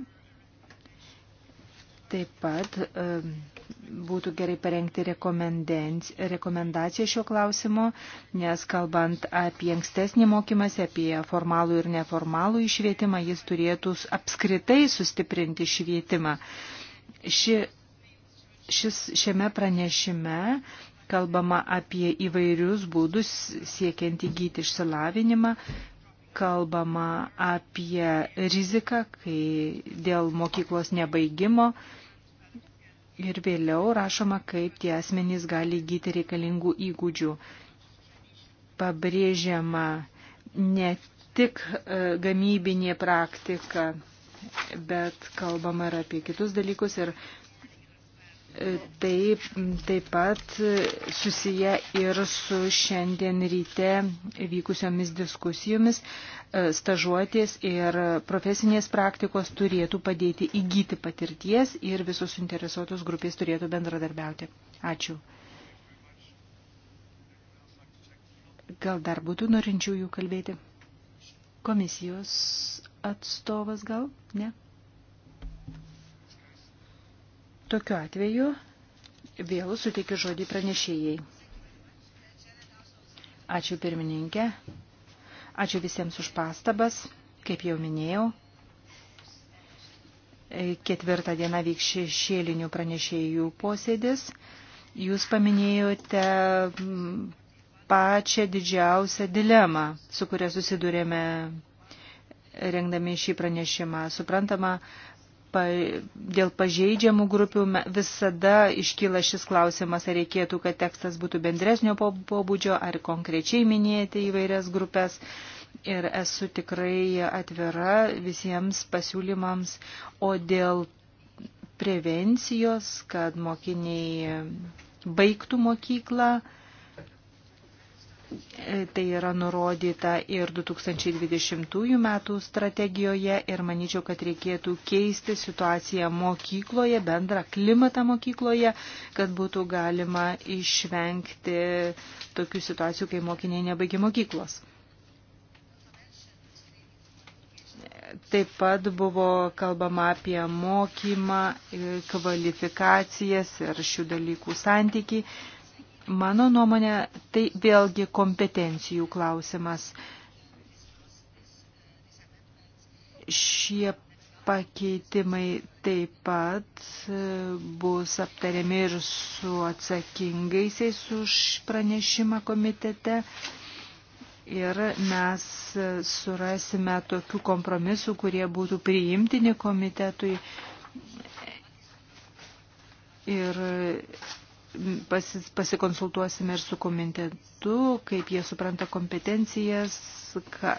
[SPEAKER 1] Taip pat būtų gerai parengti rekomendaciją šio klausimo, nes kalbant apie ankstesnį mokymąsi, apie formalų ir neformalų išvietimą, jis turėtų apskritai sustiprinti švietimą. Ši, šis, šiame pranešime kalbama apie įvairius būdus siekiant įgyti išsilavinimą, kalbama apie riziką, kai dėl mokyklos nebaigimo ir vėliau rašoma, kaip tie asmenys gali įgyti reikalingų įgūdžių. Pabrėžiama ne tik e, gamybinė praktika, bet kalbama ir apie kitus dalykus ir Taip, taip pat susiję ir su šiandien ryte vykusiomis diskusijomis stažuotės ir profesinės praktikos turėtų padėti įgyti patirties ir visos suinteresuotos grupės turėtų bendradarbiauti. Ačiū. Gal dar būtų norinčių jų kalbėti? Komisijos atstovas gal? Ne? Tokiu atveju vėl suteikiu žodį pranešėjai. Ačiū pirmininkė. Ačiū visiems už pastabas. Kaip jau minėjau, ketvirtą dieną vyks šešėlinių pranešėjų posėdis. Jūs paminėjote mm, pačią didžiausią dilemą, su kuria susidūrėme rengdami šį pranešimą. Suprantama, pa, dėl pažeidžiamų grupių visada iškyla šis klausimas, ar reikėtų, kad tekstas būtų bendresnio pobūdžio, ar konkrečiai minėti įvairias grupės. Ir esu tikrai atvira visiems pasiūlymams, o dėl prevencijos, kad mokiniai baigtų mokyklą, Tai yra nurodyta ir 2020 metų strategijoje ir manyčiau, kad reikėtų keisti situaciją mokykloje, bendrą klimatą mokykloje, kad būtų galima išvengti tokių situacijų, kai mokiniai nebaigia mokyklos. Taip pat buvo kalbama apie mokymą, kvalifikacijas ir šių dalykų santykiai Mano nuomonė, tai vėlgi kompetencijų klausimas. Šie pakeitimai taip pat e, bus aptariami ir su atsakingaisiais už pranešimą komitete. Ir mes e, surasime tokių kompromisų, kurie būtų priimtini komitetui. Ir pasis, pasikonsultuosime ir su komitetu, kaip jie supranta kompetencijas. Ka,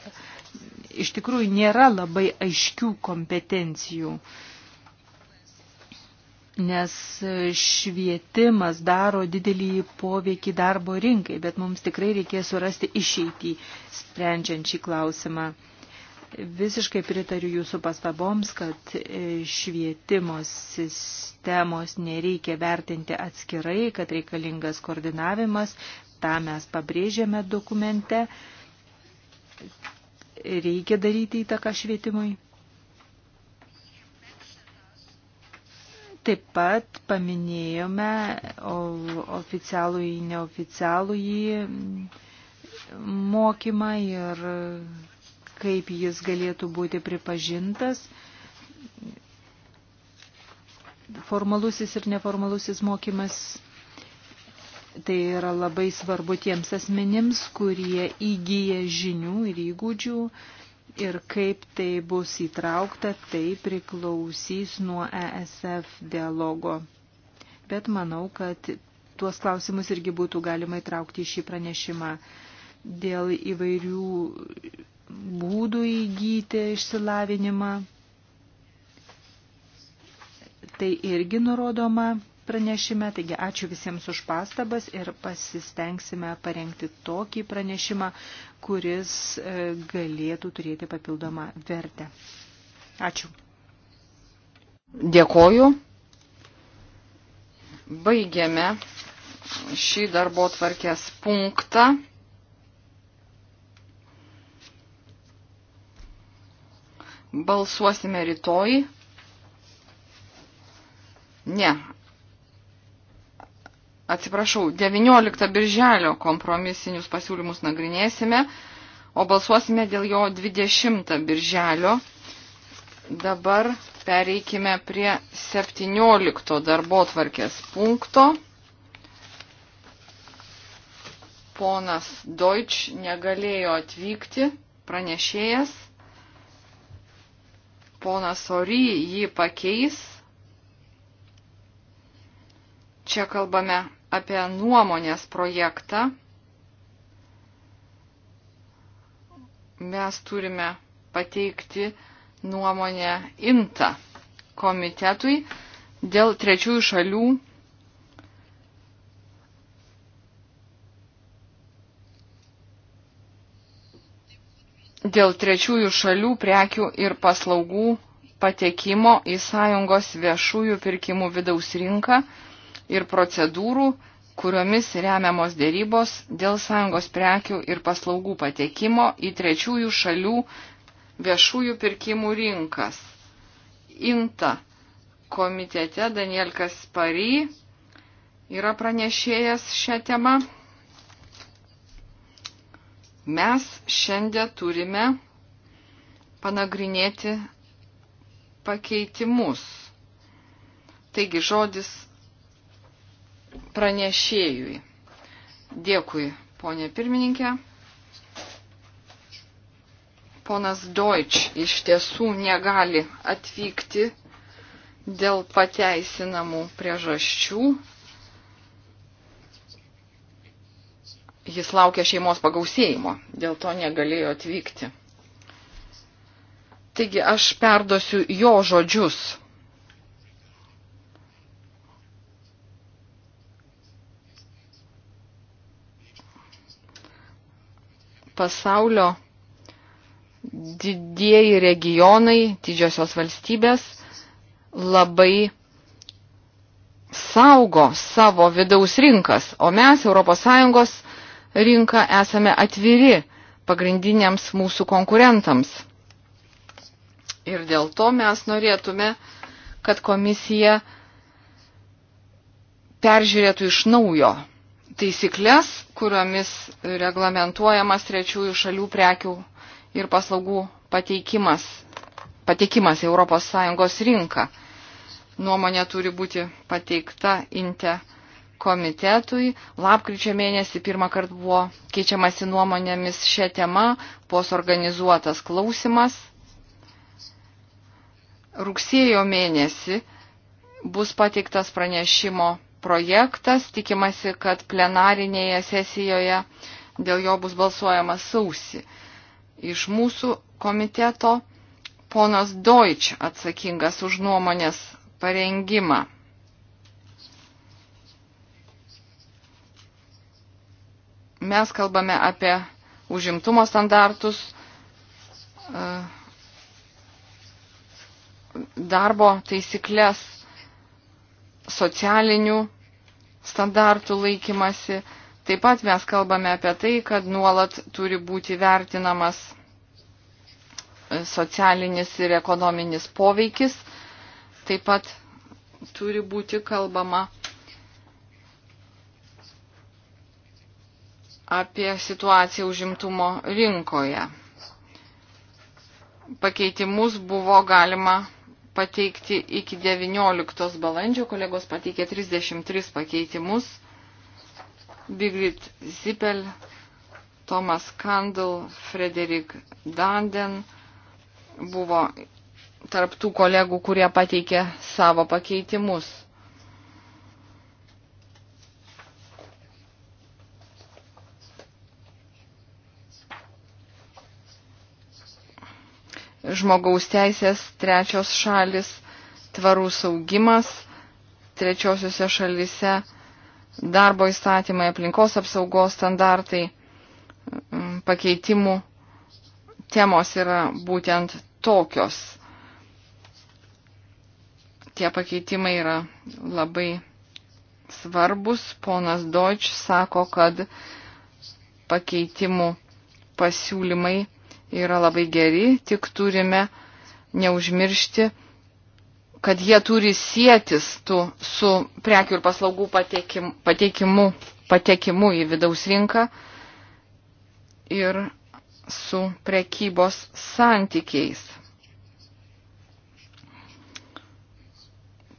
[SPEAKER 1] iš tikrųjų nėra labai aiškių kompetencijų, nes švietimas daro didelį poveikį darbo rinkai, bet mums tikrai reikės surasti išeitį sprendžiant šį klausimą. Visiškai pritariu jūsų pastaboms, kad e, švietimo sistemos nereikia vertinti atskirai, kad reikalingas koordinavimas. Ta mes pabrėžėme dokumente. Reikia daryti įtaką švietimui. Taip pat paminėjome oficialų į neoficialų į mokymą ir kaip jis galėtų būti pripažintas, formalusis ir neformalusis mokymas. Tai yra labai svarbu tiems asmenims, kurie įgyja žinių ir įgūdžių ir kaip tai bus įtraukta, tai priklausys nuo ESF dialogo. Bet manau, kad tuos klausimus irgi būtų galima įtraukti į šį pranešimą dėl įvairių būdų įgyti išsilavinimą. Tai irgi nurodoma pranešime, taigi ačiū visiems už pastabas ir pasistengsime parengti tokį pranešimą, kuris e, galėtų turėti papildomą vertę. Ačiū. Dėkoju. Baigiame
[SPEAKER 3] šį darbo tvarkės punktą. Balsuosime rytoj. Ne. Atsiprašau, 19 birželio kompromisinius pasiūlymus nagrinėsime, o balsuosime dėl jo 20 birželio. Dabar pereikime prie 17 darbo tvarkės punkto. Ponas Deutsch negalėjo atvykti, pranešėjas ponas Ory jį pakeis. Čia kalbame apie nuomonės projektą. Mes turime pateikti nuomonę INTA komitetui dėl trečiųjų šalių dėl trečiųjų šalių prekių ir paslaugų patekimo į sąjungos viešųjų pirkimų vidaus rinką ir procedūrų, kuriomis remiamos dėrybos dėl sąjungos prekių ir paslaugų patekimo į trečiųjų šalių viešųjų pirkimų rinkas. Inta komitete Daniel Kaspary yra pranešėjęs šią temą. Mes šiandien turime panagrinėti pakeitimus. Taigi žodis pranešėjui. Dėkui, ponė pirmininkė. Ponas Deutsch iš tiesų negali atvykti dėl pateisinamų priežasčių, jis laukia šeimos pagausėjimo, dėl to negalėjo atvykti. Taigi aš perdosiu jo žodžius. Pasaulio didieji regionai, didžiosios valstybės labai saugo savo vidaus rinkas, o mes, ES, rinką esame atviri pagrindiniams mūsų konkurentams. Ir dėl to mes norėtume, kad komisija peržiūrėtų iš naujo taisyklės, kuriomis reglamentuojamas trečiųjų šalių prekių ir paslaugų pateikimas, pateikimas ES rinką. Nuomonė turi būti pateikta inte komitetui. Lapkričio mėnesį pirmą kartą buvo keičiamasi nuomonėmis šią temą, pos organizuotas klausimas. Rugsėjo mėnesį bus pateiktas pranešimo projektas, tikimasi, kad plenarinėje sesijoje dėl jo bus balsuojama sausi. Iš mūsų komiteto ponas Deutsch atsakingas už nuomonės parengimą. Mes kalbame apie užimtumo standartus, e, darbo taisyklės, socialinių standartų laikymasi. Taip pat mes kalbame apie tai, kad nuolat turi būti vertinamas e, socialinis ir ekonominis poveikis. Taip pat turi būti kalbama apie situaciją užimtumo rinkoje. Pakeitimus buvo galima pateikti iki 19 balandžio, kolegos pateikė 33 pakeitimus. Bigrit Zipel, Tomas Kandl, Frederik Danden buvo tarptų kolegų, kurie pateikė savo pakeitimus. žmogaus teisės, trečios šalis, tvarus augimas, trečiosiuose šalise darbo įstatymai, aplinkos apsaugos standartai, mm, pakeitimų temos yra būtent tokios. Tie pakeitimai yra labai svarbus. Ponas Deutsch sako, kad pakeitimų pasiūlymai yra labai geri, tik turime neužmiršti, kad jie turi sėtis tu, su prekių ir paslaugų pateikim, pateikimu, patekimu į vidaus rinką ir su prekybos santykiais.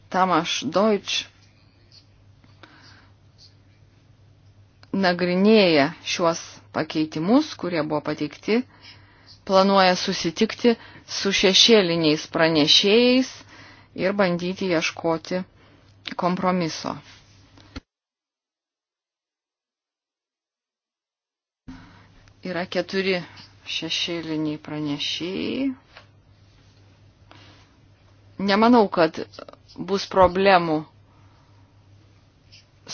[SPEAKER 3] Tamaš Deutsch nagrinėja šiuos pakeitimus, kurie buvo pateikti planuoja susitikti su šešėliniais pranešėjais ir bandyti ieškoti kompromiso. Yra keturi šešėliniai pranešėjai. Nemanau, kad bus problemų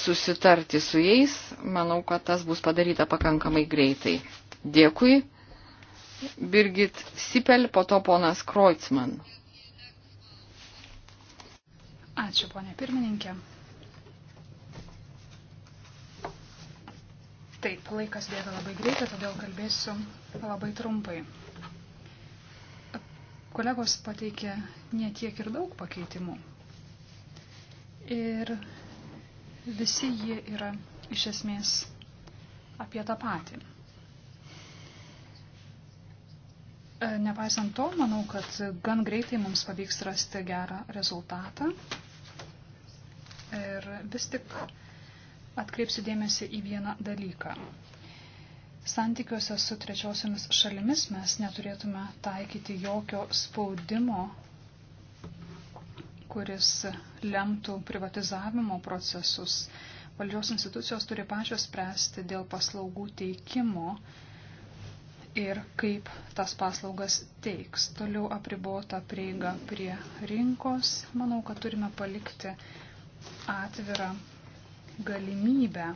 [SPEAKER 3] susitarti su jais. Manau, kad tas bus padaryta pakankamai greitai. Dėkui. Birgit Sipel, po to ponas Kreutzmann.
[SPEAKER 2] Ačiū, ponė pirmininkė. Taip, laikas bėga labai greitai, todėl kalbėsiu labai trumpai. Kolegos pateikė ne tiek ir daug pakeitimų. Ir visi jie yra iš esmės apie tą patį. E, nepaisant to, manau, kad gan greitai mums pavyks rasti gerą rezultatą. Ir vis tik atkreipsiu dėmesį į vieną dalyką. Santykiuose su trečiosiomis šalimis mes neturėtume taikyti jokio spaudimo, kuris lemtų privatizavimo procesus. Valdžios institucijos turi pačios spręsti dėl paslaugų teikimo ir kaip tas paslaugas teiks. Toliau apribota prieiga prie rinkos. Manau, kad turime palikti atvirą galimybę,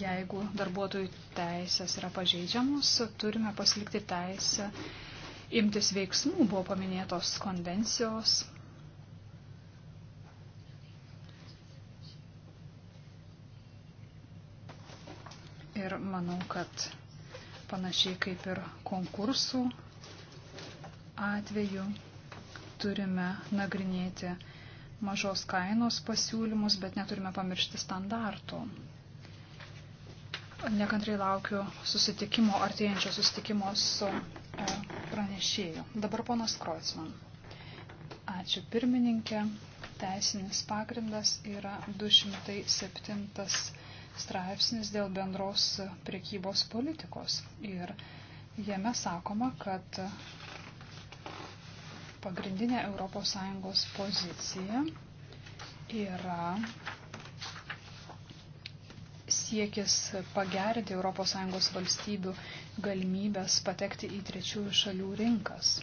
[SPEAKER 2] jeigu darbuotojų teisės yra pažeidžiamos, turime pasilikti teisę imtis veiksmų, buvo paminėtos konvencijos. Ir manau, kad panašiai kaip ir konkursų atveju turime nagrinėti mažos kainos pasiūlymus, bet neturime pamiršti standartų. Nekantrai laukiu susitikimo, artėjančio susitikimo su e, pranešėju. Dabar ponas Krocman. Ačiū pirmininkė. Teisinis pagrindas yra 207 straipsnis dėl bendros priekybos politikos. Ir jame sakoma, kad pagrindinė ES pozicija yra siekis pagerinti ES valstybių galimybės patekti į trečiųjų šalių rinkas.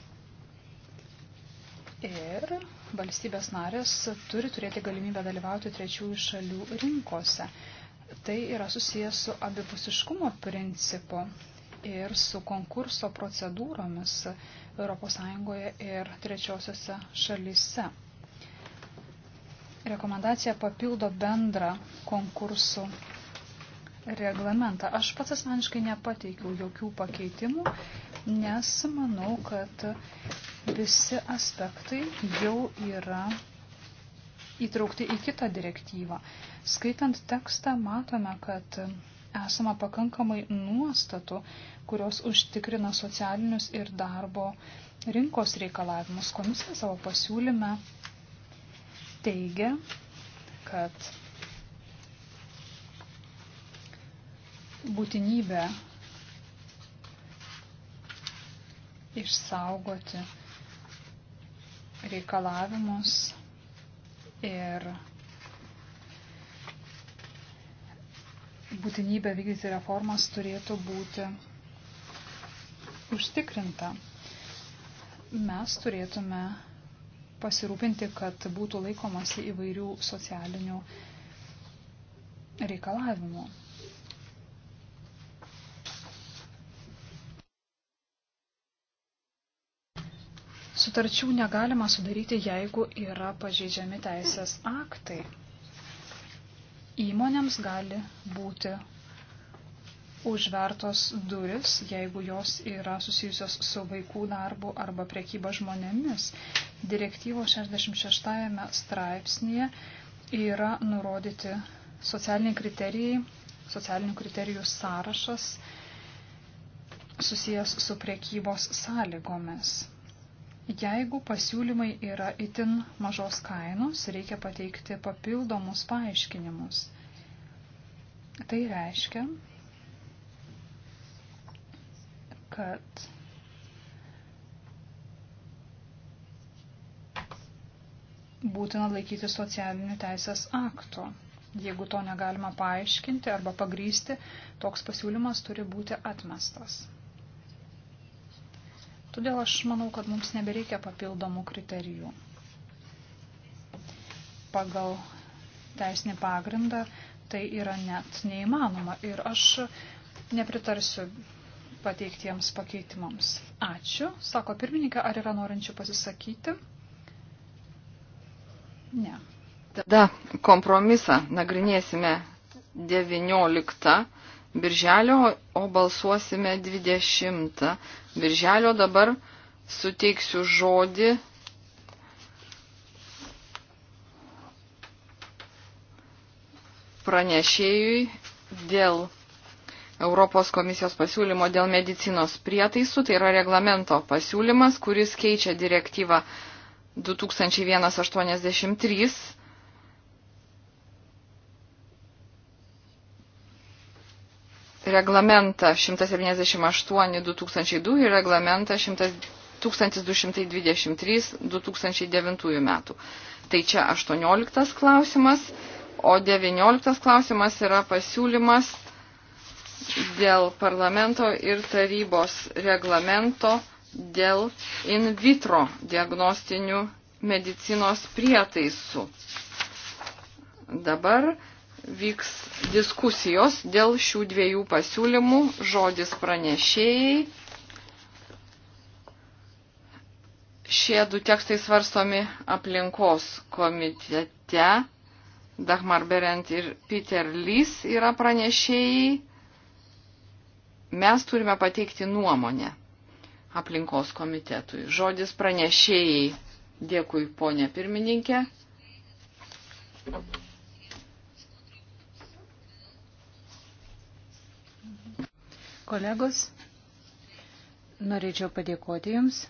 [SPEAKER 2] Ir valstybės narės turi turėti galimybę dalyvauti trečiųjų šalių rinkose. Tai yra susijęs su abipusiškumo principu ir su konkurso procedūromis ES ir trečiosiose šalyse. Rekomendacija papildo bendrą konkursų reglamentą. Aš pats asmeniškai nepateikiau jokių pakeitimų, nes manau, kad visi aspektai jau yra įtraukti į kitą direktyvą. Skaitant tekstą matome, kad esama pakankamai nuostatų, kurios užtikrina socialinius ir darbo rinkos reikalavimus. Komisija savo pasiūlyme teigia, kad būtinybė išsaugoti reikalavimus ir būtinybė vykdyti reformas turėtų būti užtikrinta. Mes turėtume pasirūpinti, kad būtų laikomasi įvairių socialinių reikalavimų. Sutarčių negalima sudaryti, jeigu yra pažeidžiami teisės aktai. Įmonėms gali būti užvertos duris, jeigu jos yra susijusios su vaikų darbu arba priekyba žmonėmis. Direktyvo 66 straipsnėje yra nurodyti socialiniai kriterijai, socialinių kriterijų sąrašas susijęs su priekybos sąlygomis. Jeigu pasiūlymai yra itin mažos kainos, reikia pateikti papildomus paaiškinimus. Tai reiškia, kad būtina laikyti socialinių teisės akto. Jeigu to negalima paaiškinti arba pagrysti, toks pasiūlymas turi būti atmestas. Todėl aš manau, kad mums nebereikia papildomų kriterijų. Pagal teisinį pagrindą tai yra net neįmanoma ir aš nepritarsiu pateiktiems pakeitimams. Ačiū, sako pirmininkė, ar yra norinčių pasisakyti? Ne.
[SPEAKER 3] Tada kompromisą nagrinėsime 19 birželio, o balsuosime 20 birželio. Dabar suteiksiu žodį pranešėjui dėl Europos komisijos pasiūlymo dėl medicinos prietaisų. Tai yra reglamento pasiūlymas, kuris keičia direktyvą 2183 reglamentą 178-2002 ir reglamentą 1223-2009 metų. Tai čia 18 klausimas, o 19 klausimas yra pasiūlymas dėl parlamento ir tarybos reglamento dėl in vitro diagnostinių medicinos prietaisų. Dabar vyks diskusijos dėl šių dviejų pasiūlymų. Žodis pranešėjai. Šie du tekstai svarstomi aplinkos komitete. Dagmar Berent ir Peter Lys yra pranešėjai. Mes turime pateikti nuomonę aplinkos komitetui. Žodis pranešėjai. Dėkui, ponė pirmininkė. Thank you.
[SPEAKER 1] Kolegos, norėčiau padėkoti Jums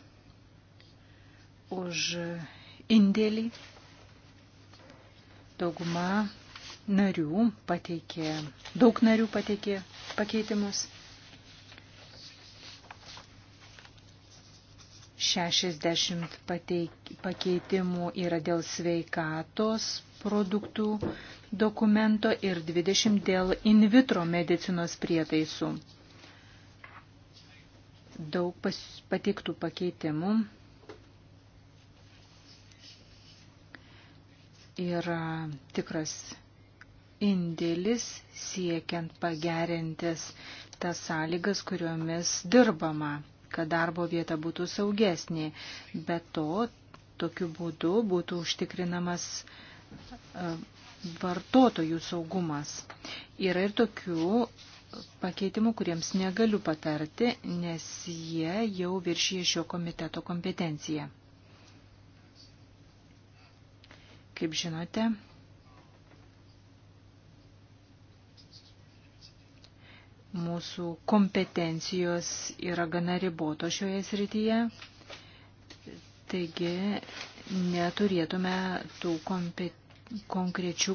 [SPEAKER 1] už indėlį. Dauguma narių pateikė, daug narių pateikė pakeitimus. 60 pateik, pakeitimų yra dėl sveikatos produktų dokumento ir 20 dėl in vitro medicinos prietaisų daug pas, patiktų pakeitimų. Yra tikras indėlis siekiant pagerintis tas sąlygas, kuriomis dirbama, kad darbo vieta būtų saugesnė. Be to, tokiu būdu būtų užtikrinamas e, vartotojų saugumas. Yra ir tokių pakeitimų, kuriems negaliu patarti, nes jie jau viršyje šio komiteto kompetenciją. Kaip žinote, mūsų kompetencijos yra gana riboto šioje srityje, taigi neturėtume tų kompetencijų konkrečių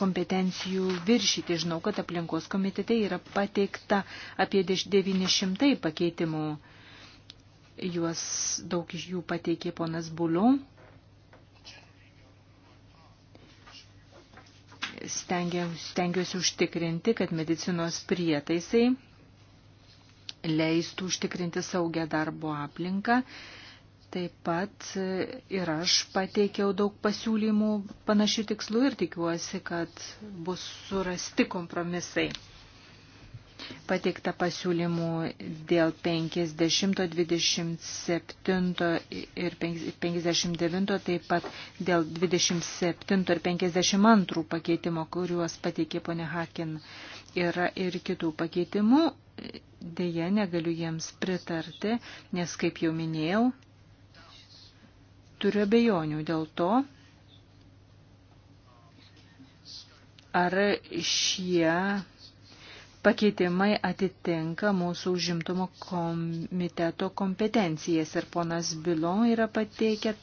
[SPEAKER 1] kompetencijų viršyti. Žinau, kad aplinkos komitete yra pateikta apie 900 pakeitimų. Juos daug iš jų pateikė ponas Buliu. Stengiuosi užtikrinti, kad medicinos prietaisai leistų užtikrinti saugę darbo aplinką Taip pat ir aš pateikiau daug pasiūlymų panašių tikslų ir tikiuosi, kad bus surasti kompromisai. Pateikta pasiūlymų dėl 50, 27 ir 59, taip pat dėl 27 ir 52 pakeitimo, kuriuos pateikė ponė Hakin. Yra ir kitų pakeitimų, dėje negaliu jiems pritarti, nes, kaip jau minėjau, Turiu abejonių dėl to, ar šie pakeitimai atitinka mūsų užimtumo komiteto kompetencijas. Ir ponas Bilon yra pateikę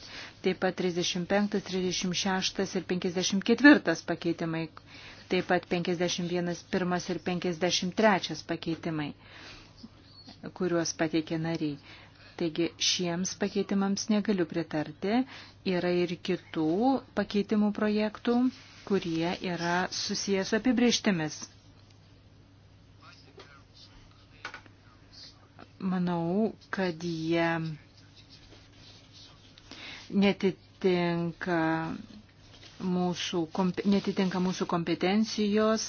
[SPEAKER 1] taip pat 35, 36 ir 54 pakeitimai, taip pat 51, 1 ir 53 pakeitimai, kuriuos pateikė nariai. Taigi šiems pakeitimams negaliu pritarti. Yra ir kitų pakeitimų projektų, kurie yra susijęs apibrieštimis. Manau, kad jie netitinka mūsų, netitinka mūsų kompetencijos.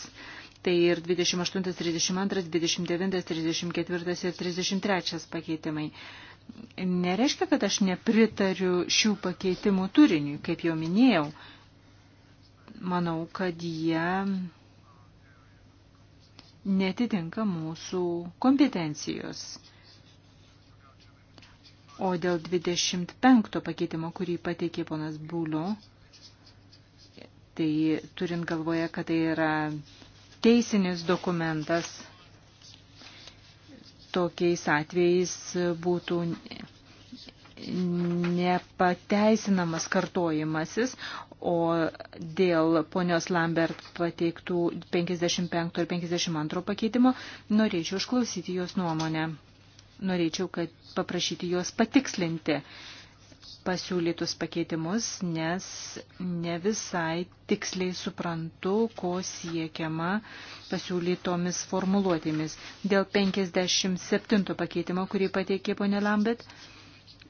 [SPEAKER 1] Tai ir 28, 32, 29, 34 ir 33 pakeitimai nereiškia, kad aš nepritariu šių pakeitimų turiniui, kaip jau minėjau. Manau, kad jie netitinka mūsų kompetencijos. O dėl 25 pakeitimo, kurį pateikė ponas Būlio, tai turint galvoje, kad tai yra teisinis dokumentas, tokiais atvejais būtų nepateisinamas kartojimasis, o dėl ponios Lambert pateiktų 55 ir 52 pakeitimo norėčiau išklausyti jos nuomonę. Norėčiau, kad paprašyti jos patikslinti pasiūlytus pakeitimus, nes ne visai tiksliai suprantu, ko siekiama pasiūlytomis formuluotėmis. Dėl 57 pakeitimo, kurį pateikė ponė Lambet,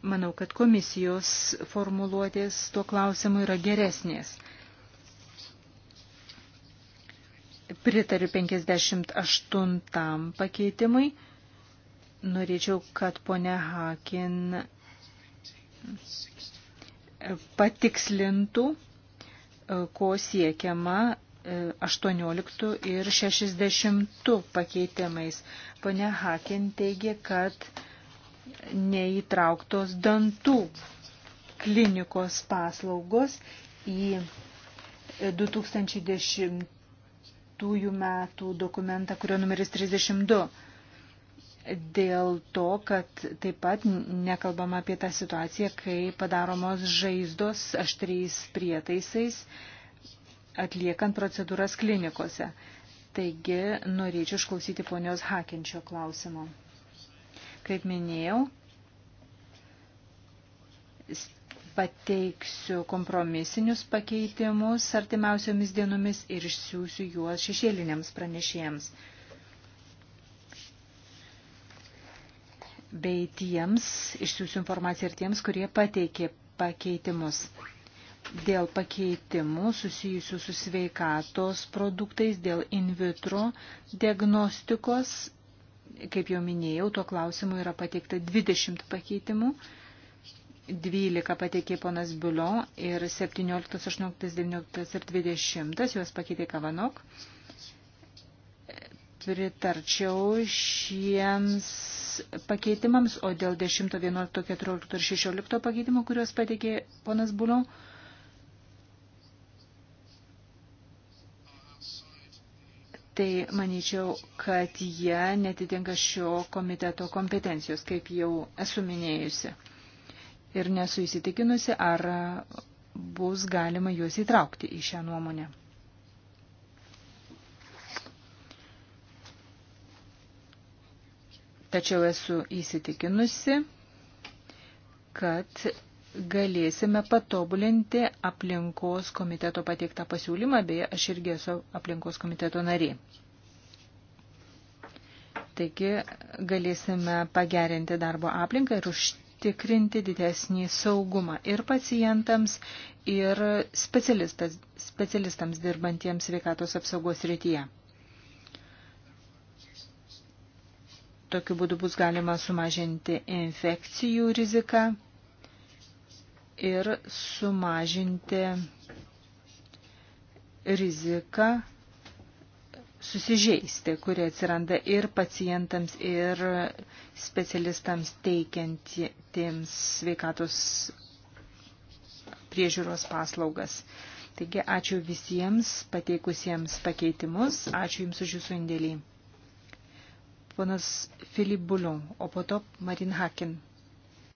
[SPEAKER 1] manau, kad komisijos formuluotės tuo klausimu yra geresnės. Pritariu 58 pakeitimui. Norėčiau, kad ponė Hakin patikslintų, e, ko siekiama 18 e, ir 60 pakeitimais. Pone Hakin teigia, kad neįtrauktos dantų klinikos paslaugos į 2010 metų dokumentą, kurio numeris 32 dėl to, kad taip pat nekalbama apie tą situaciją, kai padaromos žaizdos aštriais prietaisais atliekant procedūras klinikose. Taigi norėčiau išklausyti ponios Hakenčio klausimo. Kaip minėjau, pateiksiu kompromisinius pakeitimus artimiausiomis dienomis ir išsiųsiu juos šešėliniams pranešėjams. bei tiems, išsiųsiu informaciją ir tiems, kurie pateikė pakeitimus. Dėl pakeitimų susijusių su sveikatos produktais, dėl in vitro diagnostikos, kaip jau minėjau, tuo klausimu yra pateikta 20 pakeitimų. 12 pateikė ponas Biulio ir 17, 18, 19 ir 20 juos pakeitė Kavanok pritarčiau šiems pakeitimams, o dėl 10, 11, 14 ir 16 pakeitimų, kuriuos pateikė ponas Buliau, tai manyčiau, kad jie netitinka šio komiteto kompetencijos, kaip jau esu minėjusi. Ir nesu įsitikinusi, ar bus galima juos įtraukti į šią nuomonę. Tačiau esu įsitikinusi, kad galėsime patobulinti aplinkos komiteto pateiktą pasiūlymą, beje, aš irgi esu aplinkos komiteto narė. Taigi galėsime pagerinti darbo aplinką ir užtikrinti didesnį saugumą ir pacientams, ir specialistams dirbantiems sveikatos apsaugos rytyje. Tokiu būdu bus galima sumažinti infekcijų riziką ir sumažinti riziką susižeisti, kurie atsiranda ir pacientams, ir specialistams teikiantiems sveikatos priežiūros paslaugas. Taigi ačiū visiems pateikusiems pakeitimus, ačiū Jums už Jūsų indėlį ponas Filip Bulion, o po to Marin Hakin.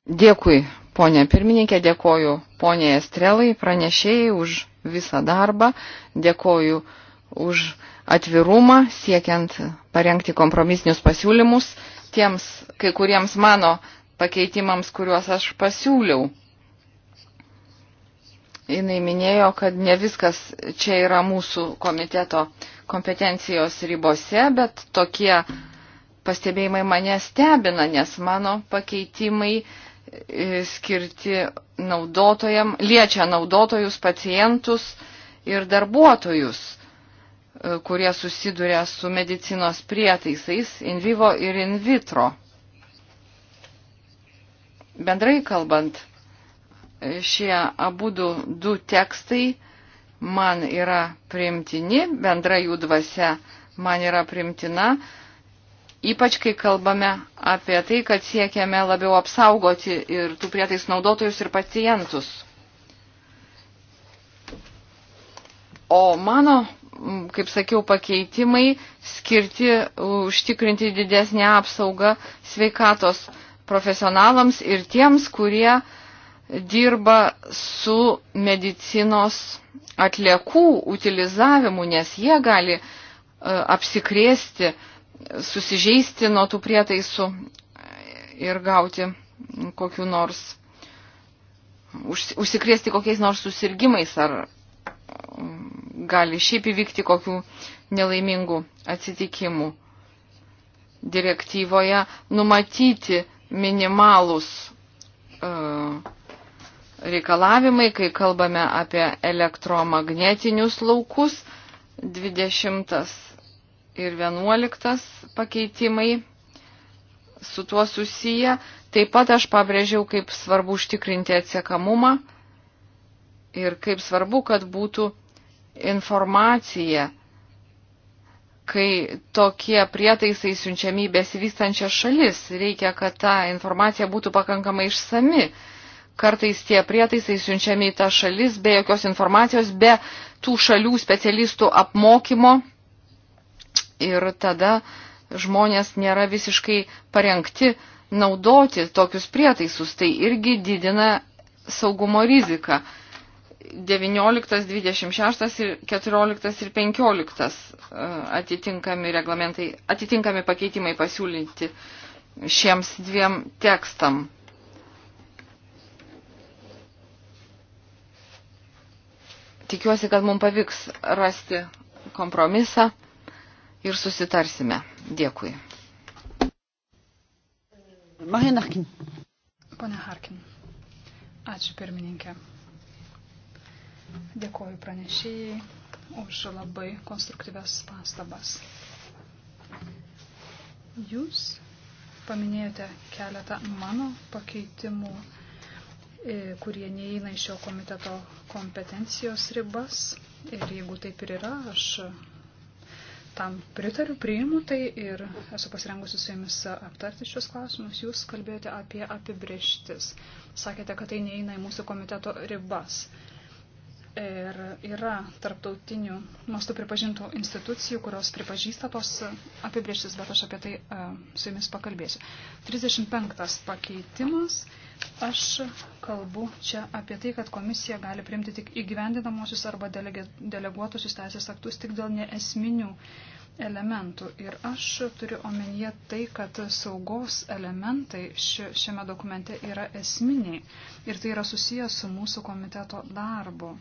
[SPEAKER 3] Dėkui, ponė pirmininkė, dėkoju ponė Estrelai, pranešėjai už visą darbą, dėkoju už atvirumą, siekiant parengti kompromisinius pasiūlymus tiems kai kuriems mano pakeitimams, kuriuos aš pasiūliau. Jis minėjo, kad ne viskas čia yra mūsų komiteto kompetencijos ribose, bet tokie pastebėjimai mane stebina, nes mano pakeitimai e, skirti naudotojam, liečia naudotojus, pacientus ir darbuotojus, e, kurie susiduria su medicinos prietaisais in vivo ir in vitro. Bendrai kalbant, e, šie abu du, du tekstai man yra primtini, bendra jų dvasia man yra primtina, Ypač, kai kalbame apie tai, kad siekiame labiau apsaugoti ir tų prietais naudotojus ir pacientus. O mano, kaip sakiau, pakeitimai skirti užtikrinti didesnį apsaugą sveikatos profesionalams ir tiems, kurie dirba su medicinos atliekų utilizavimu, nes jie gali e, apsikrėsti uh, susižeisti nuo tų prietaisų ir gauti kokiu nors, užsikrėsti kokiais nors susirgymais ar mm, gali šiaip įvykti kokių nelaimingų atsitikimų. Direktyvoje numatyti minimalus uh, reikalavimai, kai kalbame apie elektromagnetinius laukus. 20 ir 11 pakeitimai su tuo susiję. Taip pat aš pabrėžiau, kaip svarbu užtikrinti atsiekamumą ir kaip svarbu, kad būtų informacija, kai tokie prietaisai siunčiami besivystančias šalis. Reikia, kad ta informacija būtų pakankamai išsami. Kartais tie prietaisai siunčiami į tą šalis be jokios informacijos, be tų šalių specialistų apmokymo ir tada žmonės nėra visiškai parengti naudoti tokius prietaisus, tai irgi didina saugumo riziką. 19, 26 ir 14 ir 15 e, atitinkami reglamentai, atitinkami pakeitimai pasiūlyti šiems dviem tekstam. Tikiuosi, kad mums pavyks rasti kompromisą ir susitarsime. Dėkui.
[SPEAKER 2] Marina Harkin. Pone Harkin. Ačiū pirmininkė. Dėkoju pranešėjai už labai konstruktyves pastabas. Jūs paminėjote keletą mano pakeitimų, e, kurie neįeina iš šio komiteto kompetencijos ribas. Ir jeigu taip ir yra, aš tam pritariu, priimu tai ir esu pasirengusi su jumis aptarti šios klausimus. Jūs kalbėjote apie apibrieštis. Sakėte, kad tai neįeina į mūsų komiteto ribas. Ir yra tarptautinių mastų pripažintų institucijų, kurios pripažįsta tos apibrieštis, bet aš apie tai uh, su jumis pakalbėsiu. 35 pakeitimas. Aš kalbu čia apie tai, kad komisija gali priimti tik įgyvendinamosius arba deleguotusius teisės aktus tik dėl neesminių elementų. Ir aš turiu omenyje tai, kad saugos elementai ši, šiame dokumente yra esminiai ir tai yra susijęs su mūsų komiteto darbu.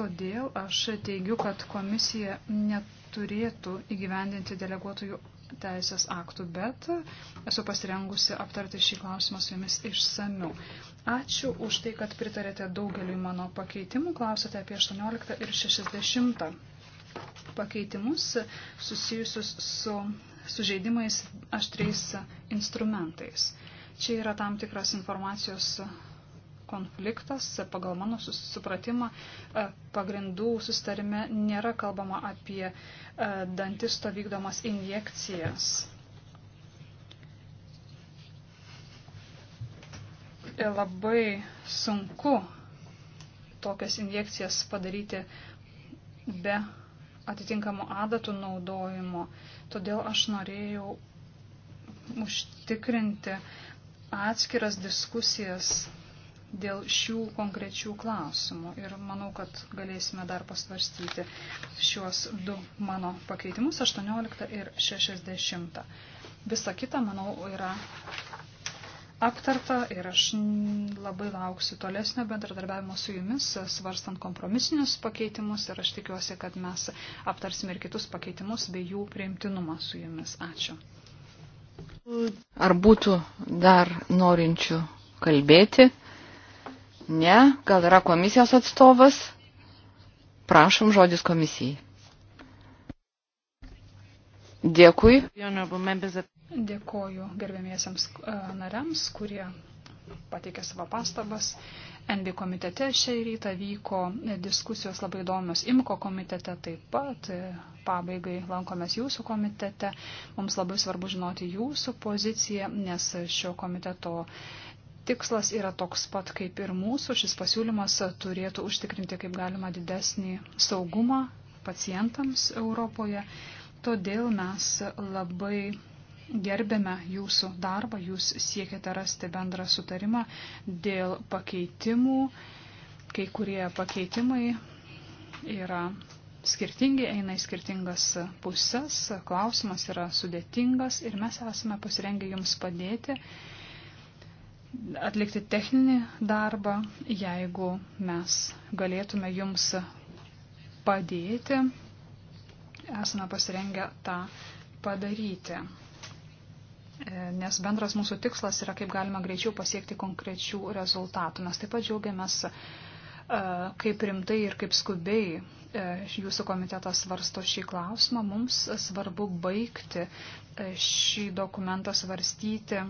[SPEAKER 2] Todėl aš teigiu, kad komisija neturėtų įgyvendinti deleguotojų teisės aktų, bet esu pasirengusi aptarti šį klausimą su jumis išsamiu. Ačiū už tai, kad pritarėte daugeliu mano pakeitimų, klausėte apie 18 ir 60 pakeitimus susijusius su sužeidimais aštriais instrumentais. Čia yra tam tikras informacijos konfliktas, pagal mano supratimą, e, pagrindų sustarime nėra kalbama apie e, dantisto vykdomas injekcijas. Labai sunku tokias injekcijas padaryti be atitinkamų adatų naudojimo. Todėl aš norėjau užtikrinti atskiras diskusijas dėl šių konkrečių klausimų ir manau, kad galėsime dar pasvarstyti šiuos du mano pakeitimus 18 ir 60. Visa kita, manau, yra aptarta ir aš labai lauksiu tolesnio bendradarbiavimo su jumis, svarstant kompromisinius pakeitimus ir aš tikiuosi, kad mes aptarsime ir kitus pakeitimus bei jų priimtinumą su jumis. Ačiū.
[SPEAKER 3] Ar būtų dar norinčių kalbėti? Ne, gal yra komisijos atstovas? Prašom žodis komisijai.
[SPEAKER 2] Dėkui. Dėkoju gerbėmiesiams nariams, kurie pateikė savo pastabas. NB komitete šią rytą vyko diskusijos labai įdomios IMKO komitete taip pat. Pabaigai lankomės jūsų komitete. Mums labai svarbu žinoti jūsų poziciją, nes šio komiteto uh, tikslas yra toks pat kaip ir mūsų. Šis pasiūlymas turėtų užtikrinti kaip galima didesnį saugumą pacientams Europoje. Todėl mes labai gerbėme jūsų darbą, jūs siekiate rasti bendrą sutarimą dėl pakeitimų. Kai kurie pakeitimai yra skirtingi, eina į skirtingas puses, klausimas yra sudėtingas ir mes esame pasirengę jums padėti atlikti techninį darbą, jeigu mes galėtume jums padėti, esame pasirengę tą padaryti. E, nes bendras mūsų tikslas yra kaip galima greičiau pasiekti konkrečių rezultatų. Mes taip pat džiaugiamės, e, kaip rimtai ir kaip skubiai e, jūsų komitetas svarsto šį klausimą. Mums svarbu baigti šį dokumentą svarstyti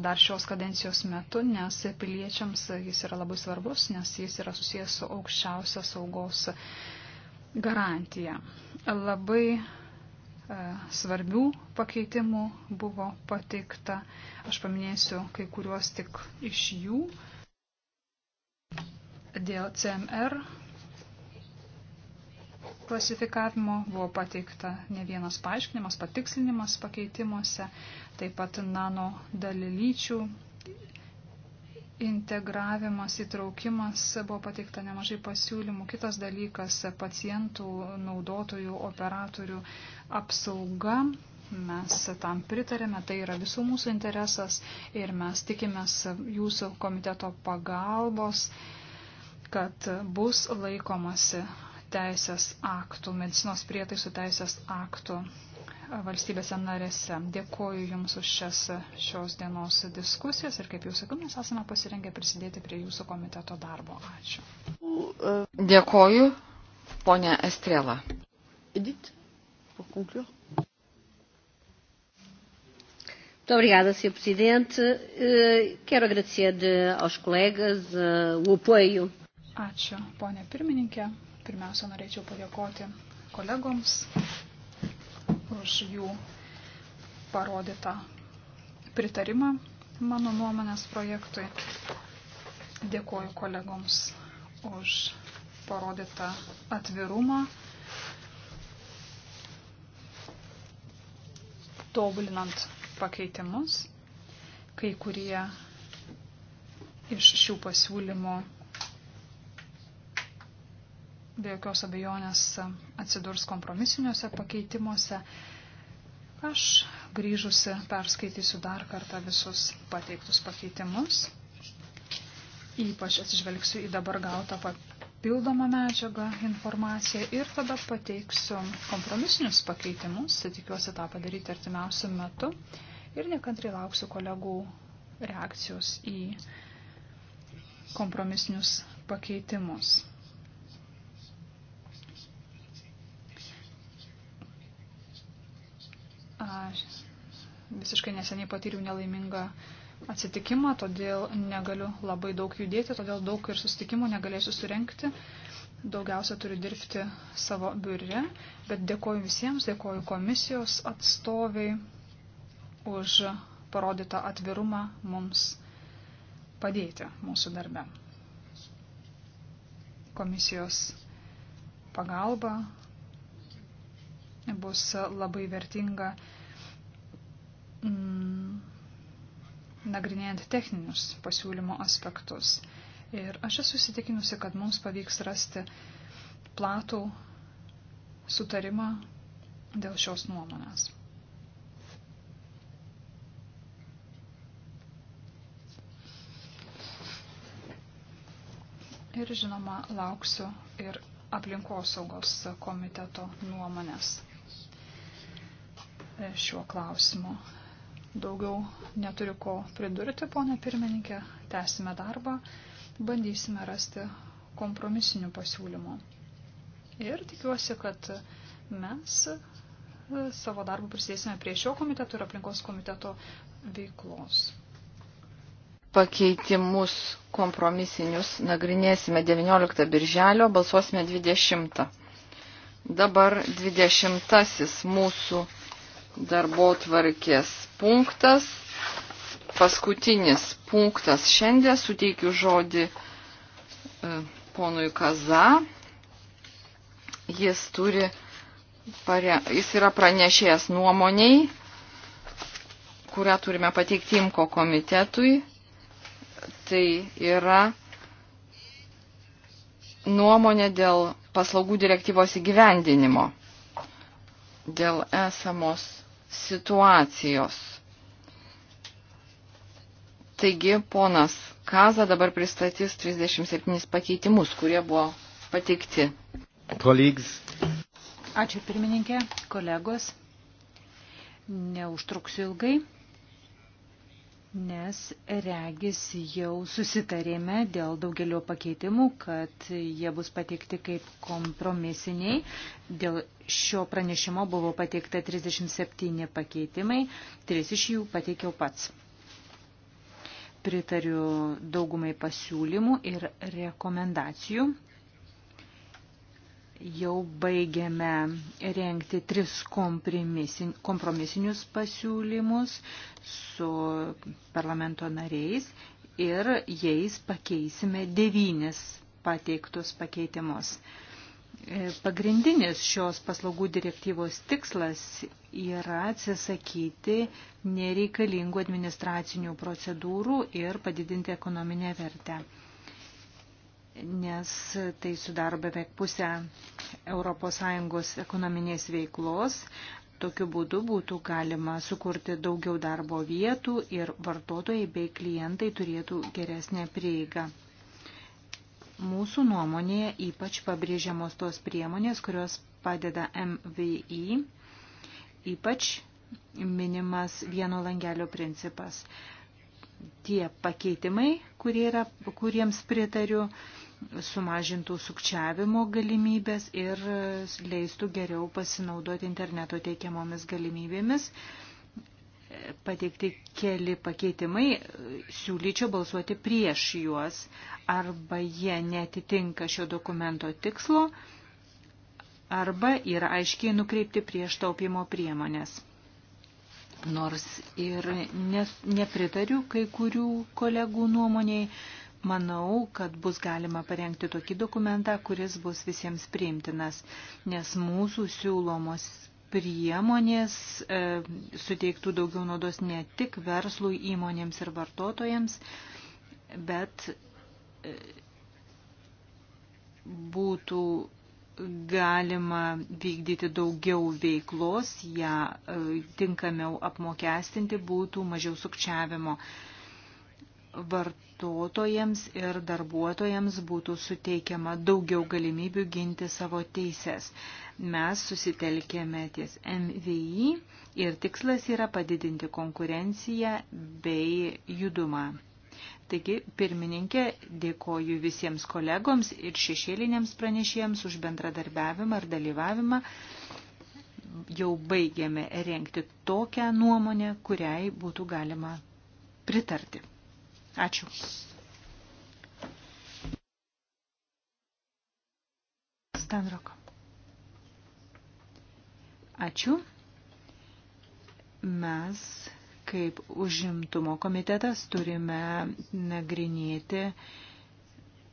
[SPEAKER 2] dar šios kadencijos metu, nes piliečiams jis yra labai svarbus, nes jis yra susijęs su aukščiausia saugos garantija. Labai e, svarbių pakeitimų buvo pateikta. Aš paminėsiu kai kuriuos tik iš jų. Dėl CMR klasifikavimo buvo pateikta ne vienas paaiškinimas, patikslinimas pakeitimuose, taip pat nano dalelyčių integravimas, įtraukimas buvo pateikta nemažai pasiūlymų. Kitas dalykas - pacientų, naudotojų, operatorių apsauga. Mes tam pritarėme, tai yra visų mūsų interesas ir mes tikimės jūsų komiteto pagalbos, kad bus laikomasi teisės aktų, medicinos prietaisų teisės aktų valstybėse narėse. Dėkuoju Jums už šias šios dienos diskusijas ir kaip jau sakiau, mes esame pasirengę prisidėti prie Jūsų komiteto darbo. Ačiū.
[SPEAKER 3] Dėkuoju, ponia Estrela. Edith, pour conclure. Muito obrigada, Sr. Presidente. Eh, quero agradecer aos colegas eh, o apoio.
[SPEAKER 2] Ačiū, ponia pirmininkė. Pirmiausia, norėčiau padėkoti kolegoms už jų parodytą pritarimą mano nuomonės projektui. Dėkoju kolegoms už parodytą atvirumą, tobulinant pakeitimus. Kai kurie iš šių pasiūlymų be jokios abejonės atsidurs kompromisiniuose pakeitimuose. Aš grįžusi perskaitysiu dar kartą visus pateiktus pakeitimus. Ypač atsižvelgsiu į dabar gautą papildomą medžiagą, informaciją ir tada pateiksiu kompromisinius pakeitimus. Tikiuosi tą padaryti artimiausiu metu ir nekantriai lauksiu kolegų reakcijos į kompromisinius pakeitimus. visiškai neseniai patyriau nelaimingą atsitikimą, todėl negaliu labai daug judėti, todėl daug ir susitikimų negalėsiu surenkti. Daugiausia turiu dirbti savo biure, bet dėkoju visiems, dėkoju komisijos atstoviai už parodytą atvirumą mums padėti mūsų darbe. Komisijos pagalba bus labai vertinga mm, nagrinėjant techninius pasiūlymo aspektus. Ir aš esu įsitikinusi, kad mums pavyks rasti platų sutarimą dėl šios nuomonės. Ir žinoma, lauksiu ir aplinkosaugos komiteto nuomonės šiuo klausimu. Daugiau neturiu ko pridurti, ponė pirmininkė. Tęsime darbą, bandysime rasti kompromisinių pasiūlymų. Ir tikiuosi, kad mes savo darbų prisidėsime prie šio komiteto ir aplinkos komiteto veiklos.
[SPEAKER 3] Pakeitimus kompromisinius nagrinėsime 19 birželio, balsuosime 20. Dabar 20 mūsų darbo tvarkės punktas. Paskutinis punktas šiandien suteikiu žodį e, ponui Kaza. Jis turi, pare, jis yra pranešėjas nuomoniai, kurią turime pateikti Imko komitetui. Tai yra nuomonė dėl paslaugų direktyvos įgyvendinimo, dėl esamos situacijos. Taigi, ponas Kaza dabar pristatys 37 pakeitimus, kurie buvo pateikti.
[SPEAKER 1] Kolegs. Ačiū pirmininkė, kolegos. Neužtruksiu ilgai. Nes regis jau susitarėme dėl daugelio pakeitimų, kad jie bus pateikti kaip kompromisiniai. Dėl šio pranešimo buvo pateikta 37 pakeitimai, 3 iš jų pateikiau pats. Pritariu daugumai pasiūlymų ir rekomendacijų jau baigiame renkti tris kompromisinius pasiūlymus su parlamento nariais ir jais pakeisime devynis pateiktus pakeitimus. E, pagrindinis šios paslaugų direktyvos tikslas yra atsisakyti nereikalingų administracinių procedūrų ir padidinti ekonominę vertę nes tai sudaro beveik pusę ES ekonominės veiklos. Tokiu būdu būtų galima sukurti daugiau darbo vietų ir vartotojai bei klientai turėtų geresnę prieigą. Mūsų nuomonėje ypač pabrėžiamos tos priemonės, kurios padeda MVI, ypač minimas vieno langelio principas. Tie pakeitimai, kurie yra, kuriems pritariu, uh, sumažintų sukčiavimo galimybės ir leistų geriau pasinaudoti interneto teikiamomis galimybėmis. Pateikti keli pakeitimai, siūlyčiau balsuoti prieš juos, arba jie netitinka šio dokumento tikslo, arba yra aiškiai nukreipti prieš taupimo priemonės. Nors ir nes, nepritariu kai kurių kolegų nuomoniai, manau, kad bus galima parengti tokį dokumentą, kuris bus visiems priimtinas, nes mūsų siūlomos priemonės e, suteiktų daugiau naudos ne tik verslui, įmonėms ir vartotojams, bet e, būtų galima vykdyti daugiau veiklos, ją e, tinkamiau apmokestinti, būtų mažiau sukčiavimo. E, vartotojams ir darbuotojams būtų suteikiama daugiau galimybių ginti savo teises. Mes susitelkėme ties MVI ir tikslas yra padidinti konkurenciją bei judumą. Taigi, pirmininkė, dėkoju visiems kolegoms ir šešėliniams pranešėjams už bendradarbiavimą ir dalyvavimą. Jau baigėme renkti tokią nuomonę, kuriai būtų galima pritarti. Ačiū. Stanroko. Ačiū. Mes kaip užimtumo komitetas turime nagrinėti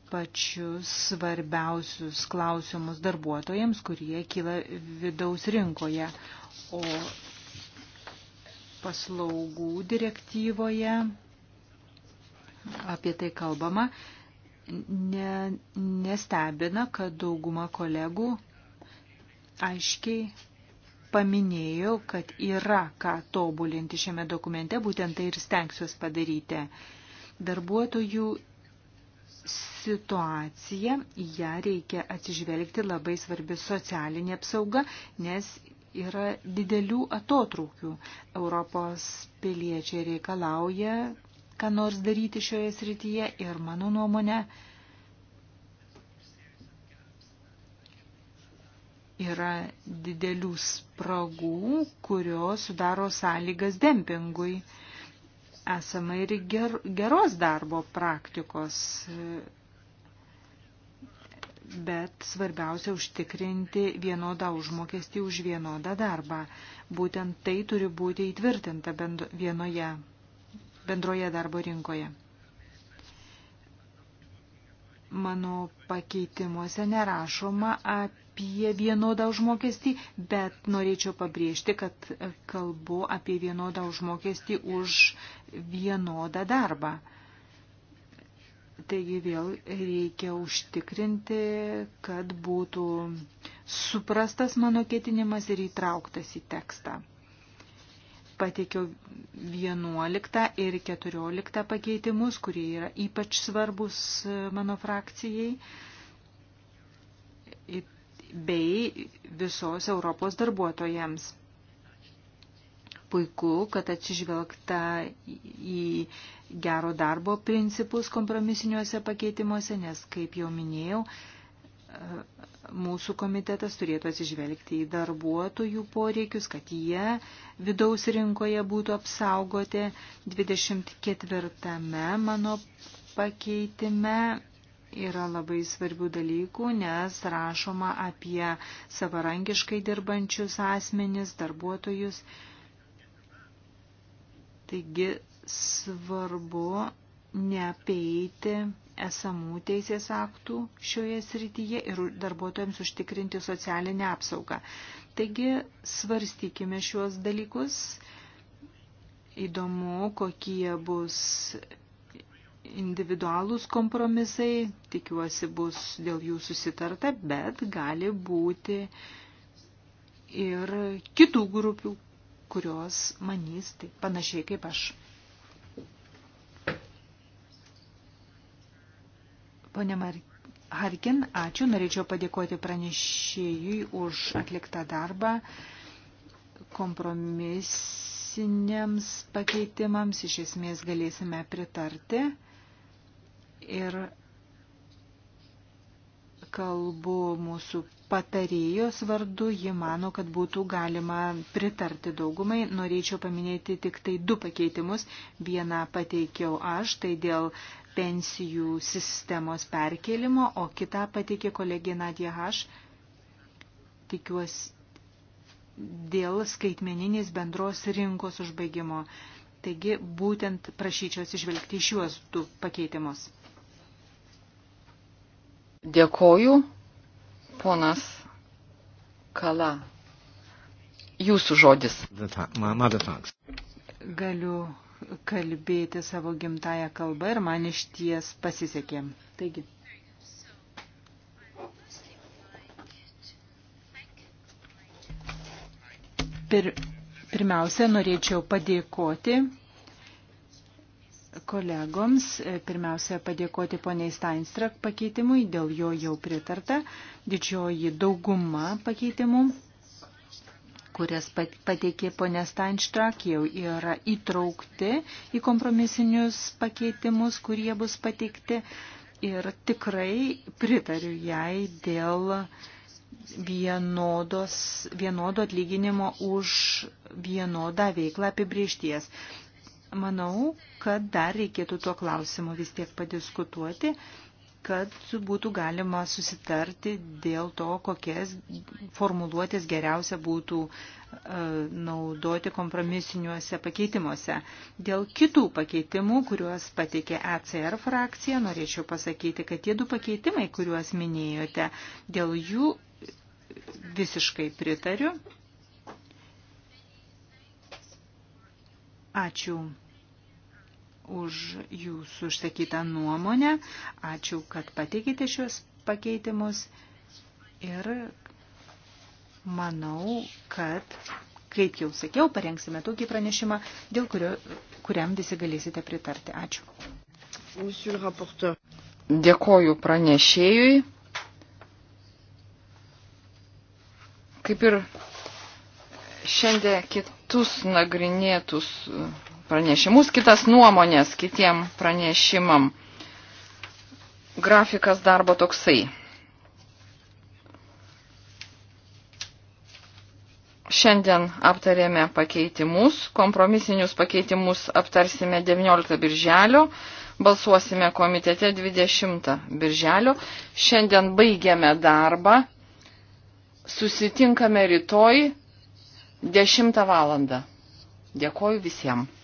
[SPEAKER 1] pačius svarbiausius klausimus darbuotojams, kurie kyla vidaus rinkoje. O paslaugų direktyvoje apie tai kalbama, ne, nestebina, kad dauguma kolegų aiškiai paminėjo, kad yra ką tobulinti šiame dokumente, būtent tai ir stengsiuos padaryti. Darbuotojų situacija, ją reikia atsižvelgti labai svarbi socialinė apsauga, nes yra didelių atotrūkių. Europos piliečiai reikalauja ką nors daryti šioje srityje ir mano nuomonė yra didelių spragų, kurios sudaro sąlygas dempingui. Esama ir ger, geros darbo praktikos, bet svarbiausia užtikrinti vienodą užmokestį už vienodą darbą. Būtent tai turi būti įtvirtinta bend vienoje bendroje darbo rinkoje. Mano pakeitimuose nerašoma apie vienodą užmokestį, bet norėčiau pabrėžti, kad kalbu apie vienodą užmokestį už vienodą darbą. Taigi vėl reikia užtikrinti, kad būtų suprastas mano ketinimas ir įtrauktas į tekstą pateikiau 11 ir 14 pakeitimus, kurie yra ypač svarbus e, mano frakcijai bei visos Europos darbuotojams. Puiku, kad atsižvelgta į gero darbo principus kompromisiniuose pakeitimuose, nes, kaip jau minėjau, mūsų komitetas turėtų atsižvelgti į darbuotojų poreikius, kad jie vidaus rinkoje būtų apsaugoti. 24 mano pakeitime yra labai svarbių dalykų, nes rašoma apie savarankiškai dirbančius asmenis, darbuotojus. Taigi svarbu neapeiti esamų teisės aktų šioje srityje ir darbuotojams užtikrinti socialinę apsaugą. Taigi svarstykime šiuos dalykus. Įdomu, kokie bus individualūs kompromisai, tikiuosi bus dėl jų susitarta, bet gali būti ir kitų grupių, kurios manys tai panašiai kaip aš. Pone Harkin, ačiū. Norėčiau padėkoti pranešėjui už atliktą darbą kompromisiniams pakeitimams. Iš esmės galėsime pritarti. Ir kalbu mūsų patarėjos vardu, ji mano, kad būtų galima pritarti daugumai. Norėčiau paminėti tik tai du pakeitimus. Vieną pateikiau aš, tai dėl pensijų sistemos perkelimo, o kitą pateikė kolegė Nadija H. Tikiuosi dėl skaitmeninės bendros rinkos užbaigimo. Taigi būtent prašyčiau atsižvelgti iš juos du pakeitimus. Dėkoju, ponas Kala.
[SPEAKER 3] Jūsų žodis.
[SPEAKER 1] Galiu kalbėti savo gimtają kalbą ir man iš ties pasisekė. Taigi. Pir, pirmiausia, norėčiau padėkoti kolegoms, pirmiausia, padėkoti poniai Steinstrak pakeitimui, dėl jo jau pritarta, didžioji dauguma pakeitimų kurias pateikė ponė Steinštrak, jau yra įtraukti į kompromisinius pakeitimus, kurie bus pateikti. Ir tikrai pritariu jai dėl vienodos, vienodo atlyginimo už vienodą veiklą apibriešties. Manau, kad dar reikėtų tuo klausimu vis tiek padiskutuoti kad būtų galima susitarti dėl to, kokias formuluotės geriausia būtų e, naudoti kompromisiniuose pakeitimuose. Dėl kitų pakeitimų, kuriuos pateikė ECR frakcija, norėčiau pasakyti, kad tie du pakeitimai, kuriuos minėjote, dėl jų visiškai pritariu. Ačiū už jūsų užsakytą nuomonę. Ačiū, kad pateikite šios pakeitimus. Ir manau, kad, kaip jau sakiau, parengsime tokį pranešimą, dėl kurio, kuriam visi galėsite pritarti. Ačiū.
[SPEAKER 3] Dėkoju pranešėjui. Kaip ir šiandien kitus nagrinėtus pranešimus, kitas nuomonės kitiem pranešimam. Grafikas darbo toksai. Šiandien aptarėme pakeitimus, kompromisinius pakeitimus aptarsime 19 birželio, balsuosime komitete 20 birželio. Šiandien baigiame darbą, susitinkame rytoj 10 valandą. Dėkoju visiems.